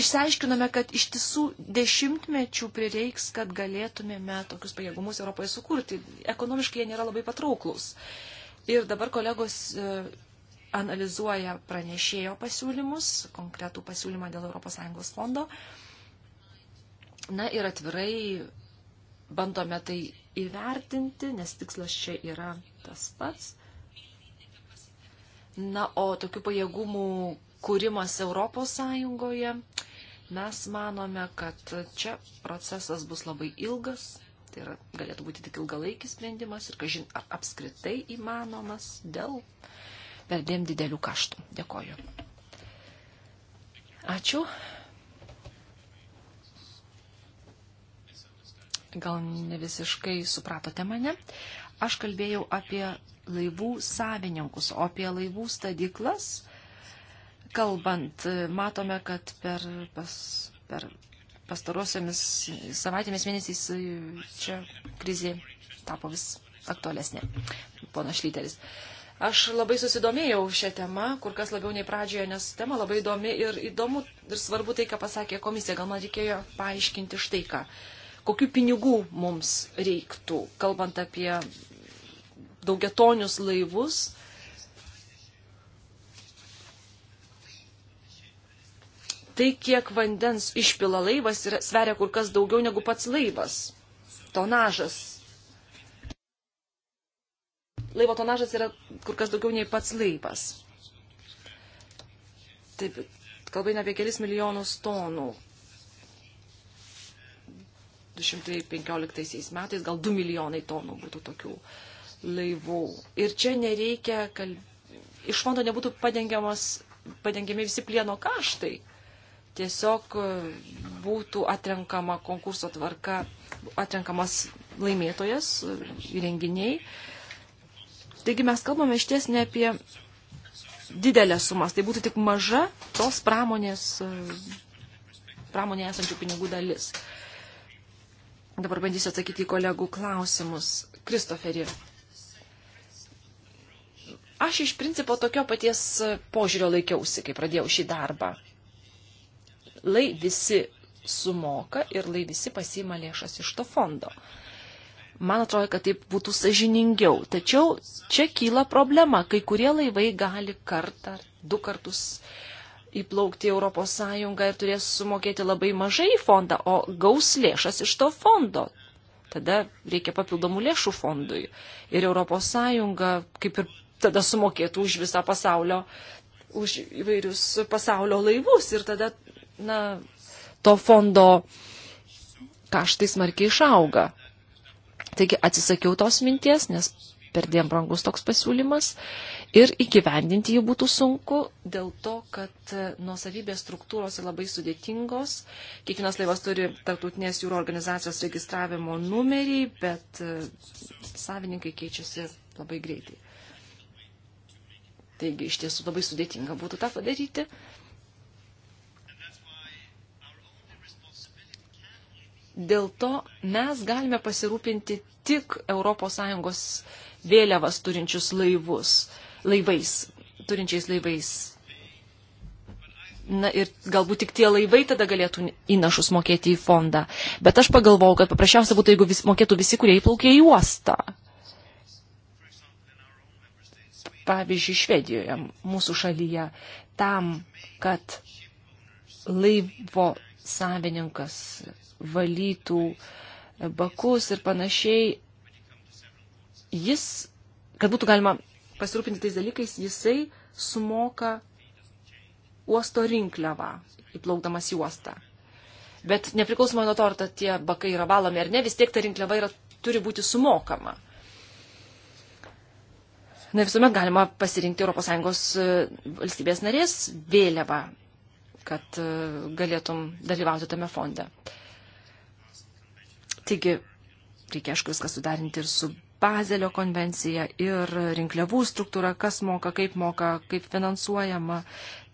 Speaker 3: išsiaiškinome, kad iš tiesų dešimtmečių prireiks, kad galėtumėme tokius pajėgumus Europoje sukurti. Ekonomiškai jie nėra labai patrauklus. Ir dabar kolegos e, analizuoja pranešėjo pasiūlymus, konkretų pasiūlymą dėl ES fondo. Uh, Na ir atvirai bandome tai įvertinti, nes tikslas čia yra tas pats. Na, o tokių pajėgumų kūrimas Europos Sąjungoje, mes manome, kad čia procesas bus labai ilgas, tai yra, galėtų būti tik ilgalaikis sprendimas ir, kažin, ar apskritai įmanomas dėl perdėm didelių kaštų. Dėkoju. Ačiū. gal ne visiškai supratote mane. Aš kalbėjau apie laivų savininkus, o apie laivų stadiklas, kalbant, matome, kad per, pas, per pastarosiamis savaitėmis mėnesiais čia krizė tapo vis aktualesnė, ponas Šlyteris. Aš labai susidomėjau šią temą, kur kas labiau nei pradžioje, nes tema labai įdomi ir įdomu ir svarbu tai, ką pasakė komisija. Gal man reikėjo paaiškinti štai ką. Uh, kokių pinigų mums reiktų, kalbant apie daugiatonius laivus. Tai, kiek vandens išpila laivas, yra, sveria kur kas daugiau negu pats laivas. Tonažas. Laivo tonažas yra kur kas daugiau nei pats laivas. Taip, kalbame apie kelis milijonus tonų. 215 metais gal 2 milijonai tonų būtų tokių laivų. Ir čia nereikia, kal... iš fondo nebūtų padengiami visi plieno kaštai. Tiesiog e, būtų atrenkama konkurso tvarka, atrenkamas laimėtojas, renginiai. Taigi mes kalbame iš ties ne apie didelės sumas, tai būtų tik maža tos pramonės, e, pramonėje esančių pinigų dalis. Uh, Dabar bandysiu atsakyti į kolegų klausimus. Kristoferi. Aš iš principo tokio paties požiūrio laikiausi, kai pradėjau šį darbą. Lai visi sumoka ir lai visi pasima lėšas iš to fondo. Man atrodo, kad taip būtų sažiningiau. Tačiau čia kyla problema. Kai kurie laivai gali kartą ar du kartus uh, įplaukti Europos Sąjungą ir turės sumokėti labai mažai į fondą, o gaus lėšas iš to fondo. Tada reikia papildomų lėšų fondui. Ir Europos Sąjunga kaip ir tada sumokėtų už visą pasaulio, už įvairius pasaulio laivus. Ir tada, na, to fondo kaštai smarkiai išauga. Taigi atsisakiau tos minties, nes per diem brangus toks pasiūlymas ir įgyvendinti jį būtų sunku dėl to, kad e, nuosavybės struktūros yra labai sudėtingos. Kiekvienas laivas turi tarptautinės jūro organizacijos registravimo numerį, bet e, savininkai keičiasi labai greitai. Taigi iš tiesų labai sudėtinga būtų tą padaryti. Dėl to mes galime pasirūpinti tik ES vėliavas turinčius laivus. Uh, laivais, turinčiais laivais. Na ir galbūt tik tie laivai tada galėtų įnašus mokėti į fondą. Bet aš pagalvojau, kad paprasčiausia būtų, jeigu vis, mokėtų visi, kurie įplaukė į uostą. Pavyzdžiui, Švedijoje, mūsų šalyje, tam, kad laivo savininkas valytų bakus ir panašiai, jis, kad būtų galima pasirūpinti tais dalykais, jisai sumoka uosto rinkliavą, įplaukdamas į uostą. Bet nepriklausomai nuo to, ar tie bakai yra valomi ar ne, vis tiek ta rinkliava yra, turi būti sumokama. Na visuomet galima pasirinkti ES e, valstybės narės vėliavą, kad e, galėtum dalyvauti tame fonde. Taigi, reikia aišku viską sudarinti ir su Bazelio konvencija ir rinkliavų struktūra, kas moka, kaip moka, kaip finansuojama.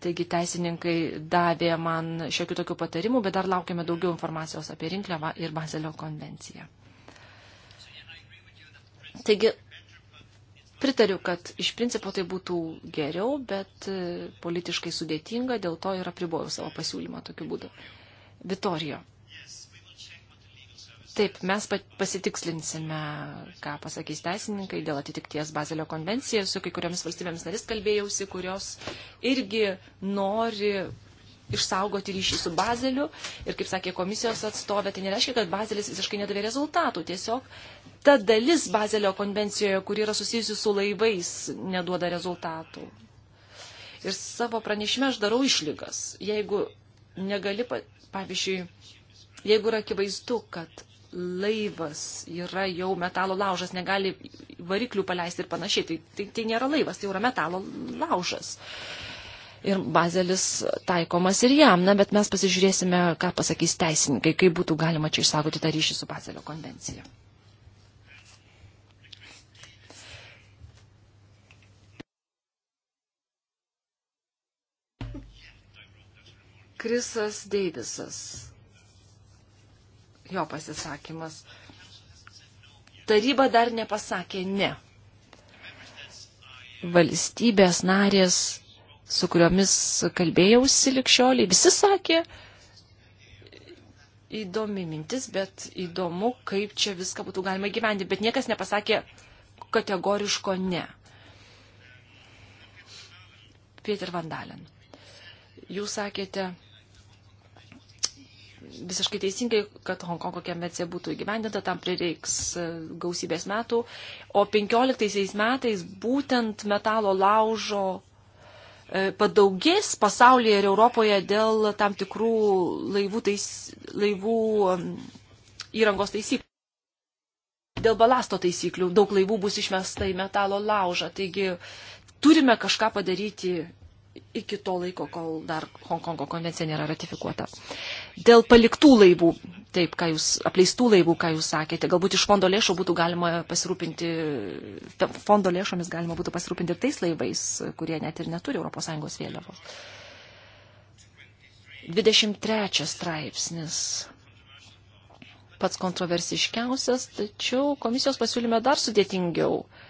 Speaker 3: Taigi teisininkai davė man šiokių tokių patarimų, bet dar laukiame daugiau informacijos apie rinkliavą ir Bazelio konvenciją. Taigi, pritariu, kad iš principo tai būtų geriau, bet e, politiškai sudėtinga, dėl to ir apribojau savo pasiūlymą tokiu būdu. Vitorijo. Taip, mes pasitikslinsime, ką pasakys teisininkai dėl atitikties Bazelio konvenciją. Su kai kuriomis valstybėmis narys kalbėjausi, kurios irgi nori išsaugoti ryšį su Bazeliu. Ir kaip sakė komisijos atstovė, tai nereiškia, kad Bazelis visiškai nedavė rezultatų. Tiesiog ta dalis Bazelio konvencijoje, kuri yra susijusi su laivais, neduoda rezultatų. Ir savo pranešime aš darau išlygas. Jeigu negali, pavyzdžiui, jeigu yra akivaizdu, kad laivas yra jau metalo laužas, negali variklių paleisti ir panašiai. Tai, tai, tai nėra laivas, tai yra metalo laužas. Ir bazelis taikomas ir jam, na, bet mes pasižiūrėsime, ką pasakys teisininkai, kaip būtų galima čia išsaugoti tą ryšį su bazelio konvencija. Krisas Deivisas jo pasisakymas. Taryba dar nepasakė ne. Valstybės narės, su kuriomis kalbėjausi likščioliai, visi sakė, įdomi mintis, bet įdomu, kaip čia viską būtų galima gyventi, bet niekas nepasakė kategoriško ne. Pieter Vandalen, jūs sakėte, visiškai teisingai, kad Hongkongo konvencija būtų įgyvendinta, tam prireiks e, gausybės metų. O 15 metais būtent metalo laužo e, padaugės pasaulyje ir Europoje dėl tam tikrų laivų, tais, laivų įrangos taisyklių. Dėl balasto taisyklių daug laivų bus išmesta į metalo laužą. Taigi turime kažką padaryti iki to laiko, kol dar Hongkongo konvencija nėra ratifikuota. Dėl paliktų laivų, taip, ką jūs, apleistų laivų, ką jūs sakėte, galbūt iš fondo lėšų būtų galima pasirūpinti, fondo lėšomis galima būtų pasirūpinti ir tais laivais, kurie net ir neturi ES vėliavos. 23 straipsnis. Pats kontroversiškiausias, tačiau komisijos pasiūlyme dar sudėtingiau. Uh,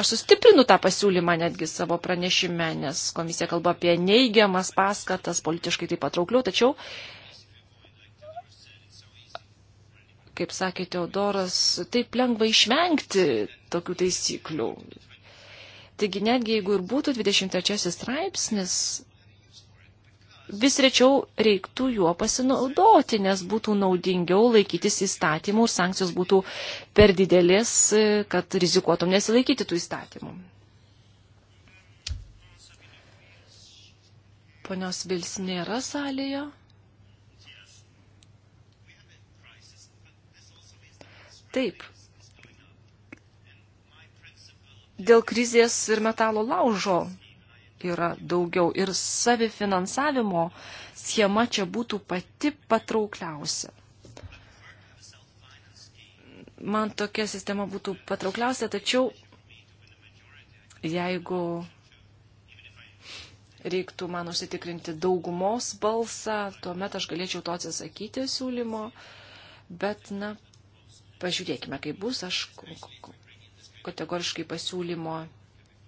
Speaker 3: Aš sustiprinu tą pasiūlymą netgi savo pranešime, nes komisija kalba apie neigiamas paskatas, politiškai tai patraukliau, tačiau, kaip sakė Teodoras, taip lengva išvengti tokių taisyklių. Taigi netgi jeigu ir būtų 23 straipsnis, vis rečiau reiktų juo pasinaudoti, nes būtų naudingiau laikytis įstatymų ir sankcijos būtų per didelės, e, kad rizikuotum nesilaikyti tų įstatymų. Ponios Vils nėra salėje. Taip. Dėl krizės ir metalo laužo yra daugiau. Ir savifinansavimo schema čia būtų pati patraukliausia. Man tokia sistema būtų patraukliausia, tačiau jeigu reiktų man užsitikrinti daugumos balsą, tuomet aš galėčiau to atsisakyti siūlymo, bet, na, pažiūrėkime, kaip bus, aš kategoriškai pasiūlymo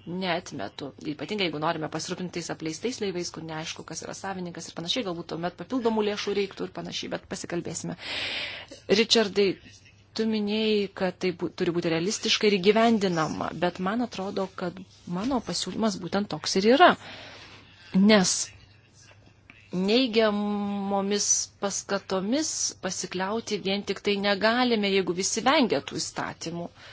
Speaker 3: neatmetu. Ypatingai, jeigu norime pasirūpinti tais apleistais laivais, kur neaišku, kas yra savininkas ir panašiai, galbūt tuomet papildomų lėšų reiktų ir panašiai, bet pasikalbėsime. Richardai, tu minėjai, kad tai bu, turi būti realistiška ir gyvendinama, bet man atrodo, kad mano pasiūlymas būtent toks ir yra. Nes neigiamomis paskatomis pasikliauti vien tik tai negalime, jeigu visi vengia tų įstatymų. Uh,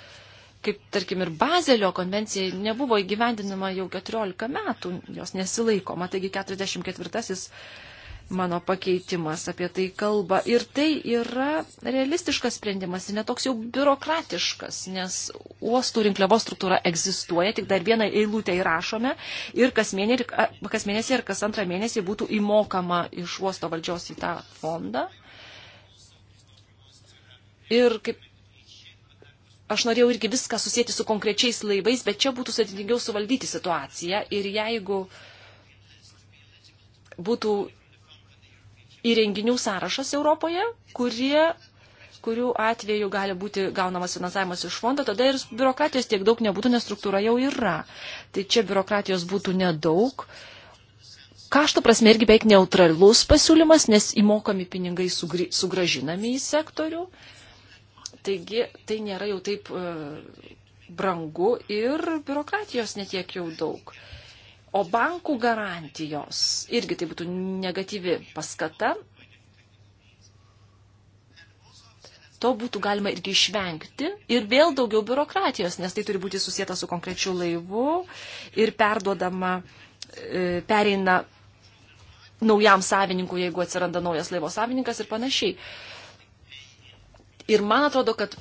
Speaker 3: kaip tarkim ir Bazelio konvencija nebuvo įgyvendinama jau 14 metų, jos nesilaikoma, taigi 44-asis mano pakeitimas apie tai kalba. Ir tai yra realistiškas sprendimas ir netoks jau biurokratiškas, nes uostų rinkliavos struktūra egzistuoja, tik dar vieną eilutę įrašome ir kas mėnesį, kas mėnesį ir kas antrą mėnesį būtų įmokama iš uosto valdžios į tą fondą. Ir kaip aš norėjau irgi viską susijęti su konkrečiais laivais, bet čia būtų sudėtingiau suvaldyti situaciją ir jeigu būtų įrenginių sąrašas Europoje, kurie, kurių atveju gali būti gaunamas finansavimas iš fondo, tada ir biurokratijos tiek daug nebūtų, nes struktūra jau yra. Tai čia biurokratijos būtų nedaug. Kašto prasme irgi beveik neutralus pasiūlymas, nes įmokami pinigai sugražinami į sektorių. Uh, Taigi tai nėra jau taip e, brangu ir biurokratijos netiek jau daug. O bankų garantijos irgi tai būtų negatyvi paskata. To būtų galima irgi išvengti ir vėl daugiau biurokratijos, nes tai turi būti susijęta su konkrečiu laivu ir perduodama, e, pereina naujam savininkui, jeigu atsiranda naujas laivo savininkas ir panašiai. Ir man atrodo, kad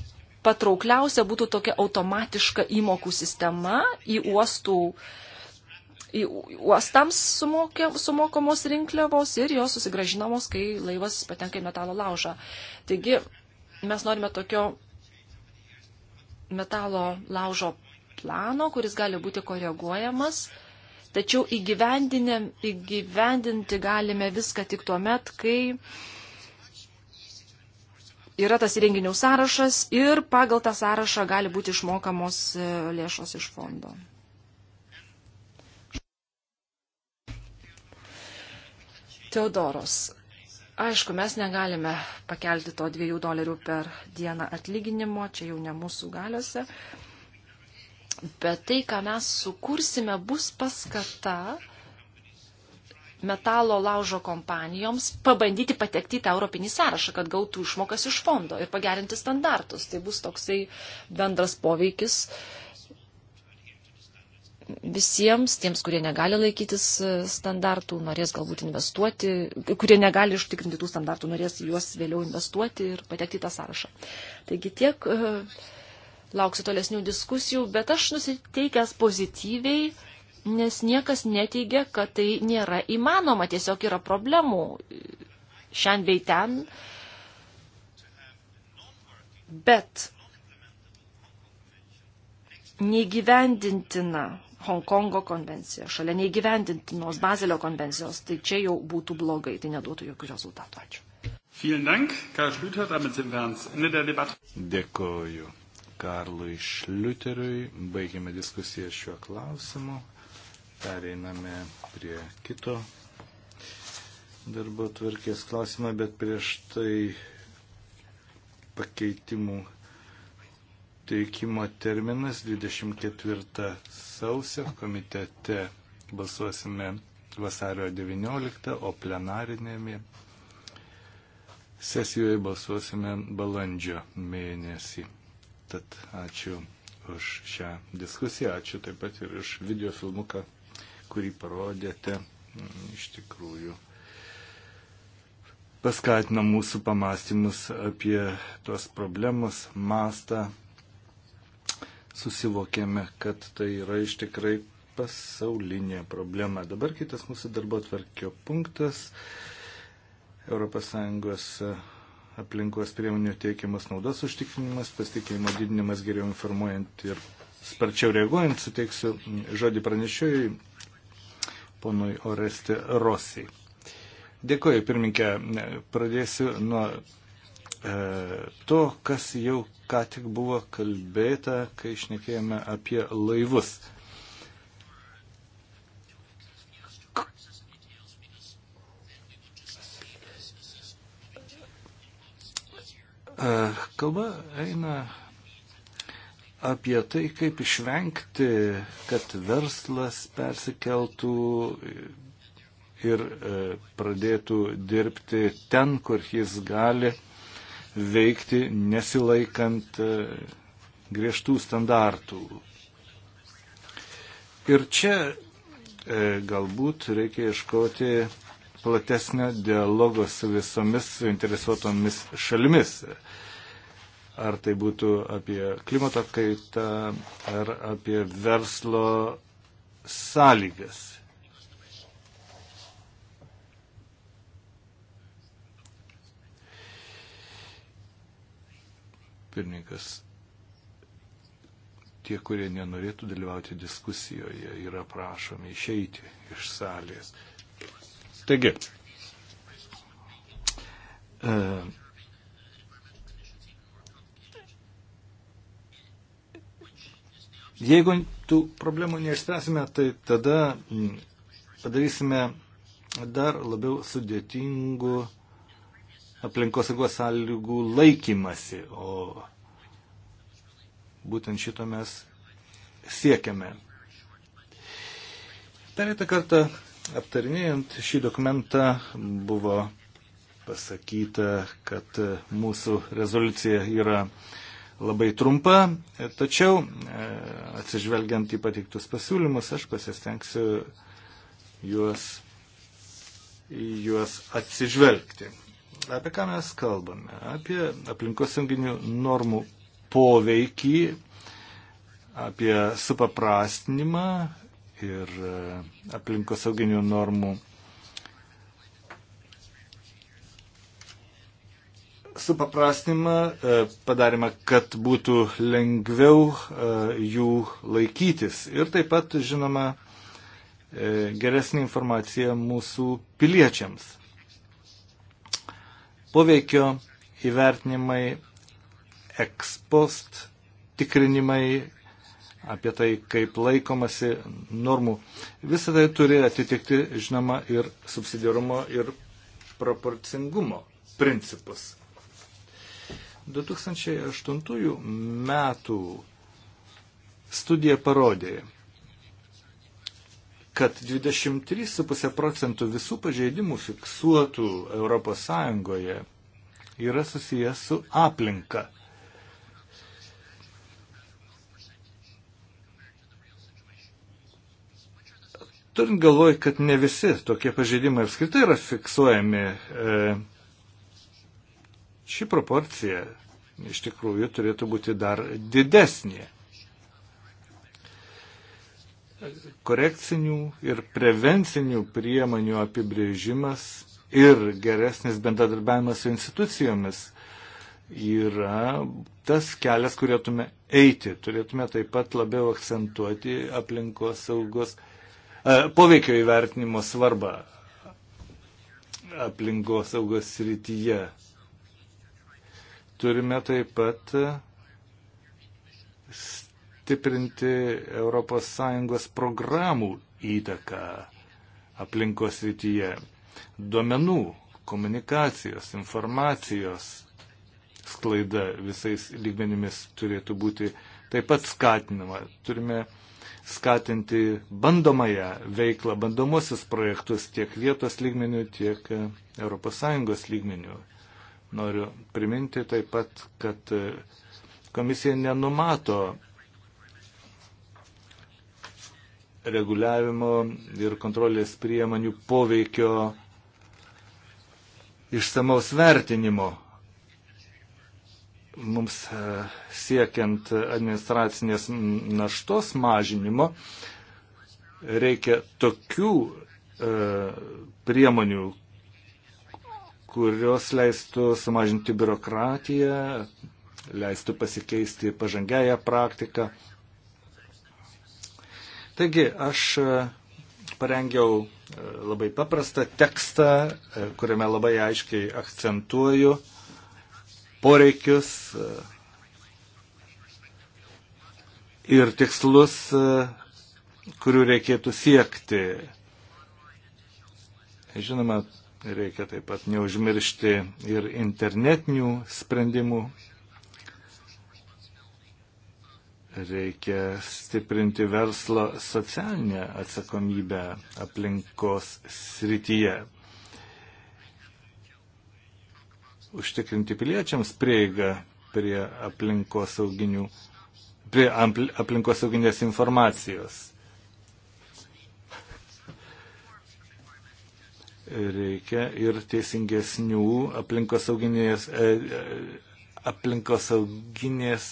Speaker 3: patraukliausia būtų tokia automatiška įmokų sistema į uostų. Į uostams sumokė, sumokomos rinkliavos ir jos susigražinamos, kai laivas patenka į metalo laužą. Taigi mes norime tokio metalo laužo plano, kuris gali būti koreguojamas, tačiau įgyvendinti galime viską tik tuo met, kai uh, yra tas įrenginių sąrašas ir pagal tą sąrašą gali būti išmokamos e, lėšos iš fondo. Teodoros. Aišku, mes negalime pakelti to dviejų dolerių per dieną atlyginimo, čia jau ne mūsų galiuose. Bet tai, ką mes sukursime, bus paskata uh, metalo laužo kompanijoms pabandyti patekti į tą europinį sąrašą, kad gautų išmokas iš fondo ir pagerinti standartus. Tai bus toksai bendras poveikis visiems, tiems, kurie negali laikytis standartų, norės galbūt investuoti, kurie negali ištikrinti tų standartų, norės juos vėliau investuoti ir patekti į tą sąrašą. Taigi tiek, e, lauksiu tolesnių diskusijų, bet aš nusiteikęs pozityviai nes niekas neteigia, kad tai nėra įmanoma, tiesiog yra problemų šiandien bei ten. Bet neįgyvendintina Hongkongo konvencija, šalia neįgyvendintinos Bazelio konvencijos, tai čia jau būtų blogai, tai neduotų jokių rezultatų. Ačiū.
Speaker 4: Dėkoju Karlui Šliuteriui, baigėme diskusiją šiuo klausimu. Pereiname prie kito darbo tvarkės klausimą, bet prieš tai pakeitimų teikimo terminas 24 sausio komitete balsuosime vasario 19, o plenarinėme sesijoje balsuosime balandžio mėnesį. Tad ačiū už šią diskusiją, ačiū taip pat ir už video filmuką kurį parodėte, mm, iš tikrųjų paskatina mūsų pamastymus apie tos problemos mastą. Susivokėme, kad tai yra iš tikrai pasaulinė problema. Dabar kitas mūsų darbo tvarkio punktas. ES aplinkos priemonių teikiamas naudos užtikrinimas, pasitikėjimo didinimas geriau informuojant ir sparčiau reaguojant, suteiksiu žodį pranešėjui ponui Oresti Rosi. Dėkuoju, pirminkė. Pradėsiu nuo e, to, kas jau ką tik buvo kalbėta, kai išnekėjome apie laivus. E, kalba eina apie tai, kaip išvengti, kad verslas persikeltų ir e, pradėtų dirbti ten, kur jis gali veikti nesilaikant e, griežtų standartų. Ir čia e, galbūt reikia iškoti platesnio dialogo su visomis suinteresuotomis šalimis. E, Ar tai būtų apie klimato kaitą, ar apie verslo sąlygas. Pirmininkas, tie, kurie nenorėtų dalyvauti diskusijoje, yra prašomi išeiti iš salės. Taigi, e, Jeigu tų problemų neišspręsime, tai tada mm, padarysime dar labiau sudėtingų aplinkosaugos sąlygų laikymasi, o būtent šito mes siekiame. Pereitą kartą aptarinėjant šį dokumentą buvo pasakyta, kad mūsų rezoliucija yra uh, labai trumpa, tačiau e, atsižvelgiant į pateiktus pasiūlymus, aš pasistengsiu juos, juos atsižvelgti. Apie ką mes kalbame? Apie aplinkosanginių normų poveikį, apie supaprastinimą ir e, aplinkosauginių normų supaprastinimą, e, padarėme, kad būtų lengviau e, jų laikytis. Ir taip pat, žinoma, e, geresnė informacija mūsų piliečiams. Poveikio įvertinimai, ekspost tikrinimai apie tai, kaip laikomasi normų. Visą tai turi atitikti, žinoma, ir subsidiarumo, ir proporcingumo principus. 2008 metų studija parodė, kad 23,5 procentų visų pažeidimų fiksuotų ES yra susijęs su aplinka. Turint galvoj, kad ne visi tokie pažeidimai apskritai yra fiksuojami e, Ši proporcija iš tikrųjų turėtų būti dar didesnė. Korekcinių ir prevencinių priemonių apibrėžimas ir geresnis bendradarbiavimas su institucijomis yra tas kelias, kurėtume eiti. Turėtume taip pat labiau akcentuoti aplinkos saugos e, poveikio įvertinimo svarbą aplinkos saugos srityje. Turime taip pat stiprinti ES programų įtaką aplinkos rytyje, duomenų, komunikacijos, informacijos sklaida visais lygmenimis turėtų būti taip pat skatinama. Turime skatinti bandomąją veiklą, bandomosius projektus tiek vietos lygmenių, tiek e, ES lygmenių. Noriu priminti taip pat, kad e, komisija nenumato reguliavimo ir kontrolės priemonių poveikio išsamaus vertinimo. Mums e, siekiant administracinės naštos mažinimo reikia tokių e, priemonių, kurios leistų sumažinti biurokratiją, leistų pasikeisti pažangiają praktiką. Taigi, aš e, parengiau e, labai paprastą tekstą, e, kuriame labai aiškiai akcentuoju poreikius ir tikslus, kurių reikėtų siekti. Žinoma, Reikia taip pat neužmiršti ir internetinių sprendimų. Reikia stiprinti verslo socialinę atsakomybę aplinkos srityje. Užtikrinti piliečiams prieigą prie aplinkosauginių prie aplinkosauginės informacijos. reikia ir teisingesnių aplinkosauginės, e, e, aplinkosauginės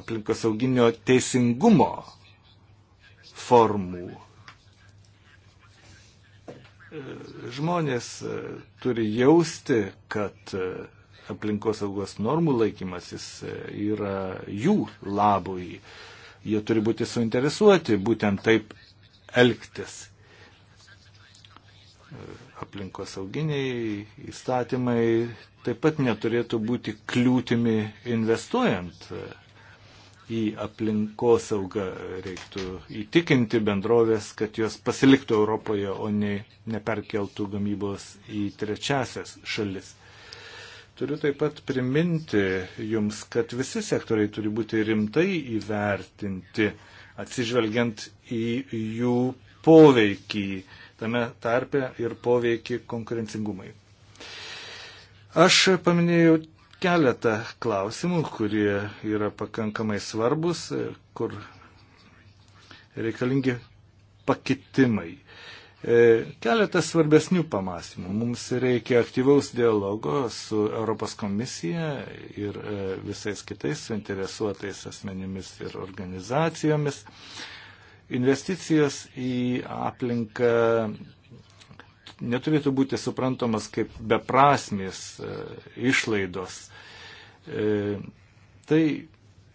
Speaker 4: aplinkosauginio teisingumo formų. E, žmonės turi jausti, kad aplinkosaugos normų laikymasis yra jų labui. Jie turi būti suinteresuoti būtent taip elgtis. Aplinkosauginiai įstatymai taip pat neturėtų būti kliūtimi investuojant į aplinkosaugą. Reiktų įtikinti bendrovės, kad jos pasiliktų Europoje, o ne neperkeltų gamybos į trečiasias šalis. Turiu taip pat priminti jums, kad visi sektoriai turi būti rimtai įvertinti atsižvelgiant į jų poveikį, tame tarpe ir poveikį konkurencingumai. Aš paminėjau keletą klausimų, kurie yra pakankamai svarbus, kur reikalingi pakitimai. E, keletas svarbesnių pamastymų. Mums reikia aktyvaus dialogo su Europos komisija ir e, visais kitais suinteresuotais asmenimis ir organizacijomis. Investicijos į aplinką neturėtų būti suprantamas kaip beprasmės e, išlaidos. Tai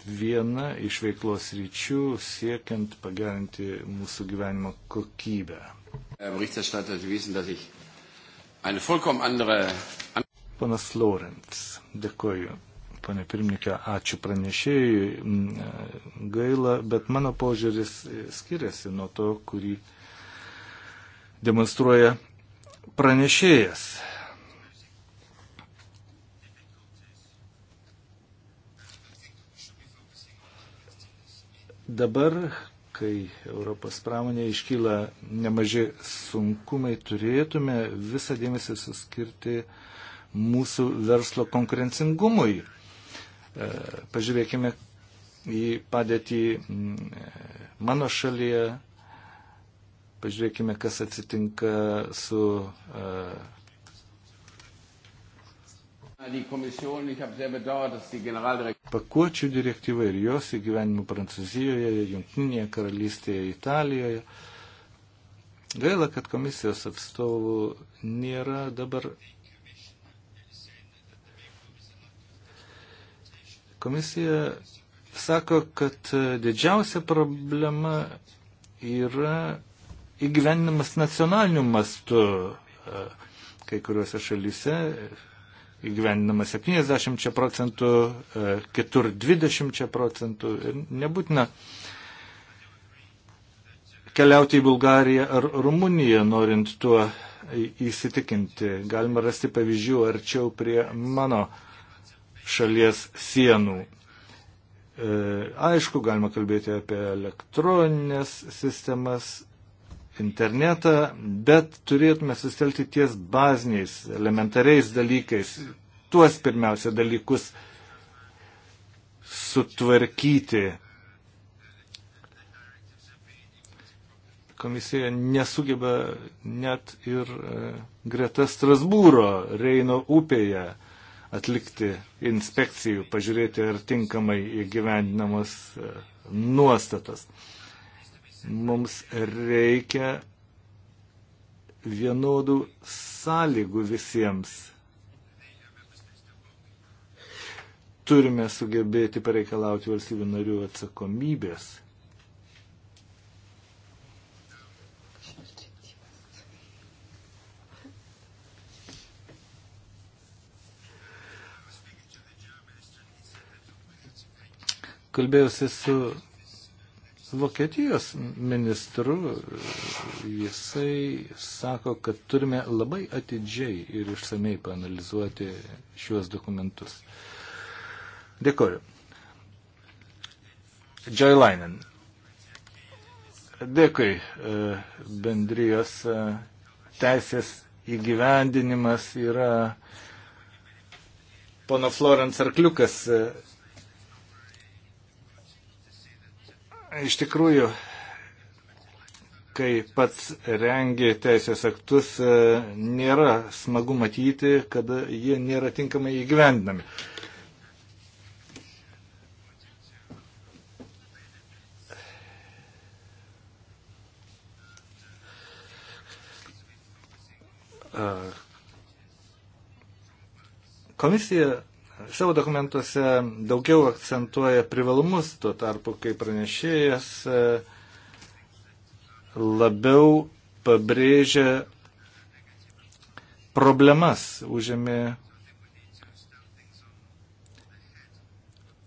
Speaker 4: viena iš veiklos ryčių siekiant pagerinti mūsų gyvenimo kokybę. Panas Laurent, dėkoju. Pane pirmininkė, ačiū pranešėjui. E, gaila, bet mano požiūris skiriasi nuo to, kurį demonstruoja pranešėjas. Dabar kai Europos pramonė iškyla nemaži sunkumai, turėtume visą dėmesį suskirti mūsų verslo konkurencingumui. E, pažiūrėkime į padėtį mm, mano šalyje, pažiūrėkime, kas atsitinka su e, Pakuočių direktyva ir jos įgyvenimų Prancūzijoje, Junktinėje karalystėje, Italijoje. Gaila, kad komisijos atstovų nėra dabar. Komisija sako, kad didžiausia problema yra įgyvenimas nacionaliniu mastu e, kai kuriuose šalyse įgyvendinama 70 procentų, e, kitur 20 procentų. Ir nebūtina keliauti į Bulgariją ar Rumuniją, norint tuo įsitikinti. Galima rasti pavyzdžių arčiau prie mano šalies sienų. E, aišku, galima kalbėti apie elektroninės sistemas internetą, bet turėtume sustelti ties baziniais, elementariais dalykais, tuos pirmiausia dalykus sutvarkyti. Komisija nesugeba net ir e, greta Strasbūro Reino upėje atlikti inspekcijų, pažiūrėti, ar tinkamai įgyvendinamos e, nuostatas. Mums reikia vienodų sąlygų visiems. Turime sugebėti pareikalauti valstybių narių atsakomybės kalbėjausi su Vokietijos ministru jisai sako, kad turime labai atidžiai ir išsamei panalizuoti šiuos dokumentus. Dėkoju. Joy Lainen. Dėkui. E, bendrijos e, teisės įgyvendinimas yra pono Florence Arkliukas e, Iš tikrųjų, kai pats rengi teisės aktus, e, nėra smagu matyti, kad jie nėra tinkamai įgyvendinami. E, komisija savo dokumentuose daugiau akcentuoja privalumus, tuo tarpu kai pranešėjas e, labiau pabrėžia problemas, užėmė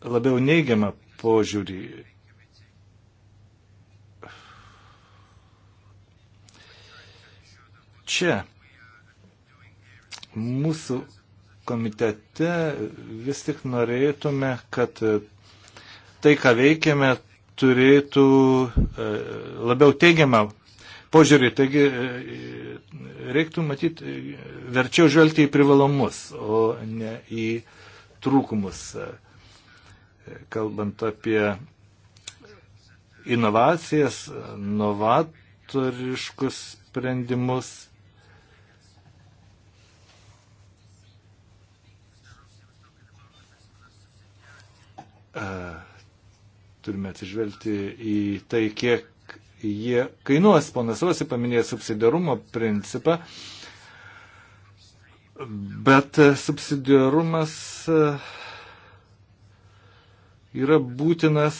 Speaker 4: labiau neigiamą požiūrį. Čia mūsų komitete vis tik norėtume, kad tai, ką veikiame, turėtų e, labiau teigiamą požiūrį. Taigi e, reiktų matyti, e, verčiau žvelgti į privalumus, o ne į trūkumus. Kalbant apie inovacijas, novatoriškus sprendimus, Turime atsižvelgti į tai, kiek jie kainuos. Ponas Osi paminėjo subsidiarumo principą, bet subsidiarumas yra būtinas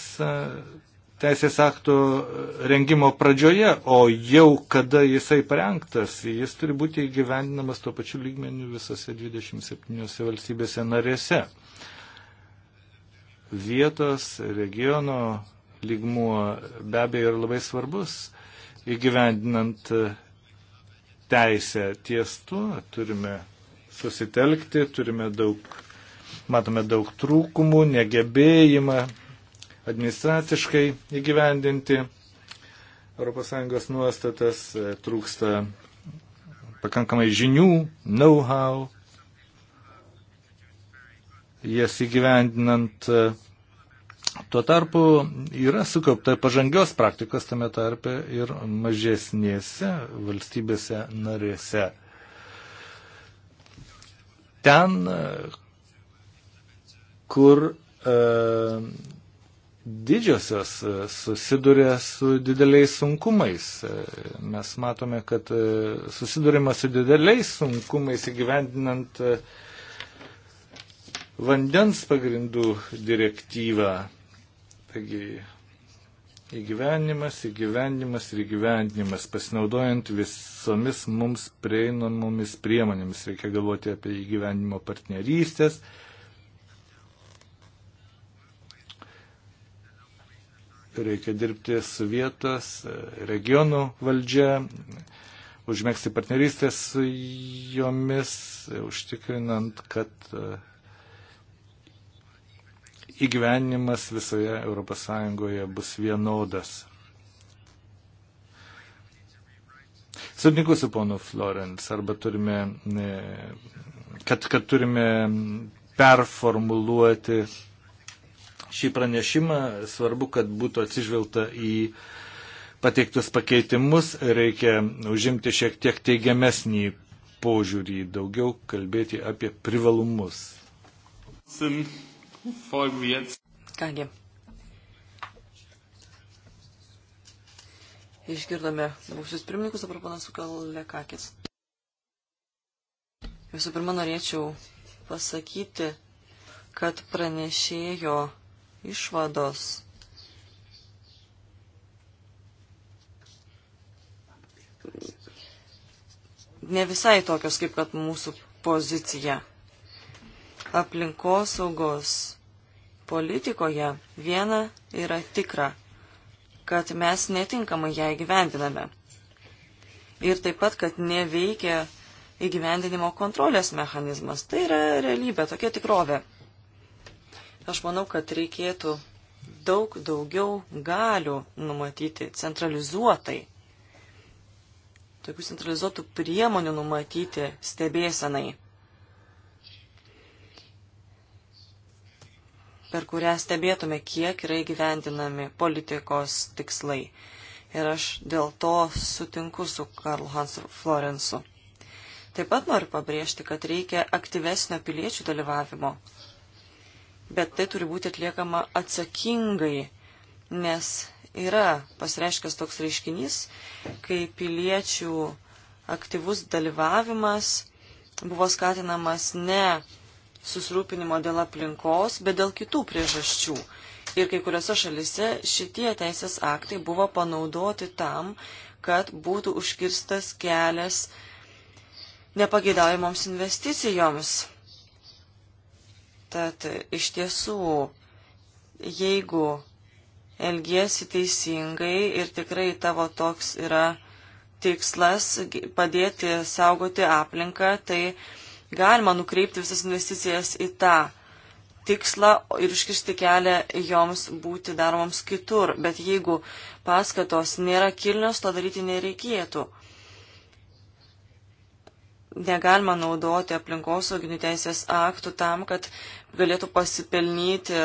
Speaker 4: teisės akto rengimo pradžioje, o jau kada jisai parengtas, jis turi būti įgyvendinamas tuo pačiu lygmeniu visose 27 valstybėse narėse vietos, regiono lygmuo be abejo yra labai svarbus įgyvendinant teisę ties tuo, turime susitelkti, turime daug, matome daug trūkumų, negebėjimą administraciškai įgyvendinti ES nuostatas, trūksta pakankamai žinių, know-how, jas įgyvendinant. Tuo tarpu yra sukaupta pažangios praktikos tame tarpe ir mažesnėse valstybėse narėse. Ten, kur e, didžiosios e, susiduria su dideliais sunkumais. E, mes matome, kad e, susidurima su dideliais sunkumais įgyvendinant e, vandens pagrindų direktyvą. Taigi įgyvenimas, įgyvenimas ir įgyvenimas, pasinaudojant visomis mums prieinamomis priemonėmis. Reikia galvoti apie įgyvenimo partnerystės. Reikia dirbti su vietos, regionų valdžia, užmėgsti partnerystės su jomis, užtikrinant, kad įgyvenimas visoje ES bus vienodas. Sutinku su ponu Florence, arba turime, kad, kad turime performuluoti šį pranešimą, svarbu, kad būtų atsižvelgta į pateiktus pakeitimus, reikia užimti šiek tiek teigiamesnį požiūrį, daugiau kalbėti apie privalumus.
Speaker 1: Sim. Kągi.
Speaker 2: Išgirdome buvusius pirmininkus, dabar panas Kalekakis. Visų pirma, norėčiau pasakyti, kad pranešėjo išvados ne visai tokios, kaip kad mūsų pozicija aplinkosaugos politikoje viena yra tikra, kad mes netinkamai ją įgyvendiname. Ir taip pat, kad neveikia įgyvendinimo kontrolės mechanizmas. Tai yra realybė, tokia tikrovė. Aš manau, kad reikėtų daug daugiau galių numatyti centralizuotai. Tokių centralizuotų priemonių numatyti stebėsenai. per kurią stebėtume, kiek yra įgyvendinami politikos tikslai. Ir aš dėl to sutinku su Karlu Hansu Florensu. Taip pat noriu pabrėžti, kad reikia aktyvesnio piliečių dalyvavimo. Bet tai turi būti atliekama atsakingai, nes yra pasireiškęs toks reiškinys, kai piliečių aktyvus dalyvavimas buvo skatinamas ne susirūpinimo dėl aplinkos, bet dėl kitų priežasčių. Ir kai kuriuose šalise šitie teisės aktai buvo panaudoti tam, kad būtų užkirstas kelias nepageidaujimoms investicijoms. Tad iš tiesų, jeigu elgiesi teisingai ir tikrai tavo toks yra tikslas padėti saugoti aplinką, tai galima nukreipti visas investicijas į tą tikslą ir iškirsti kelią joms būti daromoms kitur. Bet jeigu paskatos nėra kilnios, to daryti nereikėtų. Negalima naudoti aplinkosauginių teisės aktų tam, kad galėtų pasipelnyti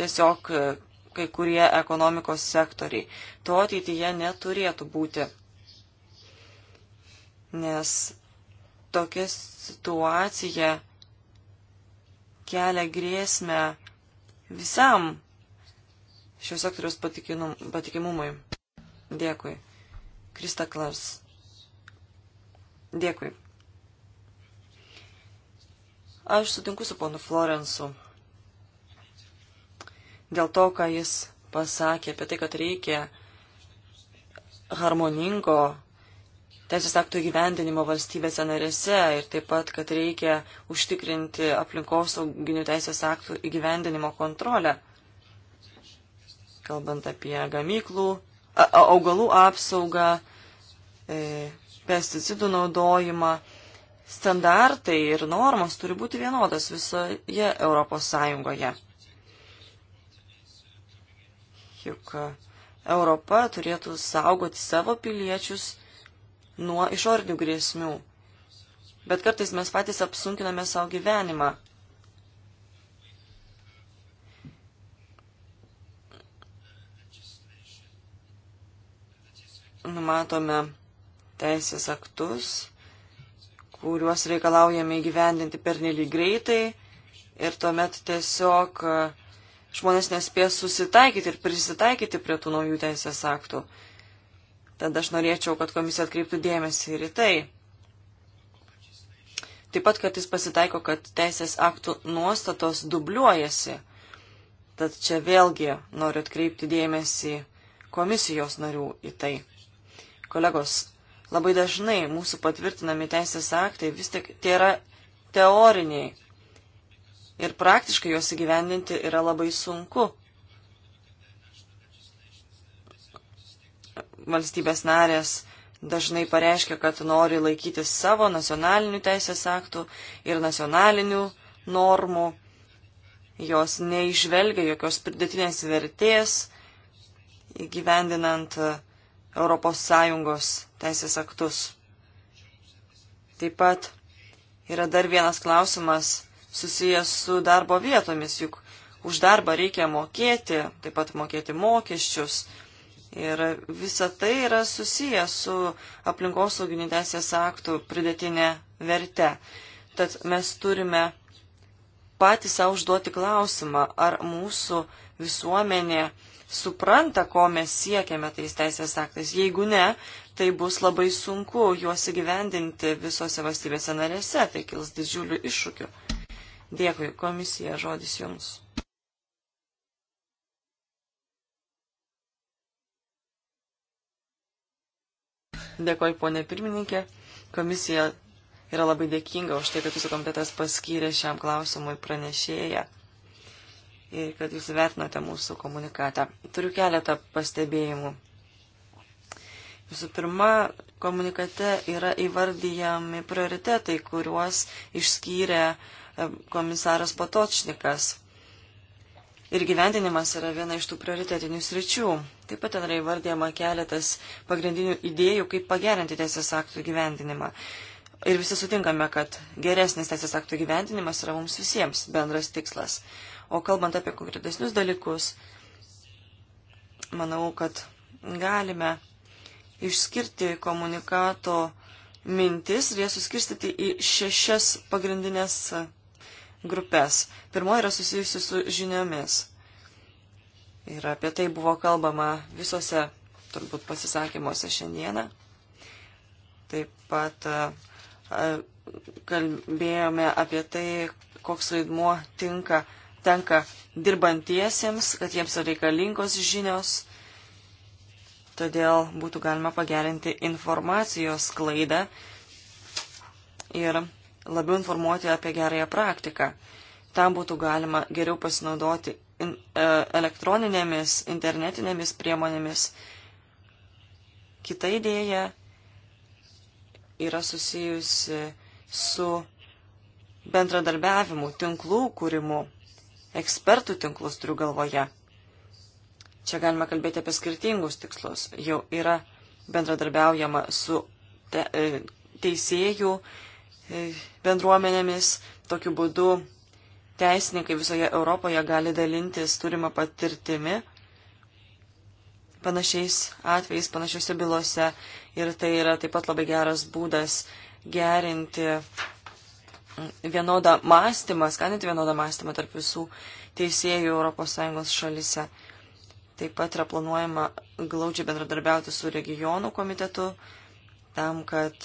Speaker 2: tiesiog kai kurie ekonomikos sektoriai. To ateityje neturėtų būti. Nes tokia situacija kelia grėsmę visam šio sektoriaus patikimumui. Dėkui. Krista Klars. Dėkui. Aš sutinku su ponu Florensu dėl to, ką jis pasakė apie tai, kad reikia harmoningo teisės aktų įgyvendinimo valstybėse narėse ir taip pat, kad reikia užtikrinti aplinkosauginių teisės aktų įgyvendinimo kontrolę, kalbant apie gamyklų, a, augalų apsaugą, e, pesticidų naudojimą. Standartai ir normos turi būti vienodas visoje Europos Sąjungoje. Juk Europa turėtų saugoti savo piliečius nuo išorinių grėsmių. Bet kartais mes patys apsunkiname savo gyvenimą. Numatome teisės aktus, kuriuos reikalaujame įgyvendinti pernelyg greitai ir tuomet tiesiog e, žmonės nespės susitaikyti ir prisitaikyti prie tų naujų teisės aktų. Tad aš norėčiau, kad komisija atkreiptų dėmesį ir į tai. Taip pat, kad jis pasitaiko, kad teisės aktų nuostatos dubliuojasi. Tad čia vėlgi noriu atkreipti dėmesį komisijos narių į tai. Kolegos, labai dažnai mūsų patvirtinami teisės aktai vis tik tie yra teoriniai ir praktiškai juos įgyvendinti yra labai sunku. valstybės narės dažnai pareiškia, kad nori laikytis savo nacionalinių teisės aktų ir nacionalinių normų. Jos neižvelgia jokios pridėtinės vertės įgyvendinant ES teisės aktus. Taip pat yra dar vienas klausimas susijęs su darbo vietomis, juk už darbą reikia mokėti, taip pat mokėti mokesčius, Ir visa tai yra susiję su aplinkosauginių teisės aktų pridėtinė verte. Tad mes turime patys savo užduoti klausimą, ar mūsų visuomenė supranta, ko mes siekiame tais teisės aktais. Jeigu ne, tai bus labai sunku juos įgyvendinti visose valstybėse narėse, tai kils didžiulių iššūkių. Dėkui, komisija, žodis jums. Dėkoju, ponė pirmininkė. Komisija yra labai dėkinga už tai, kad jūsų komitetas paskyrė šiam klausimui pranešėją ir kad jūs vertinote mūsų komunikatą. Turiu keletą pastebėjimų. Visų pirma, komunikate yra įvardyjami prioritetai, kuriuos išskyrė komisaras Patočnikas ir gyvendinimas yra viena iš tų prioritetinių sričių. Taip pat ten yra įvardyjama keletas pagrindinių idėjų, kaip pagerinti teisės aktų gyvendinimą. Ir visi sutinkame, kad geresnis teisės aktų gyvendinimas yra mums visiems bendras tikslas. O kalbant apie konkretesnius dalykus, manau, kad galime išskirti komunikato mintis ir jas suskirstyti į šešias pagrindinės grupės. Pirmoji yra susijusi su žiniomis. Ir apie tai buvo kalbama visose turbūt pasisakymuose šiandieną. Taip pat e, e, kalbėjome apie tai, koks vaidmuo tinka, tenka dirbantiesiems, kad jiems reikalingos žinios. Todėl būtų galima pagerinti informacijos klaidą ir labiau informuoti apie gerąją praktiką. Tam būtų galima geriau pasinaudoti in, e, elektroninėmis, internetinėmis priemonėmis. Kita idėja yra susijusi su bendradarbiavimu, tinklų kūrimu, ekspertų tinklus turiu galvoje. Čia galima kalbėti apie skirtingus tikslus. Jau yra bendradarbiaujama su te, e, teisėjų, bendruomenėmis. Tokiu būdu teisininkai visoje Europoje gali dalintis turimą patirtimi panašiais atvejais, panašiose bylose. Ir tai yra taip pat labai geras būdas gerinti vienodą mąstymą, skatinti vienodą mąstymą tarp visų teisėjų ES šalise. Taip pat yra planuojama glaudžiai bendradarbiauti su regionų komitetu tam, kad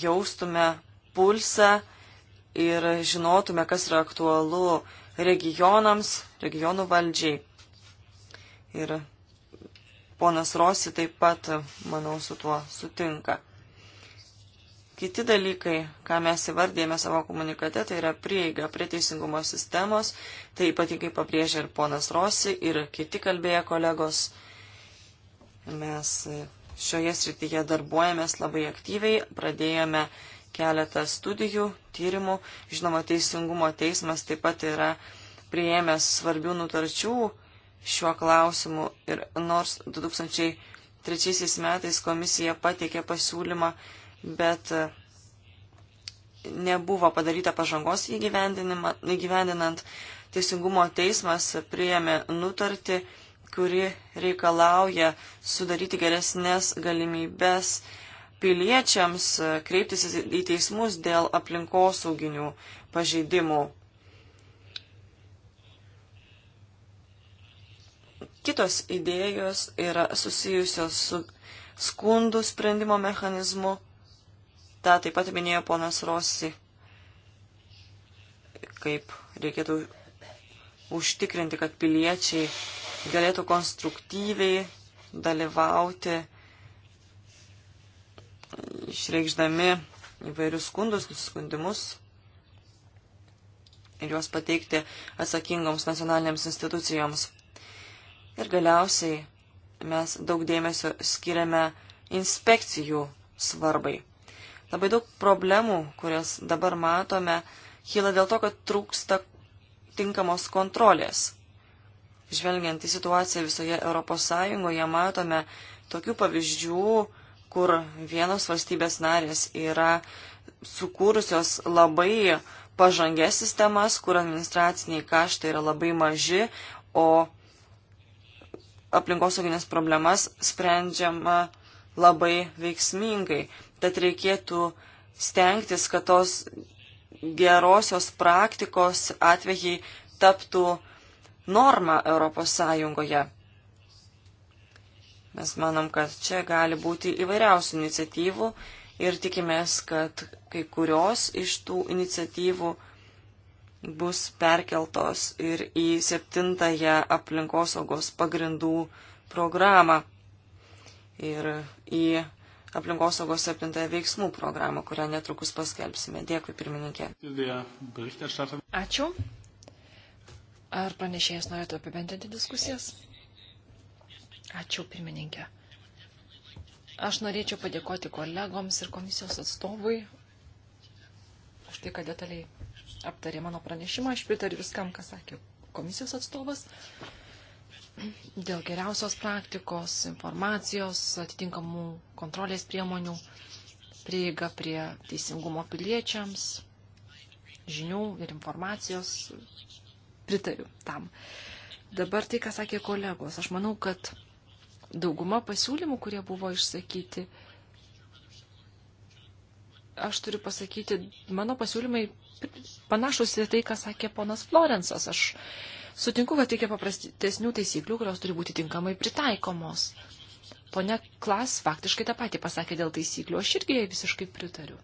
Speaker 2: jaustume pulsą ir žinotume, kas yra aktualu regionams, regionų valdžiai. Ir ponas Rosi taip pat, manau, su tuo sutinka. Kiti dalykai, ką mes įvardėjame savo komunikate, tai yra prieiga prie teisingumo sistemos, tai ypatingai pabrėžia ir ponas Rosi, ir kiti kalbėję kolegos. Mes šioje srityje darbuojamės labai aktyviai, pradėjome keletą studijų, tyrimų. Žinoma, Teisingumo teismas taip pat yra prieėmęs svarbių nutarčių šiuo klausimu ir nors 2003 metais komisija pateikė pasiūlymą, bet nebuvo padaryta pažangos įgyvendinant, teisingumo teismas priėmė nutartį kuri reikalauja sudaryti geresnės galimybės piliečiams kreiptis į teismus dėl aplinkosauginių pažeidimų. Kitos idėjos yra susijusios su skundų sprendimo mechanizmu. Ta taip pat minėjo ponas Rossi, kaip reikėtų užtikrinti, kad piliečiai galėtų konstruktyviai dalyvauti išreikšdami įvairius skundus, nusiskundimus ir juos pateikti atsakingoms nacionalinėms institucijoms. Ir galiausiai mes daug dėmesio skiriame inspekcijų svarbai. Labai daug problemų, kurias dabar matome, kyla dėl to, kad trūksta tinkamos kontrolės. Žvelgiant į situaciją visoje Europos Sąjungoje, matome tokių pavyzdžių, kur vienos valstybės narės yra sukūrusios labai pažangės sistemas, kur administraciniai kaštai yra labai maži, o aplinkosauginės problemas sprendžiama labai veiksmingai. Tad reikėtų stengtis, kad tos gerosios praktikos atvejai taptų normą Europos Sąjungoje. Mes manom, kad čia gali būti įvairiausių iniciatyvų ir tikimės, kad kai kurios iš tų iniciatyvų bus perkeltos ir į septintąją aplinkosaugos pagrindų programą ir į aplinkosaugos septintąją veiksmų programą, kurią netrukus paskelbsime. Dėkui, pirmininkė.
Speaker 3: Ačiū. Ar pranešėjas norėtų apibendrinti diskusijas? Ačiū, pirmininkė. Aš norėčiau padėkoti kolegoms ir komisijos atstovui už tai, kad detaliai aptarė mano pranešimą. Aš pritariu viskam, ką sakė komisijos atstovas. Dėl geriausios praktikos, informacijos, atitinkamų kontrolės priemonių, prieiga prie teisingumo piliečiams, žinių ir informacijos pritariu tam. Dabar tai, ką sakė kolegos, aš manau, kad dauguma pasiūlymų, kurie buvo išsakyti, aš turiu pasakyti, mano pasiūlymai panašus į tai, ką sakė ponas Florensas. Aš sutinku, kad reikia paprastesnių taisyklių, kurios turi būti tinkamai pritaikomos. Pone Klas faktiškai tą patį pasakė dėl taisyklių, aš irgi jai visiškai pritariu.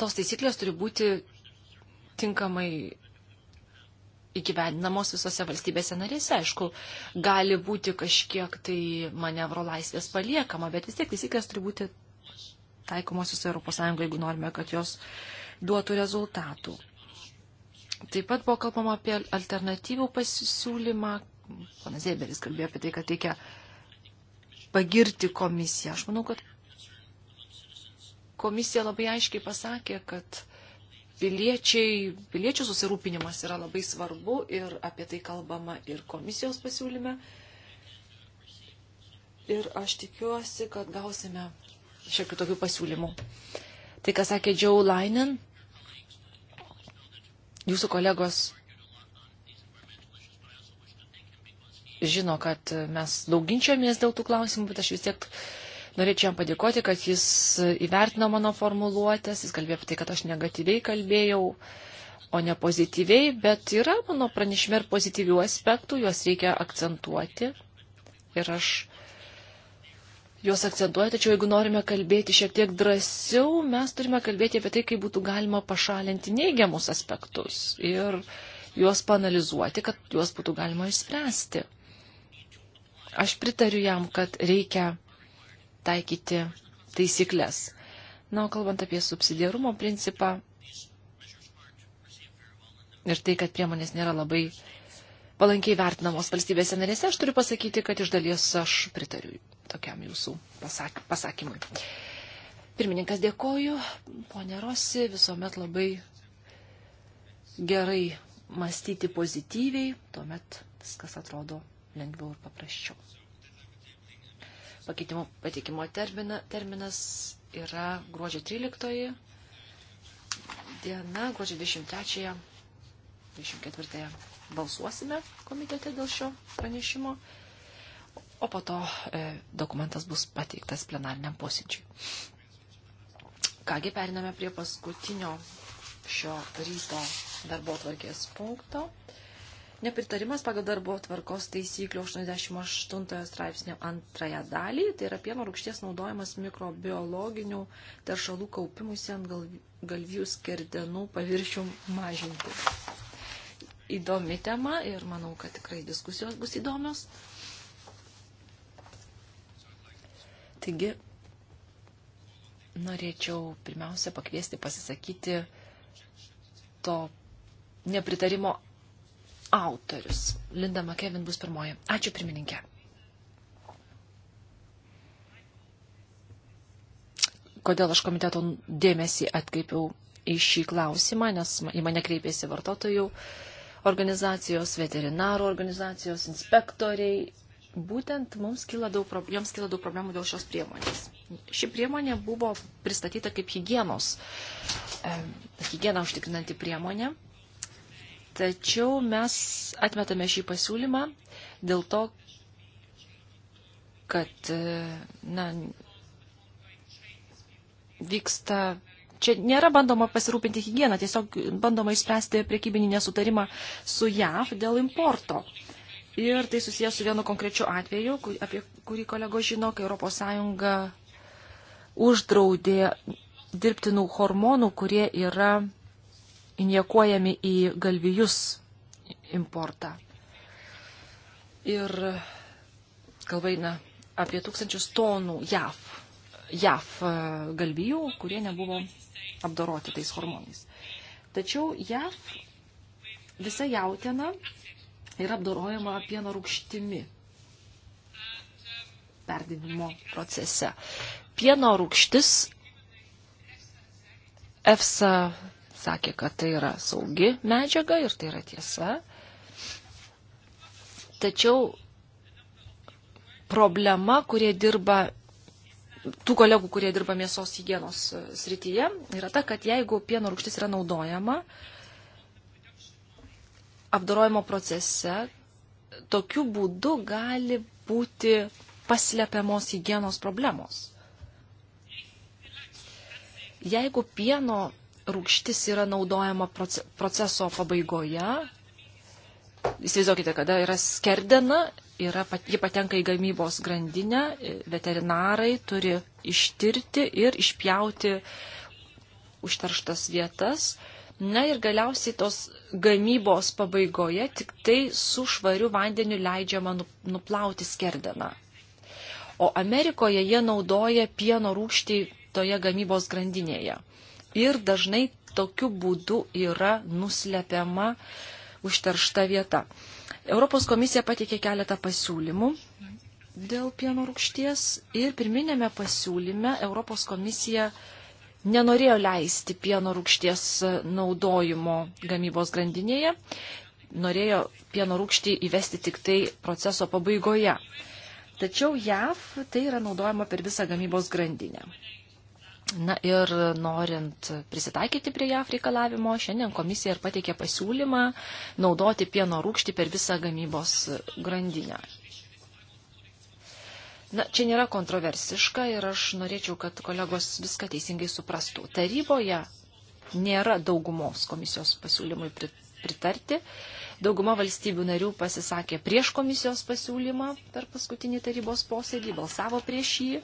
Speaker 3: tos taisyklės turi būti tinkamai įgyvendinamos visose valstybėse narėse. Aišku, gali būti kažkiek tai manevro laisvės paliekama, bet vis tiek taisyklės turi būti taikomos visą ES, jeigu norime, kad jos duotų rezultatų. Taip pat buvo kalbama apie alternatyvų pasiūlymą. Panas Zėberis kalbėjo apie tai, kad reikia pagirti komisiją. Aš manau, kad komisija labai aiškiai pasakė, kad piliečiai, piliečių susirūpinimas yra labai svarbu ir apie tai kalbama ir komisijos pasiūlyme. Ir aš tikiuosi, kad gausime šiek tiek tokių pasiūlymų. Tai, ką sakė Joe Lainen, jūsų kolegos žino, kad mes daug ginčiamės dėl tų klausimų, bet aš vis tiek Norėčiau jam padėkoti, kad jis įvertino mano formuluotės, jis kalbėjo apie tai, kad aš negatyviai kalbėjau, o ne pozityviai, bet yra mano pranešime ir pozityvių aspektų, juos reikia akcentuoti. Ir aš juos akcentuoju, tačiau jeigu norime kalbėti šiek tiek drąsiau, mes turime kalbėti apie tai, kaip būtų galima pašalinti neigiamus aspektus ir juos panalizuoti, kad juos būtų galima išspręsti. Aš pritariu jam, kad reikia taikyti taisyklės. Na, o kalbant apie subsidiarumo principą ir tai, kad priemonės nėra labai palankiai vertinamos valstybėse narėse, aš turiu pasakyti, kad iš dalies aš pritariu tokiam jūsų pasak pasakymui. Pirmininkas dėkoju, ponė Rosi, visuomet labai gerai mąstyti pozityviai, tuomet viskas atrodo lengviau ir paprasčiau. Pakeitimų pateikimo termina, terminas yra gruodžio 13 diena, gruodžio 23, 24 balsuosime komitete dėl šio pranešimo, o po to e, dokumentas bus pateiktas plenariniam posėdžiui. Kągi periname prie paskutinio šio ryto darbo tvarkės punkto. E, nepritarimas pagal darbo tvarkos taisyklių 88 straipsnio antrąją dalį, tai yra pieno rūkšties naudojimas mikrobiologinių teršalų kaupimusi ant galvijų skerdenų paviršių mažinti. Įdomi tema ir manau, kad tikrai diskusijos bus įdomios. Taigi, norėčiau pirmiausia pakviesti pasisakyti to nepritarimo autorius. Linda McKevin bus pirmoji. Ačiū pirmininkė. Kodėl aš komiteto dėmesį atkreipiau į šį klausimą, nes į mane kreipėsi vartotojų organizacijos, veterinarų organizacijos, inspektoriai. Būtent mums kyla daug, joms kyla daug problemų dėl šios priemonės. Ši priemonė buvo pristatyta kaip hygienos, e, hygieną užtikrinanti priemonė, Tačiau mes atmetame šį pasiūlymą dėl to, kad e, na, vyksta. Čia nėra bandoma pasirūpinti higieną, tiesiog bandoma išspręsti priekybinį nesutarimą su JAV dėl importo. Ir tai susijęs su vienu konkrečiu atveju, apie kurį kolego žino, kai ES uždraudė dirbtinų hormonų, kurie yra injekuojami į galvijus importą. Ir kalba eina apie tūkstančius tonų JAF, JAF e, galvijų, kurie nebuvo apdoroti tais hormonais. Tačiau JAF visa jautiena yra apdorojama pieno rūkštimi perdinimo procese. Pieno rūkštis EFSA sakė, kad tai yra saugi medžiaga ir tai yra tiesa. Tačiau problema, kurie dirba, tų kolegų, kurie dirba mėsos hygienos e, srityje, yra ta, kad jeigu pieno rūkštis yra naudojama apdorojimo procese, tokiu būdu gali būti paslepiamos hygienos problemos. Jeigu pieno rūkštis yra naudojama proceso pabaigoje. Įsivaizduokite, kada yra skerdena, yra, ji patenka į gamybos grandinę, e, veterinarai turi ištirti ir išpjauti užterštas vietas. Na ir galiausiai tos gamybos pabaigoje tik tai su švariu vandeniu leidžiama nu-, nuplauti skerdeną. O Amerikoje jie naudoja pieno rūkštį toje gamybos grandinėje ir dažnai tokiu būdu yra nuslepiama užteršta vieta. Europos komisija pateikė keletą pasiūlymų dėl pieno rūkšties ir pirminėme pasiūlyme Europos komisija nenorėjo leisti pieno rūkšties naudojimo gamybos grandinėje, norėjo pieno rūkštį įvesti tik tai proceso pabaigoje. Tačiau JAV tai yra naudojama per visą gamybos grandinę. Na ir norint prisitaikyti prie JAF reikalavimo, šiandien komisija ir pateikė pasiūlymą naudoti pieno rūkštį per visą gamybos grandinę. Na, čia nėra kontroversiška ir aš norėčiau, kad kolegos viską teisingai suprastų. Taryboje nėra daugumos komisijos pasiūlymui pritarti. Dauguma valstybių narių pasisakė prieš komisijos pasiūlymą per paskutinį tarybos posėdį, balsavo prieš jį.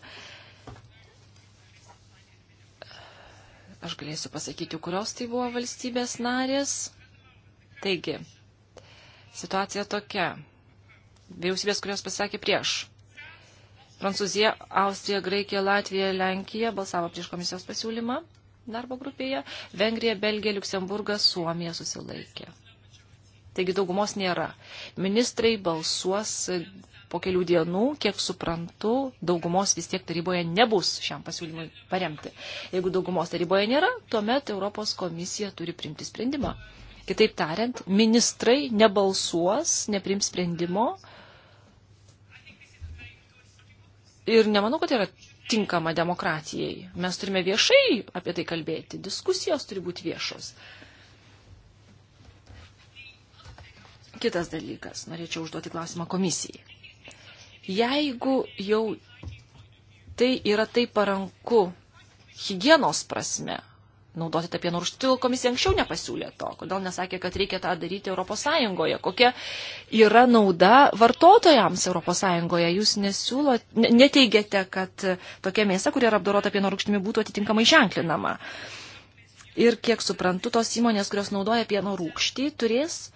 Speaker 3: Aš galėsiu pasakyti, kurios tai buvo valstybės narės. Taigi, situacija tokia. Vyriausybės, kurios pasisakė prieš. Prancūzija, Austrija, Graikija, Latvija, Lenkija balsavo prieš komisijos pasiūlymą darbo grupėje. Vengrija, Belgija, Luksemburgas, Suomija susilaikė. Taigi daugumos nėra. Ministrai balsuos po kelių dienų, kiek suprantu, daugumos vis tiek taryboje nebus šiam pasiūlymui paremti. Jeigu daugumos taryboje nėra, tuomet Europos komisija turi primti sprendimą. Kitaip tariant, ministrai nebalsuos, neprims sprendimo. Ir nemanau, kad yra tinkama demokratijai. Mes turime viešai apie tai kalbėti. Diskusijos turi būti viešos. Kitas dalykas. Norėčiau užduoti klausimą komisijai. Jeigu jau tai yra taip paranku hygienos prasme, naudoti tą pieno rūgštį, komisija anksčiau nepasiūlė to, kodėl nesakė, kad reikia tą daryti ES, kokia yra nauda vartotojams ES, jūs nesiūlot, neteigiate, kad tokia mėsa, kuri yra apdorota pieno rūgštimi, būtų atitinkamai ženklinama. Ir kiek suprantu, tos įmonės, kurios naudoja pieno rūgštį, turės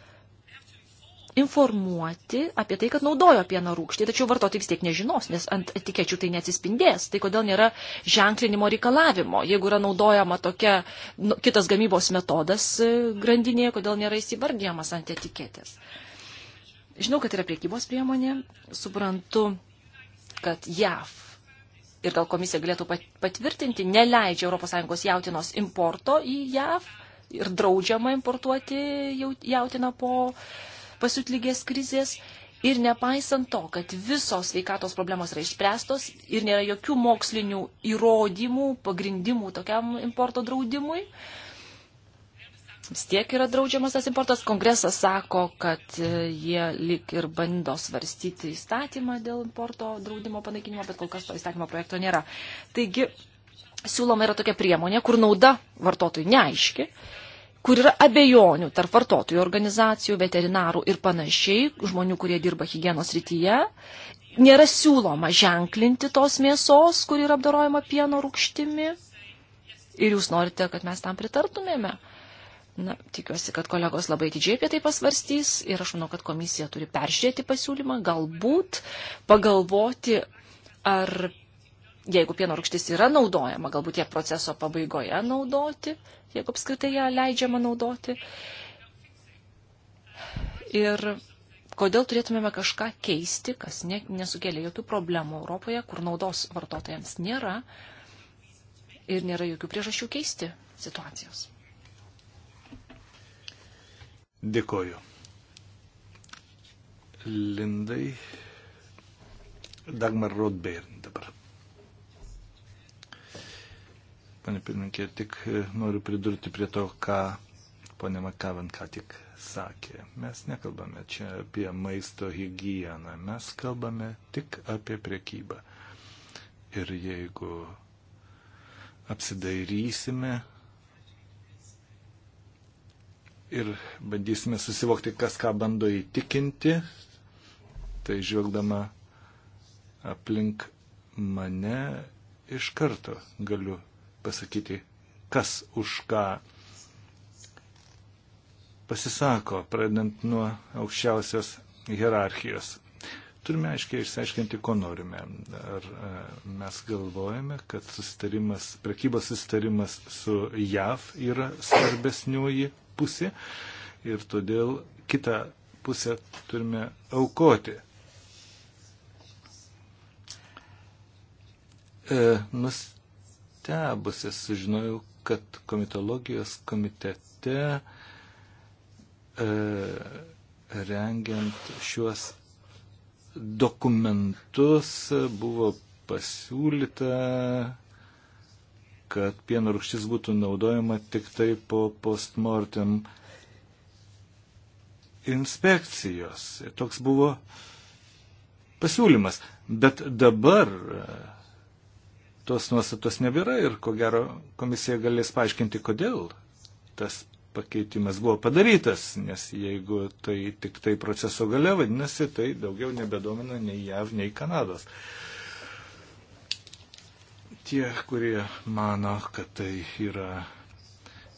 Speaker 3: informuoti apie tai, kad naudojo pieno rūkštį, tačiau vartotojai vis tiek nežinos, nes ant etikečių tai neatsispindės. Tai kodėl nėra ženklinimo reikalavimo? Jeigu yra naudojama tokia nu, kitas gamybos metodas e, grandinėje, kodėl nėra įsivardyjamas ant etiketės? Žinau, kad yra priekybos priemonė, suprantu, kad JAV ir gal komisija galėtų patvirtinti, neleidžia ES jautinos importo į JAV ir draudžiama importuoti jautiną po pasiutlygės krizės ir nepaisant to, kad visos sveikatos problemos yra išspręstos ir nėra jokių mokslinių įrodymų, pagrindimų tokiam importo draudimui, vis tiek yra draudžiamas tas importas. Kongresas sako, kad e, jie lik ir bando svarstyti įstatymą dėl importo draudimo panaikinimo, bet kol kas to įstatymo projekto nėra. Taigi, siūloma yra tokia priemonė, kur nauda vartotojui neaiški kur yra abejonių tarp vartotojų organizacijų, veterinarų ir panašiai, žmonių, kurie dirba hygienos rytyje, nėra siūloma ženklinti tos mėsos, kur yra apdarojama pieno rūkštimi. Ir jūs norite, kad mes tam pritartumėme. Na, tikiuosi, kad kolegos labai didžiai apie tai pasvarstys ir aš manau, kad komisija turi peržiūrėti pasiūlymą, galbūt pagalvoti, ar jeigu pieno rūgštis yra naudojama, galbūt ją proceso pabaigoje naudoti, jeigu apskritai ją leidžiama naudoti. Ir kodėl turėtumėme kažką keisti, kas ne, nesukelia jokių problemų Europoje, kur naudos vartotojams nėra ir nėra jokių priežasčių keisti situacijos.
Speaker 4: Dėkoju. Lindai. Dagmar Rodbeir dabar. Pane pirmininkė, tik e, noriu pridurti prie to, ką ponė Makavan ką tik sakė. Mes nekalbame čia apie maisto higieną, mes kalbame tik apie priekybą. Ir jeigu apsidairysime ir bandysime susivokti, kas ką bando įtikinti, tai žvelgdama aplink mane iš karto galiu pasakyti, kas už ką pasisako, pradedant nuo aukščiausios hierarchijos. Turime aiškiai išsiaiškinti, ko norime. Ar e, mes galvojame, kad susitarimas, prekybos susitarimas su JAV yra svarbesnioji pusė ir todėl kitą pusę turime aukoti. E, nus, nustebusi, sužinojau, kad komitologijos komitete e, rengiant šiuos dokumentus buvo pasiūlyta, kad pieno rūkštis būtų naudojama tik tai po postmortem inspekcijos. Toks buvo pasiūlymas. Bet dabar tos nuostatos nebėra ir ko gero komisija galės paaiškinti, kodėl tas pakeitimas buvo padarytas, nes jeigu tai tik tai proceso gale, vadinasi, tai daugiau nebedomina nei JAV, nei Kanados. Tie, kurie mano, kad tai yra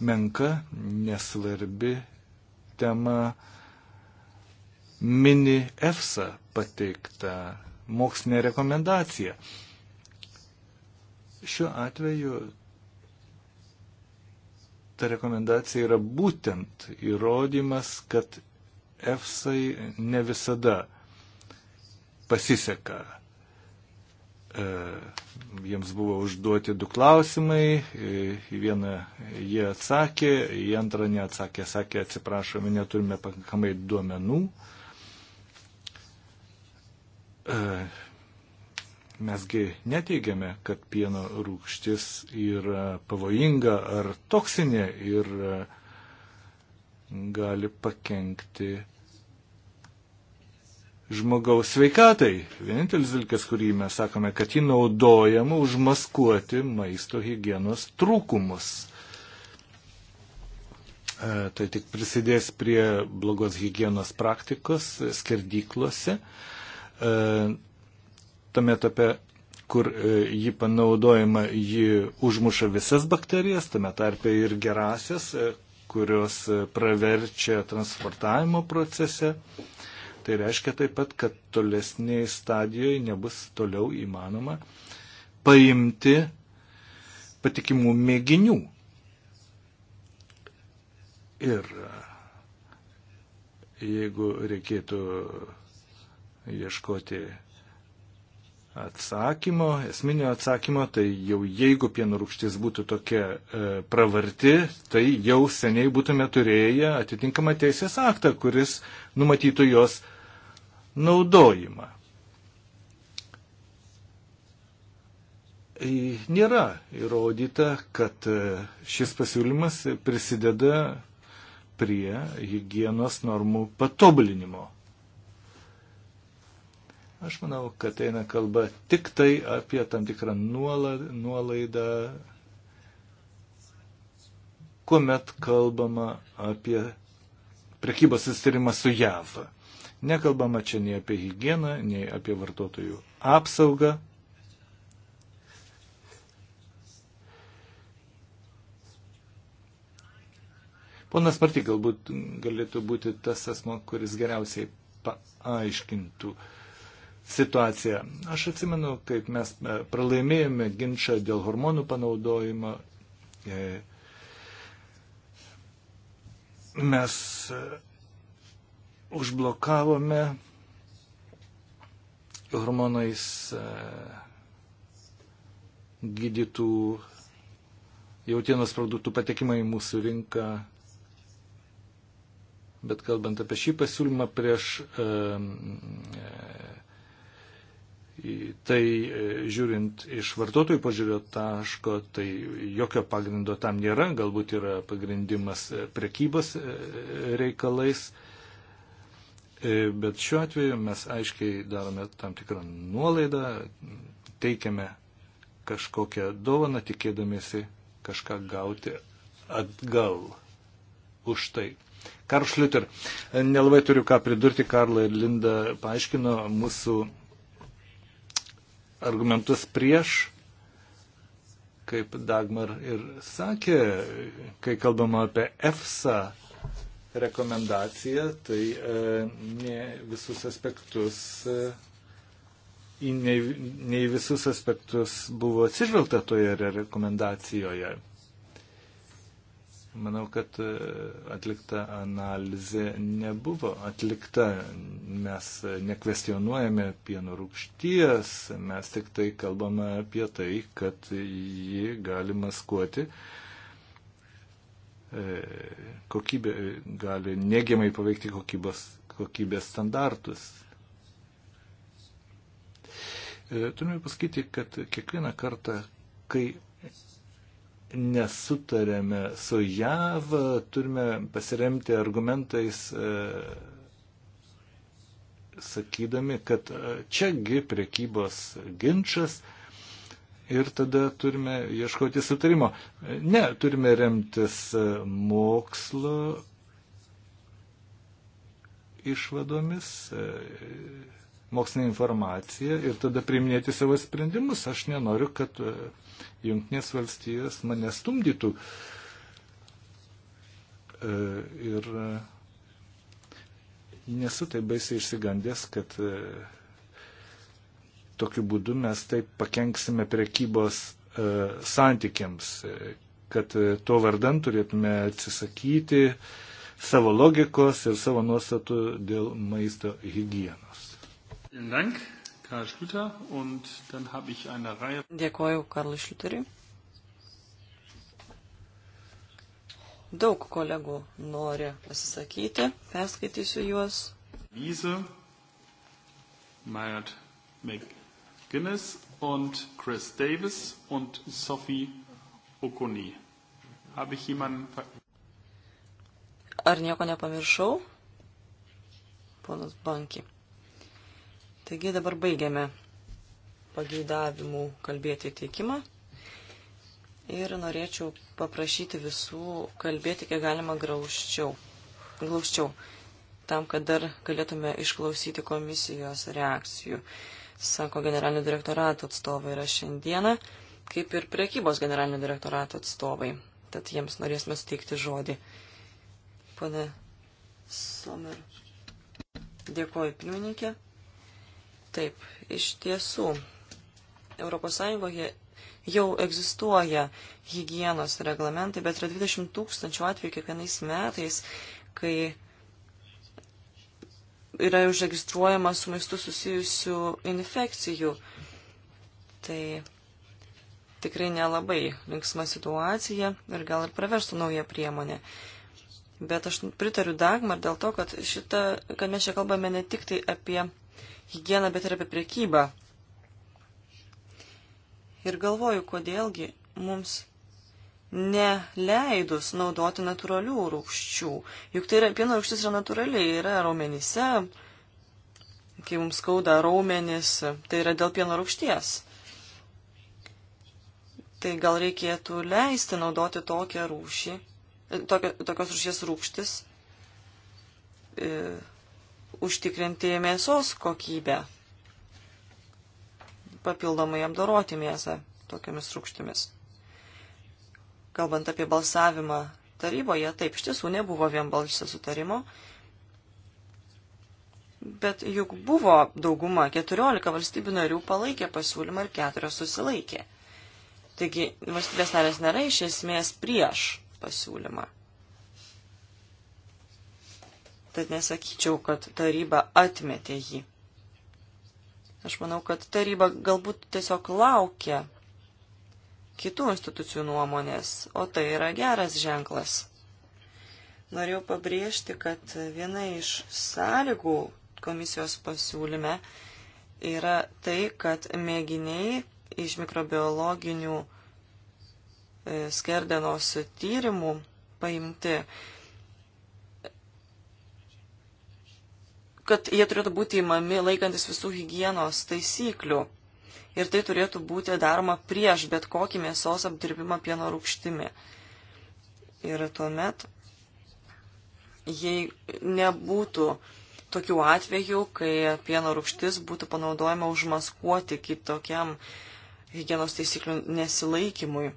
Speaker 4: menka, nesvarbi tema, mini EFSA pateikta mokslinė rekomendacija. Šiuo atveju ta rekomendacija yra būtent įrodymas, kad EFSAI ne visada pasiseka. E, jiems buvo užduoti du klausimai, e, į vieną jie atsakė, į antrą neatsakė, sakė, atsiprašome, neturime pakankamai duomenų. E, Mesgi neteigiame, kad pieno rūkštis yra pavojinga ar toksinė ir e, gali pakengti žmogaus sveikatai. Vienintelis dalykas, kurį mes sakome, kad ji naudojama užmaskuoti maisto hygienos trūkumus. E, tai tik prisidės prie blogos hygienos praktikos skerdyklose. E, tame etape, kur e, ji panaudojama, ji užmuša visas bakterijas, tame tarpe ir gerasias, e, kurios e, praverčia transportavimo procese. Tai reiškia taip pat, kad tolesniai stadijoje nebus toliau įmanoma paimti patikimų mėginių. Ir jeigu reikėtų ieškoti atsakymo, esminio atsakymo, tai jau jeigu pieno rūkštis būtų tokia e, pravarti, tai jau seniai būtume turėję atitinkamą teisės aktą, kuris numatytų jos naudojimą. Nėra įrodyta, kad e, šis pasiūlymas prisideda prie hygienos normų patobulinimo. Aš manau, kad eina kalba tik tai apie tam tikrą nuolaidą, kuomet kalbama apie prekybos susitarimą su JAV. Nekalbama čia nei apie higieną, nei apie vartotojų apsaugą. Ponas Marti galbūt galėtų būti tas asmo, kuris geriausiai paaiškintų. Uh, situaciją. Aš atsimenu, kaip mes e, pralaimėjome ginčą dėl hormonų panaudojimo. E, mes e, užblokavome hormonais gydytų jautienos produktų patekimą į mūsų rinką. Bet kalbant apie šį pasiūlymą prieš e, e, tai e, žiūrint iš vartotojų požiūrio taško, tai jokio pagrindo tam nėra, galbūt yra pagrindimas e, prekybos e, reikalais, bet šiuo atveju mes aiškiai darome tam tikrą nuolaidą, teikiame kažkokią dovaną, tikėdamėsi kažką gauti atgal už tai. Karl Schliuter, nelabai turiu ką pridurti, Karla ir Linda paaiškino mūsų argumentus prieš, kaip Dagmar ir sakė, kai kalbama apie EFSA rekomendaciją, tai e, ne visus aspektus. E, į ne, ne visus aspektus buvo atsižvelgta toje rekomendacijoje. Manau, kad e, atlikta analizė nebuvo atlikta. Mes e, nekvestionuojame pieno rūkšties, mes tik tai kalbame apie tai, kad jį gali maskuoti. E, kokybė gali neigiamai paveikti kokybos, kokybės standartus. Turime pasakyti, kad kiekvieną kartą, kai nesutarėme su JAV, turime pasiremti argumentais, e, sakydami, kad e, čiagi prekybos ginčas ir tada turime ieškoti sutarimo. Ne, turime remtis e, mokslo išvadomis mokslinė informacija ir tada priminėti savo sprendimus. Aš nenoriu, kad uh, jungtinės valstijos mane stumdytų. E, ir e, nesu taip baisiai išsigandęs, kad e, tokiu būdu mes taip pakenksime prekybos santykiams, kad to vardan turėtume atsisakyti savo logikos ir savo nuostatų dėl maisto hygienos.
Speaker 1: Dank. Karl Schlüter und dann habe ich eine Reihe. Dėkoju Karlui
Speaker 2: Šliuteriui. Daug kolegų nori pasisakyti, perskaitysiu juos. Lise,
Speaker 1: Myert McGuinness und Chris Davis und Sophie Okoni. Habe ich jemanden...
Speaker 2: Ar nieko nepamiršau? Ponas Banki. Taigi dabar baigiame pageidavimų kalbėti teikimą. Ir norėčiau paprašyti visų kalbėti kiek galima grauščiau, glaučiau, tam, kad dar galėtume išklausyti komisijos reakcijų. Sako generalinio direktorato atstovai yra šiandieną, kaip ir priekybos generalinio direktorato atstovai. Tad jiems norėsime suteikti žodį. Pane Somer. Dėkuoju, pirmininkė. Taip, iš tiesų, ES jau egzistuoja hygienos reglamentai, bet yra 20 tūkstančių atvejų kiekvienais metais, kai yra užregistruojama su maistu susijusių infekcijų. Tai tikrai nelabai linksma situacija ir gal ir praverstų nauja priemonė. Bet aš pritariu Dagmar dėl to, kad, šita, kad mes čia kalbame ne tik tai apie higieną, bet ir apie priekybą. Ir galvoju, kodėlgi mums neleidus naudoti natūralių rūkščių. Juk tai yra, pieno rūkštis yra natūraliai, yra raumenyse, kai mums skauda raumenis, tai yra dėl pieno rūkšties. Tai gal reikėtų leisti naudoti tokią rūšį, tokio, tokios rūšies rūkštis, e, užtikrinti mėsos kokybę, papildomai apdoroti mėsą tokiamis rūkštimis. Kalbant apie balsavimą taryboje, taip iš tiesų nebuvo vienbalsio sutarimo, bet juk buvo dauguma, 14 valstybių narių palaikė pasiūlymą ir 4 susilaikė. Taigi valstybės narės nėra iš esmės prieš pasiūlymą tad nesakyčiau, kad taryba atmetė jį. Aš manau, kad taryba galbūt tiesiog laukia kitų institucijų nuomonės, o tai yra geras ženklas. Norėjau pabrėžti, kad viena iš sąlygų komisijos pasiūlyme yra tai, kad mėginiai iš mikrobiologinių e, skerdenos tyrimų paimti kad jie turėtų būti įmami laikantis visų hygienos taisyklių. Ir tai turėtų būti daroma prieš bet kokį mėsos apdirbimą pieno rūkštimi. Ir tuomet, jei nebūtų tokių atvejų, kai pieno rūkštis būtų panaudojama užmaskuoti kitokiam hygienos taisyklių nesilaikymui.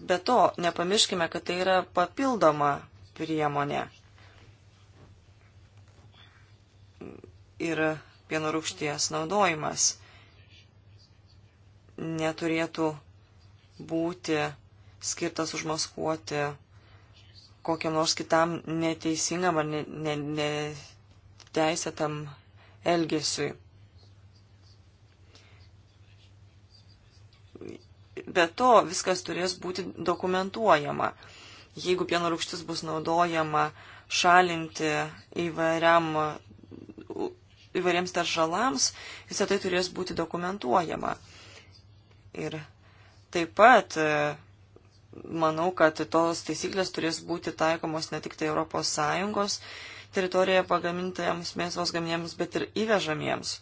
Speaker 2: Be to, nepamirškime, kad tai yra papildoma priemonė ir pieno rūkšties naudojimas neturėtų būti skirtas užmaskuoti kokiam nors kitam neteisingam ar neteisėtam ne, ne elgesiui. Be to, viskas turės būti dokumentuojama. Jeigu pieno rūkštis bus naudojama šalinti įvairiam įvairiems taršalams, visą tai turės būti dokumentuojama. Ir taip pat e, manau, kad tos taisyklės turės būti taikomos ne tik tai ES teritorijoje pagamintiems mėsos gaminėms, bet ir įvežamiems.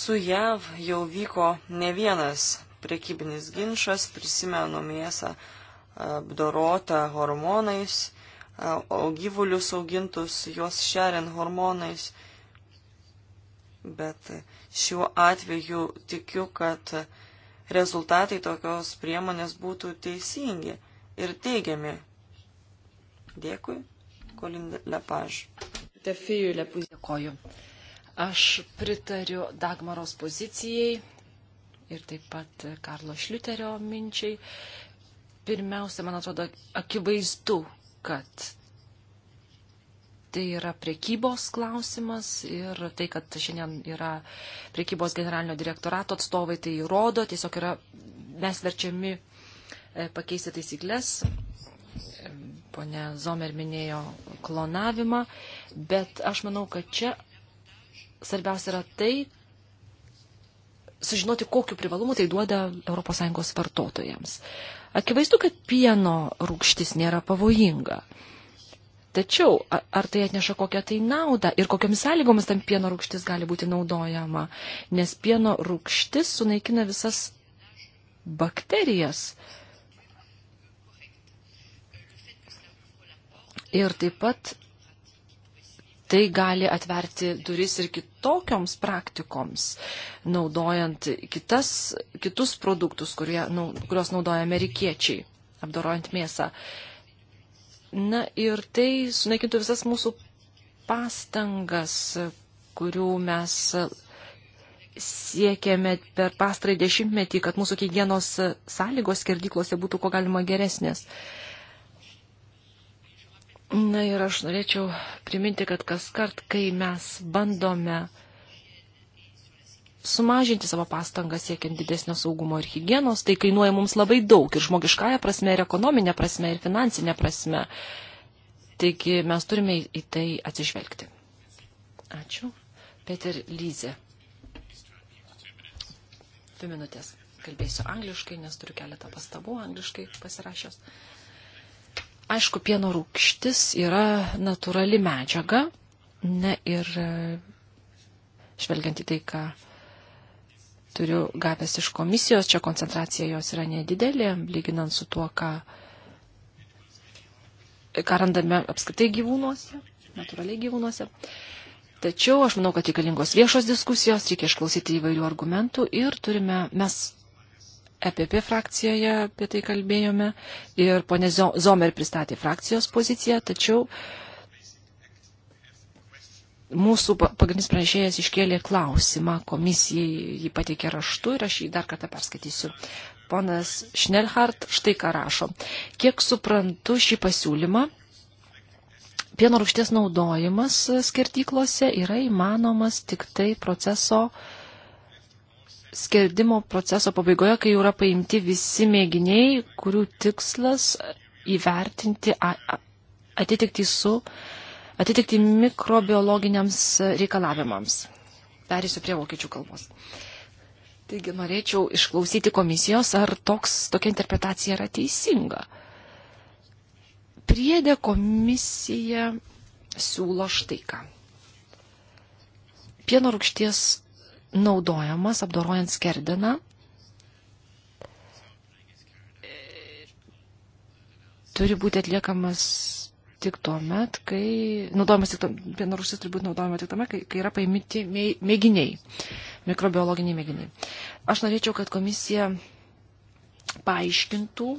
Speaker 2: Su JAV jau vyko ne vienas priekybinis ginčas, prisimenu mėsą e, apdorotą hormonais, e, o gyvulius augintus juos šeriant hormonais. Bet šiuo atveju tikiu, kad rezultatai tokios priemonės būtų teisingi ir teigiami. Dėkui, Kolin Lepaž.
Speaker 3: Dėkoju. Aš pritariu Dagmaros pozicijai ir taip pat Karlo Šliuterio minčiai. Pirmiausia, man atrodo, akivaizdu, kad tai yra prekybos klausimas ir tai, kad šiandien yra prekybos generalinio direktorato atstovai, tai įrodo, tiesiog yra, mes verčiami e, pakeisti taisyklės. Pone Zomer minėjo klonavimą, bet aš manau, kad čia svarbiausia yra tai, sužinoti, kokiu privalumu tai duoda ES vartotojams. Akivaizdu, kad pieno rūkštis nėra pavojinga. Tačiau ar tai atneša kokią tai naudą ir kokiamis sąlygomis tam pieno rūkštis gali būti naudojama, nes pieno rūkštis sunaikina visas bakterijas. Ir taip pat tai gali atverti duris ir kitokioms praktikoms, naudojant kitas, kitus produktus, kurie, nu, kuriuos naudoja amerikiečiai, apdorojant mėsą. Na ir tai sunaikintų visas mūsų pastangas, kurių mes siekėme per pastarąjį dešimtmetį, kad mūsų kiekvienos sąlygos skerdyklose būtų kuo galima geresnės. Uh, Na ir aš norėčiau priminti, kad kas kart, kai mes bandome sumažinti savo pastangas siekiant didesnio saugumo ir hygienos, tai kainuoja mums labai daug ir žmogiškąją prasme, ir ekonominę prasme, ir finansinę prasme. Taigi mes turime į tai atsižvelgti. Ačiū. Peter Lyze. Dvi minutės. Kalbėsiu angliškai, nes turiu keletą pastabų angliškai pasirašęs. Uh, Aišku, pieno rūkštis yra natūrali medžiaga. Na ir e, žvelgiant į tai, ką turiu gavęs iš komisijos, čia koncentracija jos yra nedidelė, lyginant su tuo, ką, ką randame apskritai gyvūnuose, natūraliai gyvūnuose. Tačiau aš manau, kad reikalingos viešos diskusijos, reikia išklausyti įvairių argumentų ir turime, mes EPP frakcijoje apie tai kalbėjome ir ponė Zomer pristatė frakcijos poziciją, tačiau mūsų pagrindinis pranešėjas iškėlė klausimą komisijai, jį pateikė raštu ir aš jį dar kartą perskaitysiu. Ponas Šnelhart štai ką rašo. Kiek suprantu šį pasiūlymą, pieno rūkšties naudojimas skirtyklose yra įmanomas tik tai proceso uh, skerdimo proceso pabaigoje, kai jau yra paimti visi mėginiai, kurių tikslas įvertinti atitikti su atitikti mikrobiologiniams reikalavimams. Perėsiu prie vokiečių kalbos. Taigi norėčiau išklausyti komisijos, ar toks, tokia interpretacija yra teisinga. Priedė komisija siūlo štai ką. Pieno rūkšties naudojamas apdorojant skerdiną. Turi būti atliekamas tik tuo met, kai naudojamas tik pieno rūšis turi būti naudojama tik tuomet, kai, kai yra paimti mėginiai, mikrobiologiniai mėginiai. Aš norėčiau, kad komisija paaiškintų,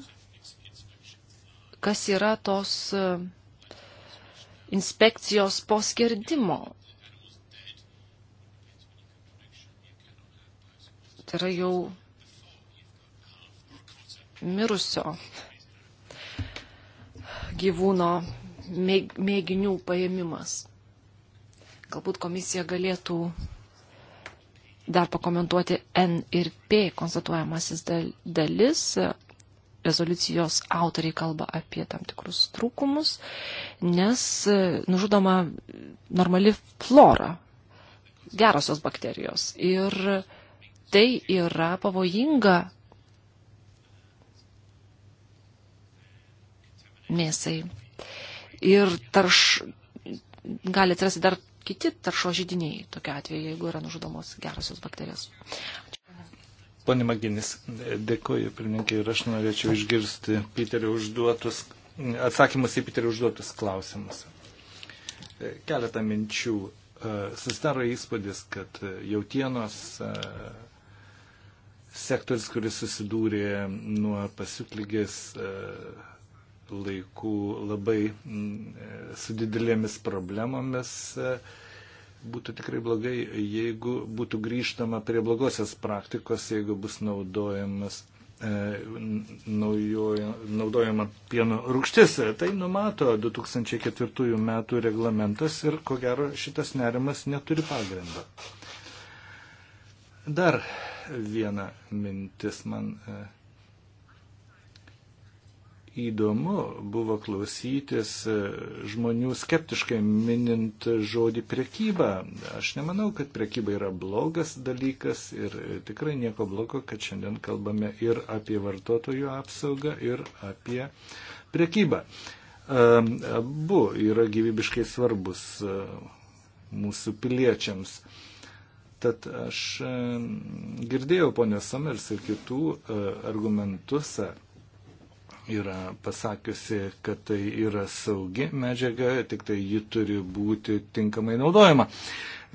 Speaker 3: kas yra tos inspekcijos po skerdimo Tai yra jau mirusio gyvūno mėginių paėmimas. Galbūt komisija galėtų dar pakomentuoti N ir P konstatuojamasis dalis. Rezoliucijos autoriai kalba apie tam tikrus trūkumus, nes nužudoma normali flora, gerosios bakterijos. Ir tai yra pavojinga mėsai. Ir tarš, gali atsirasti dar kiti taršo žydiniai tokia atveju, jeigu yra nužudomos gerosios bakterijos.
Speaker 4: Pone Maginis, dėkuoju, pirmininkai, ir aš norėčiau išgirsti Piterio užduotus, atsakymus į Piterio užduotus klausimus. Keletą minčių. Susidaro įspūdis, kad jautienos sektorius, kuris susidūrė nuo pasiutlygės e, laikų labai e, su didelėmis problemomis. E, būtų tikrai blogai, jeigu būtų grįžtama prie blogosios praktikos, jeigu bus naudojamas naujoja, naudojama pieno rūkštis. Tai numato 2004 metų reglamentas ir ko gero šitas nerimas neturi pagrindo. Dar viena mintis man e, įdomu buvo klausytis e, žmonių skeptiškai minint žodį prekyba. Aš nemanau, kad prekyba yra blogas dalykas ir tikrai nieko blogo, kad šiandien kalbame ir apie vartotojų apsaugą, ir apie prekybą. E, abu yra gyvybiškai svarbus mūsų piliečiams. Tad aš e, girdėjau ponės Somers ir kitų e, argumentus yra pasakiusi, kad tai yra saugi medžiaga, tik tai ji turi būti tinkamai naudojama.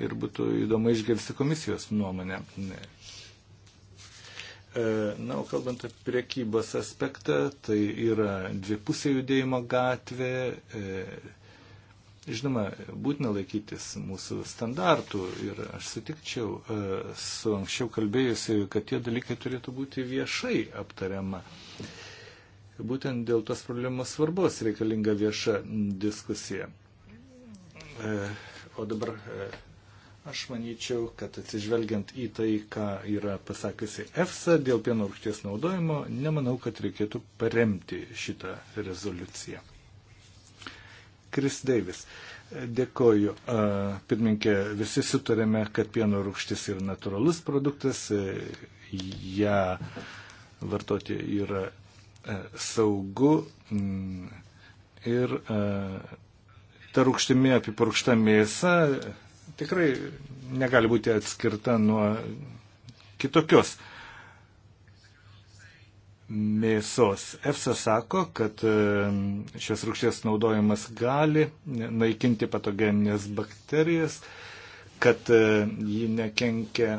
Speaker 4: Ir būtų įdomu išgirsti komisijos nuomonę. Ne. E, na, o kalbant apie priekybos aspektą, tai yra dvipusė judėjimo gatvė. E, Žinoma, būtina laikytis mūsų standartų ir aš sutikčiau e, su anksčiau kalbėjusiu, kad tie dalykai turėtų būti viešai aptariama. Būtent dėl tos problemos svarbos reikalinga vieša diskusija. E, o dabar e, aš manyčiau, kad atsižvelgiant į tai, ką yra pasakiusi EFSA dėl pieno rūgšties naudojimo, nemanau, kad reikėtų paremti šitą rezoliuciją. Kris Deivis. Dėkoju. Pirminkė, visi sutarėme, kad pieno rūkštis yra natūralus produktas, e, ją vartoti yra e, saugu mm, ir e, ta rūkštimi apipurkšta mėsa tikrai negali būti atskirta nuo kitokios mėsos. EFSA sako, kad e, šios rūkšties naudojimas gali naikinti patogeninės bakterijas, kad e, ji nekenkia,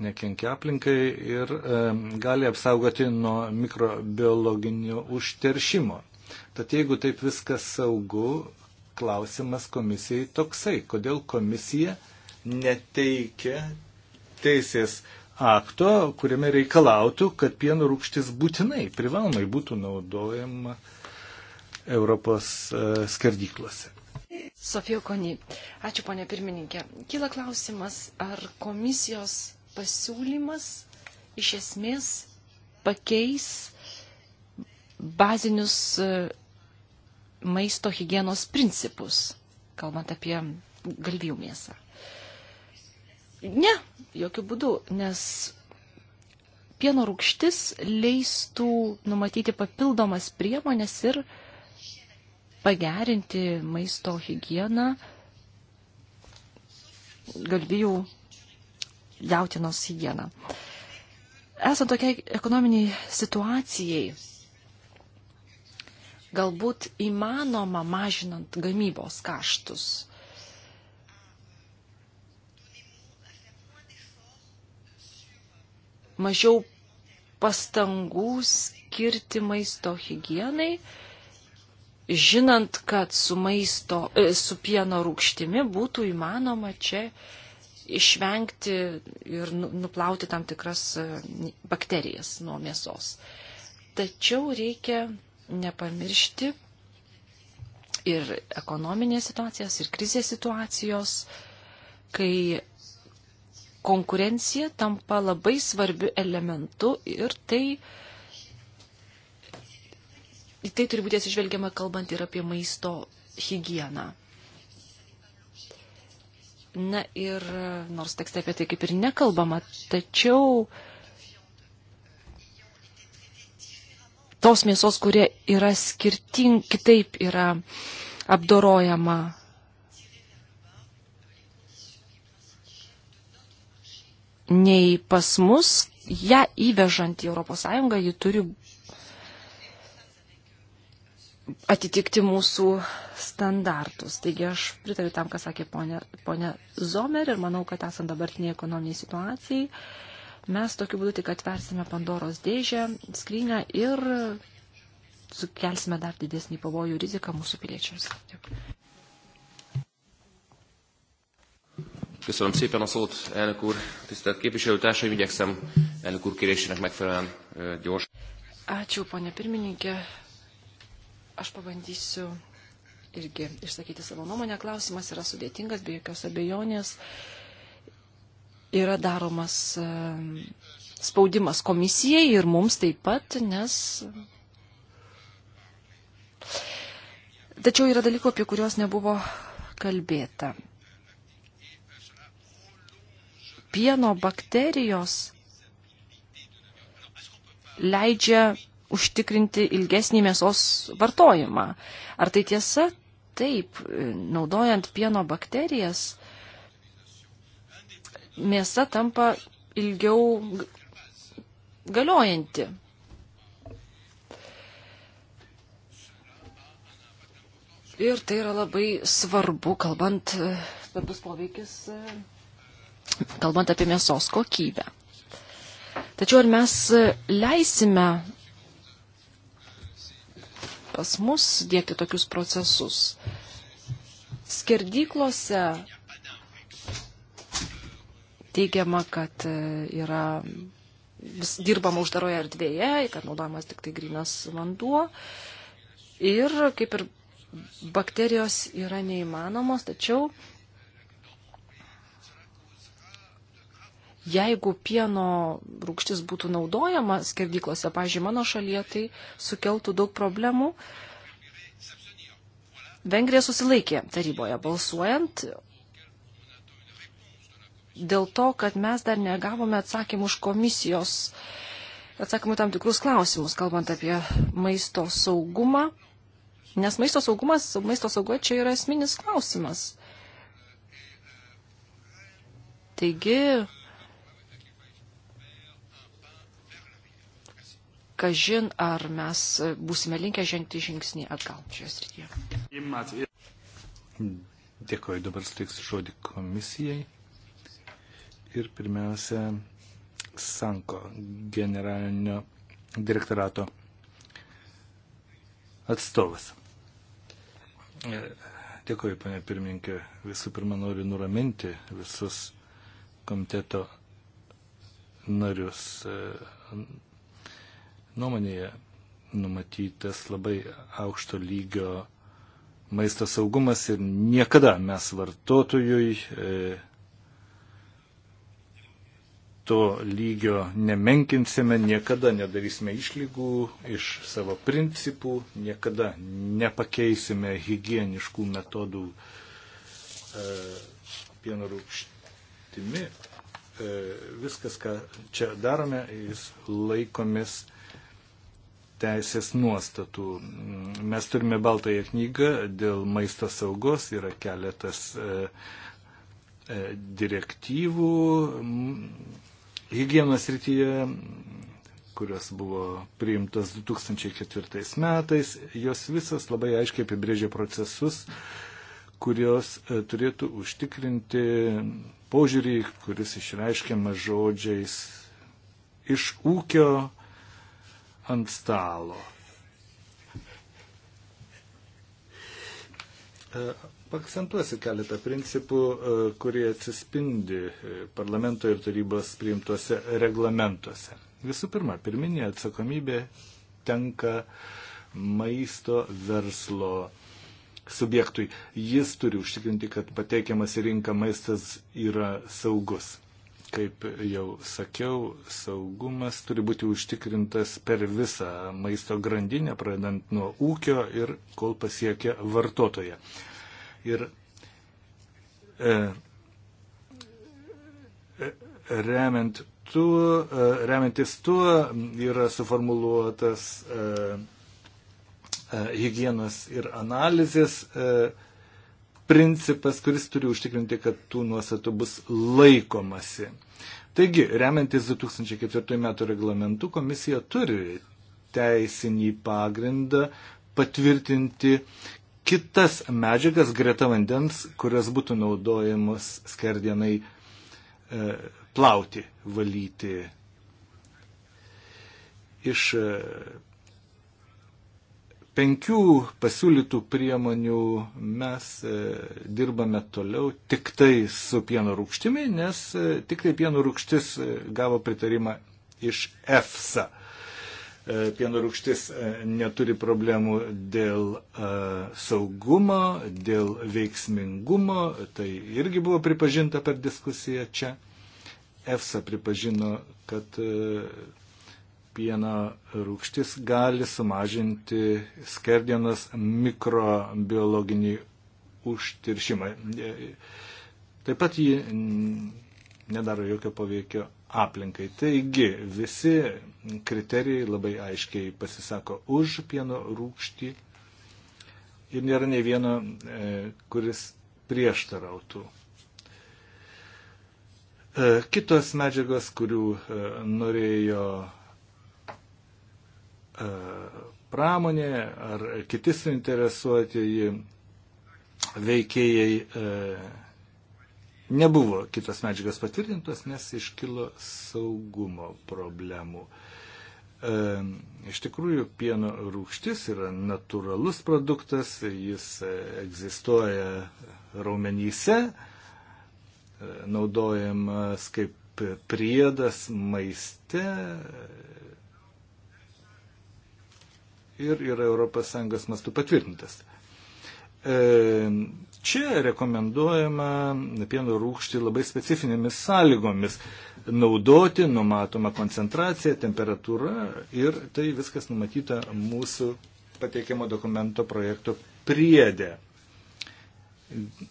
Speaker 4: nekenkia aplinkai ir e, gali apsaugoti nuo mikrobiologinio užteršimo. Tad jeigu taip viskas saugu, klausimas komisijai toksai, kodėl komisija neteikia teisės uh, akto, kuriame reikalautų, kad pieno rūkštis būtinai, privalomai būtų naudojama Europos e, skardyklose.
Speaker 3: Sofija Kony, ačiū ponė pirmininkė. Kyla klausimas, ar komisijos pasiūlymas iš esmės pakeis bazinius e, maisto hygienos principus, kalbant apie galvijų mėsą. Ne, jokių būdų, nes pieno rūkštis leistų numatyti papildomas priemonės ir pagerinti maisto higieną galvijų jautinos higieną. Esant tokiai ekonominiai situacijai, galbūt įmanoma mažinant gamybos kaštus mažiau pastangų skirti maisto higienai, žinant, kad su, maisto, e, su pieno rūkštimi būtų įmanoma čia išvengti ir nu, nuplauti tam tikras e, bakterijas nuo mėsos. Tačiau reikia nepamiršti ir ekonominės situacijos, ir krizės situacijos, kai konkurencija tampa labai svarbiu elementu ir tai, tai turi būti atsižvelgiama kalbant ir apie maisto higieną. Na ir nors tekste apie tai kaip ir nekalbama, tačiau tos mėsos, kurie yra skirting, kitaip yra apdorojama nei pas mus, ją įvežant į ES, ji turi atitikti mūsų standartus. Taigi aš pritariu tam, ką sakė ponė, ponė Zomer ir manau, kad esant dabartiniai ekonominiai situacijai, mes tokiu būdu tik atversime Pandoros dėžę, skrynę ir sukelsime dar didesnį pavojų riziką mūsų piliečiams. Dėkui.
Speaker 1: Köszönöm szépen a szót, elnök úr. Tisztelt képviselőtársaim, igyekszem elnök úr kérésének megfelelően gyors.
Speaker 3: Ačiū, ponė pirmininkė. Aš pabandysiu irgi išsakyti savo nuomonę. Klausimas yra sudėtingas, be jokios abejonės. Yra daromas e, spaudimas komisijai ir mums taip pat, nes Tačiau yra dalykų, apie kuriuos nebuvo kalbėta pieno bakterijos leidžia užtikrinti ilgesnį mėsos vartojimą. Ar tai tiesa? Taip, naudojant pieno bakterijas, mėsa tampa ilgiau galiojanti. Ir tai yra labai svarbu, kalbant, svarbus poveikis kalbant apie mėsos kokybę. Tačiau ar mes e, leisime pas mus dėkti tokius procesus? Skerdyklose teigiama, kad e, yra vis dirbama uždaroje erdvėje, kad naudojamas tik tai grinas vanduo. Ir kaip ir bakterijos yra neįmanomos, tačiau jeigu pieno rūkštis būtų naudojama skerdyklose, pažiūrėjau, mano šalyje, tai sukeltų daug problemų. Vengrija susilaikė taryboje balsuojant dėl to, kad mes dar negavome atsakymų iš komisijos, atsakymų tam tikrus klausimus, kalbant apie maisto saugumą. Nes maisto saugumas, maisto sauga čia yra esminis klausimas. Taigi, kažin ar mes būsime linkę žengti žingsnį atgal šioje
Speaker 1: srityje.
Speaker 4: Dėkoju, dabar suteiksiu žodį komisijai. Ir pirmiausia, Sanko generalinio direktorato atstovas. Dėkoju, panė pirmininkė. Visų pirma, noriu nuraminti visus komiteto narius nuomonėje numatytas labai aukšto lygio maisto saugumas ir niekada mes vartotojui e, to lygio nemenkinsime, niekada nedarysime išlygų iš savo principų, niekada nepakeisime hygieniškų metodų
Speaker 5: e,
Speaker 4: pieno rūkštimi. E, viskas, ką čia darome, jis laikomis teisės nuostatų. Mes turime baltąją knygą dėl maisto saugos, yra keletas e, e, direktyvų hygienos rytyje, kurios buvo priimtas 2004 metais. Jos visas labai aiškiai apibrėžė procesus, kurios e, turėtų užtikrinti požiūrį, kuris išreiškiamas žodžiais iš ūkio ant stalo. E, Pakcentuosiu keletą principų, e, kurie atsispindi e, parlamento ir tarybos priimtuose reglamentuose. Visų pirma, pirminė atsakomybė tenka maisto verslo subjektui. Jis turi užtikrinti, kad pateikiamas į rinką maistas yra saugus. Kaip jau sakiau, saugumas turi būti užtikrintas per visą maisto grandinę, pradant nuo ūkio ir kol pasiekia vartotoje. Ir e, e remiant tu, e, remiantis tuo yra suformuluotas e, hygienos ir analizės principas, kuris turi užtikrinti, kad tų nuostatų bus laikomasi. Taigi, remiantis 2004 metų reglamentu, komisija turi teisinį pagrindą patvirtinti kitas medžiagas greta vandens, kurios būtų naudojamos skerdienai e, plauti, valyti. Iš e, penkių pasiūlytų priemonių mes e, dirbame toliau tik tai su pieno rūkštimi, nes e, tik tai pieno rūkštis e, gavo pritarimą iš EFSA. Pieno rūkštis neturi problemų dėl saugumo, dėl veiksmingumo, tai irgi buvo pripažinta per diskusiją čia. EFSA pripažino, kad pieno rūkštis gali sumažinti skerdienos mikrobiologinį užtiršimą. Taip pat ji nedaro jokio poveikio aplinkai. Taigi visi kriterijai labai aiškiai pasisako už pieno rūkštį ir nėra nei vieno, e, kuris prieštarautų. E, kitos medžiagos, kurių e, norėjo E, pramonė ar kiti suinteresuotieji veikėjai e, nebuvo kitos medžiagos patvirtintos, nes iškilo saugumo problemų. E, iš tikrųjų, pieno rūkštis yra natūralus produktas, jis egzistuoja raumenyse, e, naudojamas kaip priedas maiste, ir yra ES mastu patvirtintas. E, čia rekomenduojama pieno rūkštį labai specifinėmis sąlygomis naudoti, numatoma koncentracija, temperatūra ir tai viskas numatyta mūsų pateikiamo dokumento projekto priedė.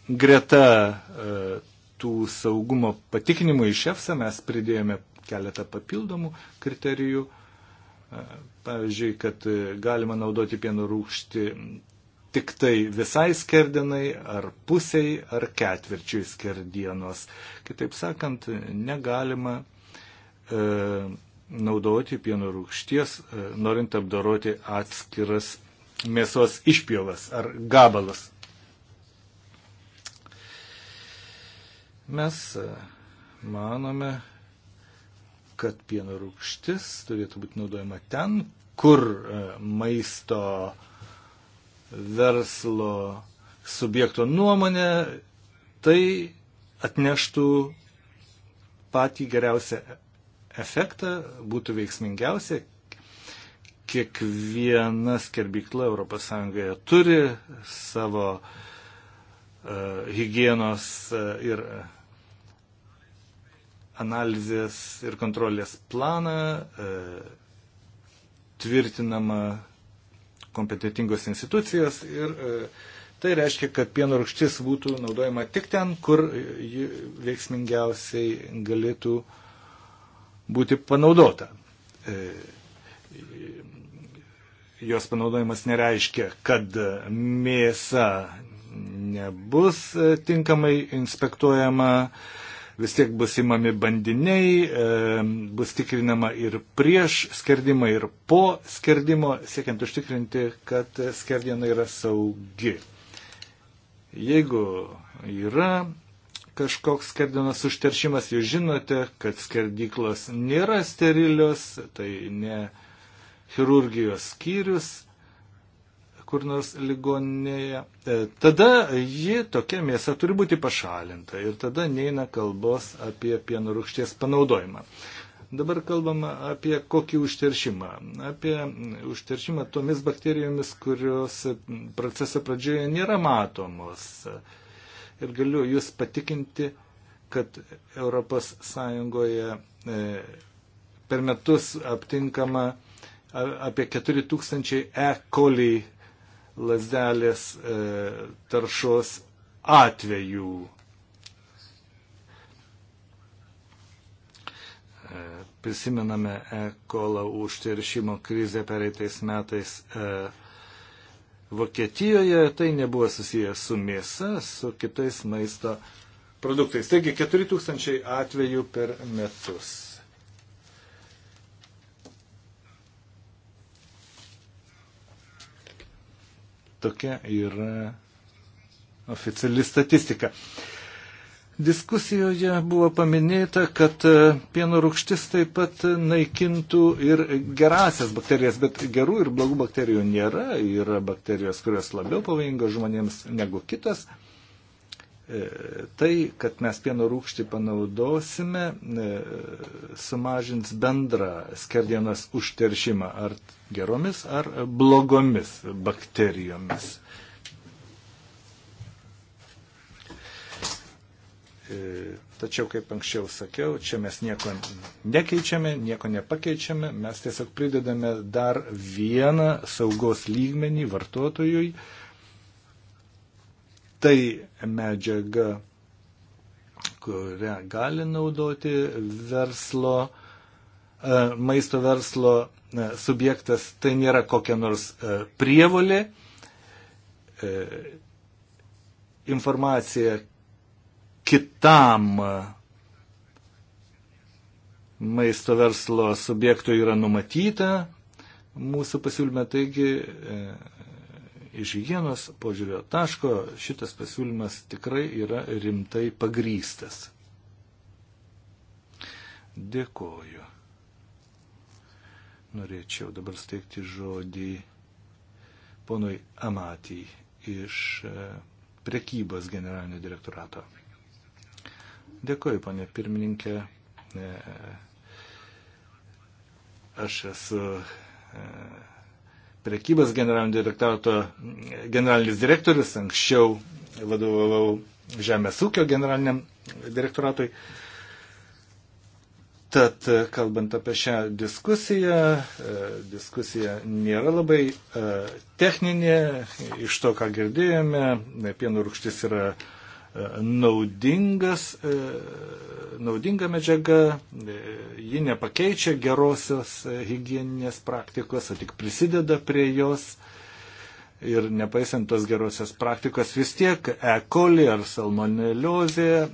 Speaker 4: Greta e, tų saugumo patikinimų iš EFSA mes pridėjome keletą papildomų kriterijų Pavyzdžiui, kad galima naudoti pieno rūkštį tik tai visai skerdenai, ar pusiai, ar ketvirčiai skerdienos. Kitaip sakant, negalima e, naudoti pieno rūkšties, e, norint apdoroti atskiras mėsos išpjovas ar gabalas. Mes e, manome, kad pieno rūkštis turėtų būti naudojama ten, kur e, maisto verslo subjekto nuomonė tai atneštų patį geriausią efektą, būtų veiksmingiausia. Kiekviena skerbykla ES turi savo uh, e, hygienos uh, e, ir uh, analizės ir kontrolės planą, e, tvirtinama kompetitingos institucijos ir e, tai reiškia, kad pieno rūgštis būtų naudojama tik ten, kur ji veiksmingiausiai galėtų būti panaudota. E, jos panaudojimas nereiškia, kad mėsa nebus tinkamai inspektuojama, vis tiek bus įmami bandiniai, e, bus tikrinama ir prieš skerdimą, ir po skerdimo, siekiant užtikrinti, kad skerdiena yra saugi. Jeigu yra kažkoks skerdinas užteršimas, jūs žinote, kad skerdyklos nėra sterilios, tai ne chirurgijos skyrius, kur nors ligoninėje, e, tada ji tokia mėsa turi būti pašalinta ir tada neina kalbos apie pieno rūkšties panaudojimą. Dabar kalbama apie kokį užteršimą. Apie užteršimą tomis bakterijomis, kurios proceso pradžioje nėra matomos. Ir galiu Jūs patikinti, kad ES e, per metus aptinkama apie 4000 E. coli lasdelės e, taršos atvejų. E, prisimename e. kolą užteršimo krizę pereitais metais Vokietijoje. Tai nebuvo susijęs su mėsa, su kitais maisto produktais. Taigi 4000 atvejų per metus. Tokia yra oficiali statistika. Diskusijoje buvo paminėta, kad e, pieno rūkštis taip pat naikintų ir gerasias bakterijas, bet gerų ir blogų bakterijų nėra. Yra bakterijos, kurios labiau pavojingos žmonėms negu kitas. Uh, E, tai, kad mes pieno rūkštį panaudosime, e, sumažins bendrą skerdienos užteršimą ar geromis, ar blogomis bakterijomis. E, tačiau, kaip anksčiau sakiau, čia mes nieko nekeičiame, nieko nepakeičiame, mes tiesiog pridedame dar vieną saugos lygmenį vartotojui, tai medžiaga, kurią gali naudoti verslo, e, maisto verslo e, subjektas, tai nėra kokia nors e, prievolė. Informacija kitam maisto verslo subjektui yra numatyta mūsų pasiūlyme, taigi iš hygienos požiūrio taško šitas pasiūlymas tikrai yra rimtai pagrystas. Dėkoju. Norėčiau dabar steigti žodį ponui Amatį iš e, prekybos generalinio direktorato. Dėkoju, ponė pirmininkė. E, aš esu e, prekybos generalinio direktorato generalinis direktorius, anksčiau vadovavau Žemės ūkio generaliniam direktoratui. Tad, e, kalbant apie šią diskusiją, e, diskusija nėra labai e, techninė, iš to, ką girdėjome, pieno rūkštis yra naudingas, e, naudinga medžiaga, e, ji nepakeičia gerosios e, hygieninės praktikos, o tik prisideda prie jos. Ir nepaisant tos gerosios praktikos vis tiek E. coli ar salmoneliozė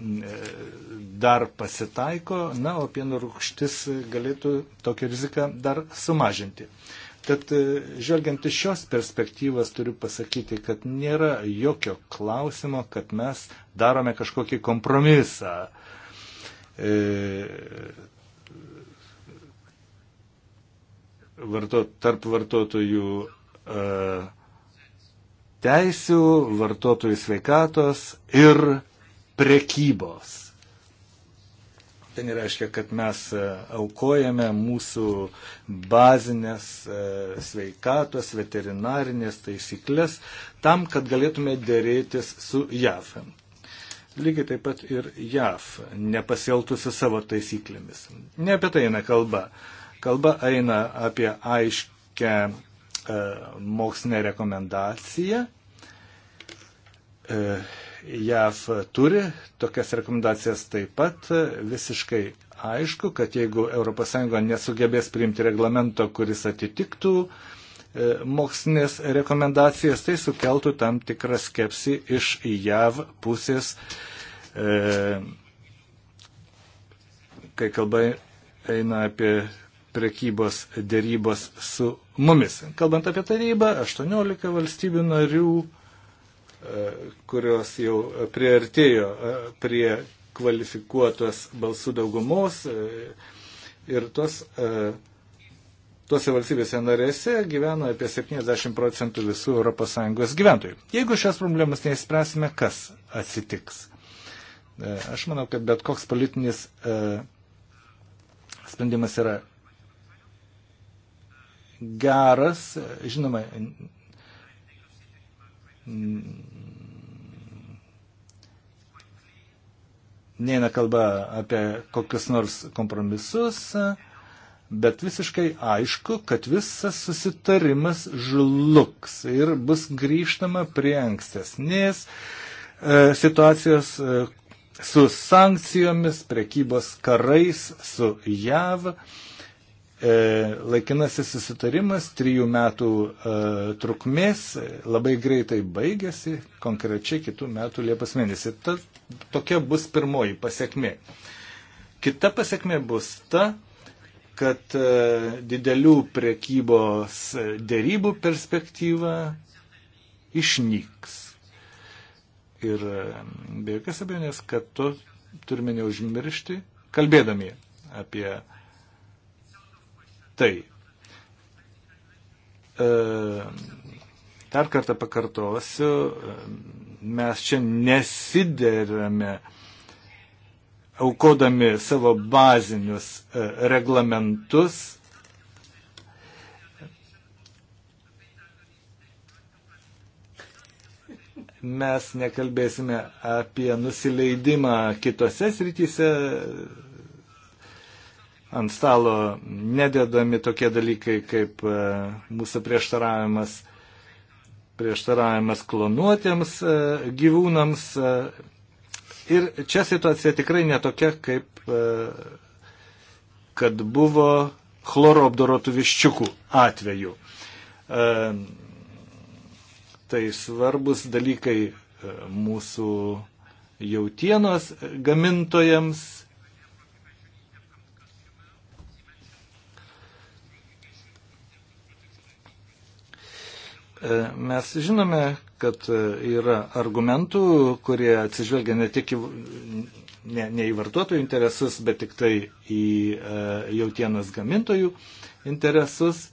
Speaker 4: dar pasitaiko, na, o pieno rūkštis galėtų tokią riziką dar sumažinti. E, Tad e, žvelgiant iš šios perspektyvas turiu pasakyti, kad nėra jokio klausimo, kad mes darome kažkokį kompromisą. E, varto, tarp vartotojų e, teisių, vartotojų sveikatos ir prekybos. Tai nereiškia, kad mes e, aukojame mūsų bazinės e, sveikatos, veterinarinės taisyklės tam, kad galėtume dėrėtis su JAV. Lygiai taip pat ir JAV nepasieltų su savo taisyklėmis. Ne apie tai eina kalba. Kalba eina apie aiškę e, mokslinę rekomendaciją. E, JAV turi tokias rekomendacijas taip pat visiškai aišku, kad jeigu ES nesugebės priimti reglamento, kuris atitiktų e, mokslinės rekomendacijas, tai sukeltų tam tikrą skepsį iš JAV pusės, e, kai kalba eina apie prekybos dėrybos su mumis. Kalbant apie tarybą, 18 valstybių narių kurios jau priartėjo e, prie kvalifikuotos balsų daugumos e, ir tos, e, tose valstybėse narėse gyvena apie 70 procentų visų ES gyventojų. Jeigu šias problemas neįspręsime, kas atsitiks? Aš manau, kad bet koks politinis sprendimas yra geras, žinoma, neina kalba apie kokius nors kompromisus, bet visiškai aišku, kad visas susitarimas žlugs ir bus grįžtama prie ankstesnės e, situacijos e, su sankcijomis, prekybos karais su JAV. E, E, laikinasis susitarimas trijų metų e, trukmės labai greitai baigėsi, konkrečiai kitų metų Liepos mėnesį. Ta, tokia bus pirmoji pasiekmė. Kita pasiekmė bus ta, kad e, didelių prekybos dėrybų perspektyva išnyks. Ir be jokios abejonės, kad to turime neužmiršti, kalbėdami apie uh, Tai e, dar kartą pakartosiu, e, mes čia nesiderame aukodami savo bazinius e, reglamentus. Mes nekalbėsime apie nusileidimą kitose srityse, ant stalo nededami tokie dalykai kaip e, mūsų prieštaravimas, prieštaravimas klonuotiems e, gyvūnams. E, ir čia situacija tikrai netokia, kaip kad buvo chloro apdorotų viščiukų atveju. Tai svarbus dalykai mūsų jautienos gamintojams E, mes žinome, kad e, yra argumentų, kurie atsižvelgia ne tik į, ne, ne į vartotojų interesus, bet tik tai į e, jautienos gamintojų interesus.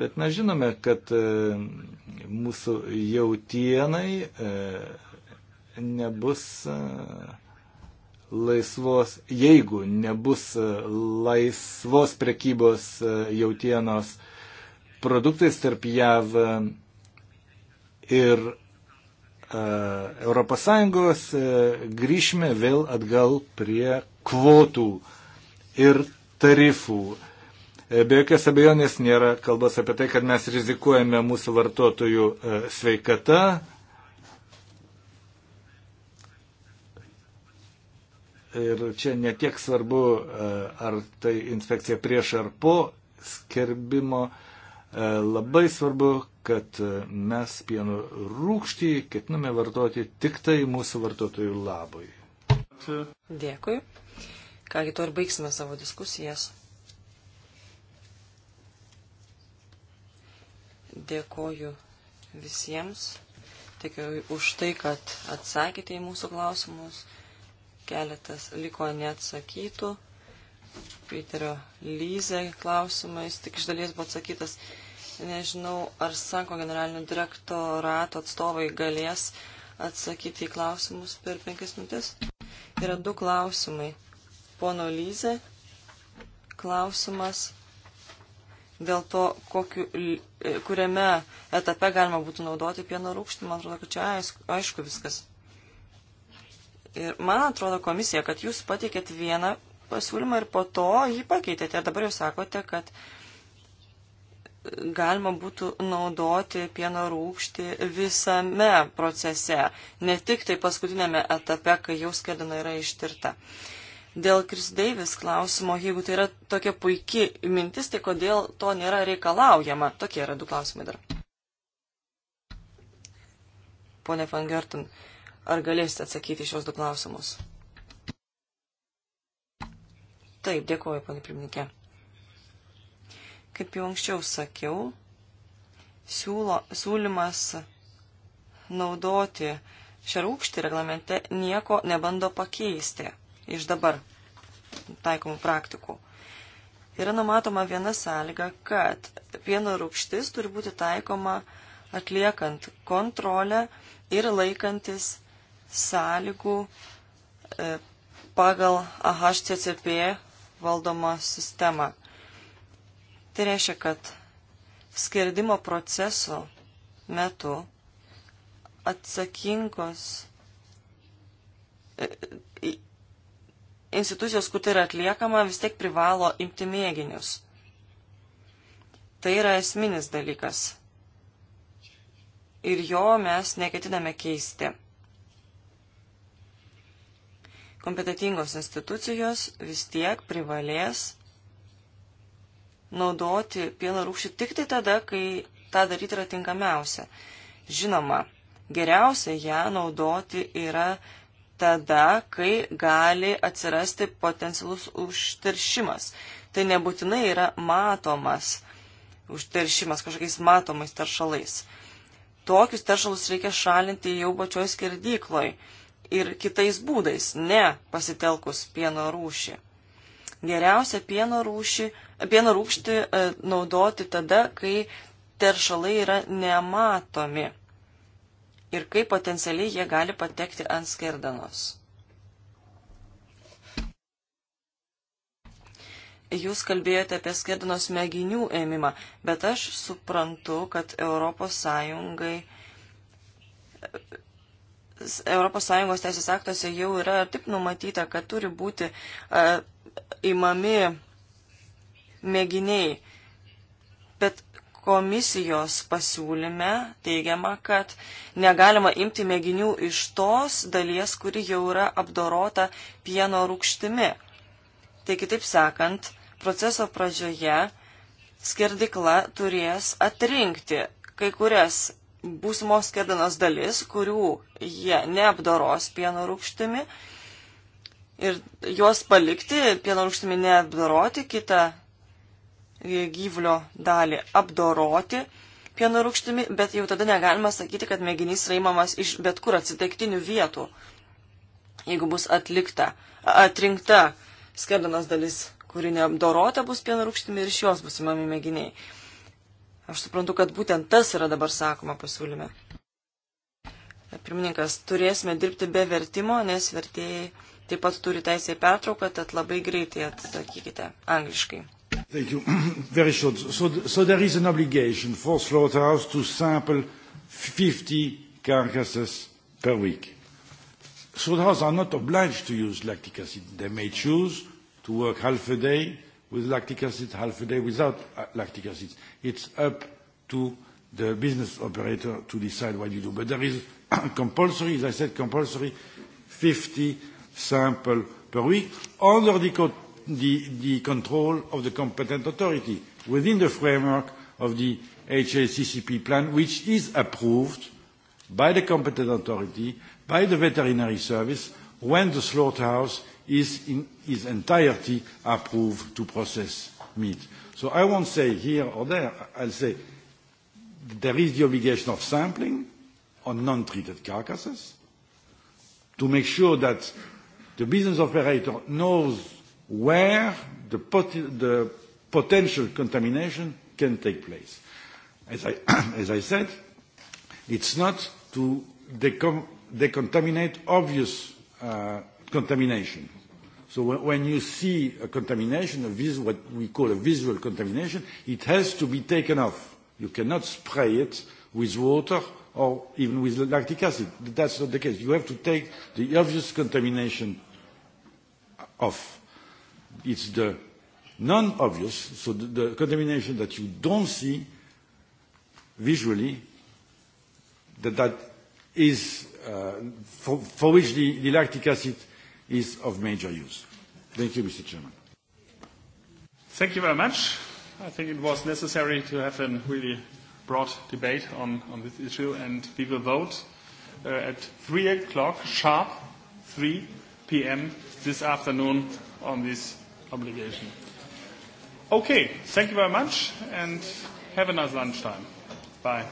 Speaker 4: Bet mes žinome, kad mūsų jautienai nebus laisvos, jeigu nebus laisvos prekybos jautienos produktais tarp JAV ir ES e, grįžime vėl atgal prie kvotų ir tarifų. E, be jokios abejonės nėra kalbos apie tai, kad mes rizikuojame mūsų vartotojų e, sveikata. Ir čia netiek svarbu, ar tai inspekcija prieš ar po skerbimo. Uh, E, labai svarbu, kad mes pieno rūkštį ketiname vartoti tik tai mūsų vartotojų labui.
Speaker 2: Dėkui. Kągi to ir baigsime savo diskusijas. Dėkoju visiems. Tikiu už tai, kad atsakėte į mūsų klausimus. Keletas liko neatsakytų. Peterio Lyze klausimais, tik iš dalies buvo atsakytas. Nežinau, ar Sanko generalinio direktorato atstovai galės atsakyti į klausimus per penkias minutės. Yra du klausimai. Pono Lyze klausimas dėl to, kokiu, e, kuriame etape galima būtų naudoti pieno rūkštį. Man atrodo, kad čia aišku, aišku viskas. Ir man atrodo komisija, kad jūs pateikėt vieną pasiūlymą ir po to jį pakeitėte. Dabar jūs sakote, kad galima būtų naudoti pieno rūkštį visame procese, ne tik tai paskutinėme etape, kai jau skedina yra ištirta. Dėl Kris Deivis klausimo, jeigu tai yra tokia puikia mintis, tai kodėl to nėra reikalaujama? Tokie yra du klausimai dar. Pone Fangertin, ar galėsite atsakyti šios du klausimus? Taip, dėkuoju, ponė pirmininkė. Kaip jau anksčiau sakiau, siūlo, siūlymas naudoti šią rūkštį reglamente nieko nebando pakeisti iš dabar taikomų praktikų. Yra numatoma viena sąlyga, kad pieno rūkštis turi būti taikoma atliekant kontrolę ir laikantis sąlygų e, pagal AHCCP valdomą sistemą. Tai reiškia, kad skerdimo proceso metu atsakingos e, e, institucijos, kur tai yra atliekama, vis tiek privalo imti mėginius. Tai yra esminis dalykas. Ir jo mes neketiname keisti kompetitingos institucijos vis tiek privalės naudoti pieno rūkščių tik tai tada, kai tą daryti yra tinkamiausia. Žinoma, geriausia ją naudoti yra tada, kai gali atsirasti potencialus užteršimas. Tai nebūtinai yra matomas užteršimas kažkokiais matomais taršalais. Tokius taršalus reikia šalinti jau pačioj skerdykloj ir kitais būdais, ne pasitelkus pieno rūšį. Geriausia pieno, rūšį, pieno rūkštį e, naudoti tada, kai teršalai yra nematomi ir kaip potencialiai jie gali patekti ant skerdanos. Jūs kalbėjote apie skerdinos mėginių ėmimą, bet aš suprantu, kad ES ES teisės aktuose jau yra taip numatyta, kad turi būti uh, įmami mėginiai. Bet komisijos pasiūlyme teigiama, kad negalima imti mėginių iš tos dalies, kuri jau yra apdorota pieno rūkštimi. Tai kitaip sakant, proceso pradžioje skerdikla turės atrinkti kai kurias būsimos kedenos dalis, kurių jie neapdoros pieno rūkštimi ir juos palikti, pieno rūkštimi neapdoroti, kitą gyvulio dalį apdoroti pieno rūkštimi, bet jau tada negalima sakyti, kad mėginys yra įmamas iš bet kur atsitiktinių vietų, jeigu bus atlikta, atrinkta skedenos dalis kuri neapdorota bus pieno rūkštimi ir iš jos bus įmami mėginiai. Aš suprantu, kad būtent tas yra dabar sakoma pasiūlyme. Pirmininkas, turėsime dirbti be vertimo, nes vertėjai taip pat turi teisę į pertrauką, tad labai greitai atsakykite angliškai.
Speaker 5: Thank you. Very short. So, so there is an obligation for slaughterhouse to sample 50 carcasses per week. Slaughterhouses are not obliged to use lactic acid. They may choose to work half a day with lactic acid, half a day without uh, lactic acid. It's up to the business operator to decide what you do. But there is compulsory, as I said, compulsory 50 sample per week under the, co the, the control of the competent authority within the framework of the HACCP plan, which is approved by the competent authority, by the veterinary service, when the slaughterhouse is in its entirety approved to process meat. So I won't say here or there. I'll say there is the obligation of sampling on non-treated carcasses to make sure that the business operator knows where the, pot- the potential contamination can take place. As I, as I said, it's not to decom- decontaminate obvious uh, contamination. So when you see a contamination, a visual, what we call a visual contamination, it has to be taken off. You cannot spray it with water or even with lactic acid. That's not the case. You have to take the obvious contamination off. It's the non-obvious, so the, the contamination that you don't see visually, that, that is uh, for, for which the, the lactic acid is of major use. Thank you, Mr. Chairman.
Speaker 1: Thank you very much. I think it was necessary to have a really broad debate on, on this issue, and we will vote uh, at 3 o'clock sharp, 3 p.m. this afternoon on this obligation. Okay, thank you very much, and have a nice lunchtime. Bye.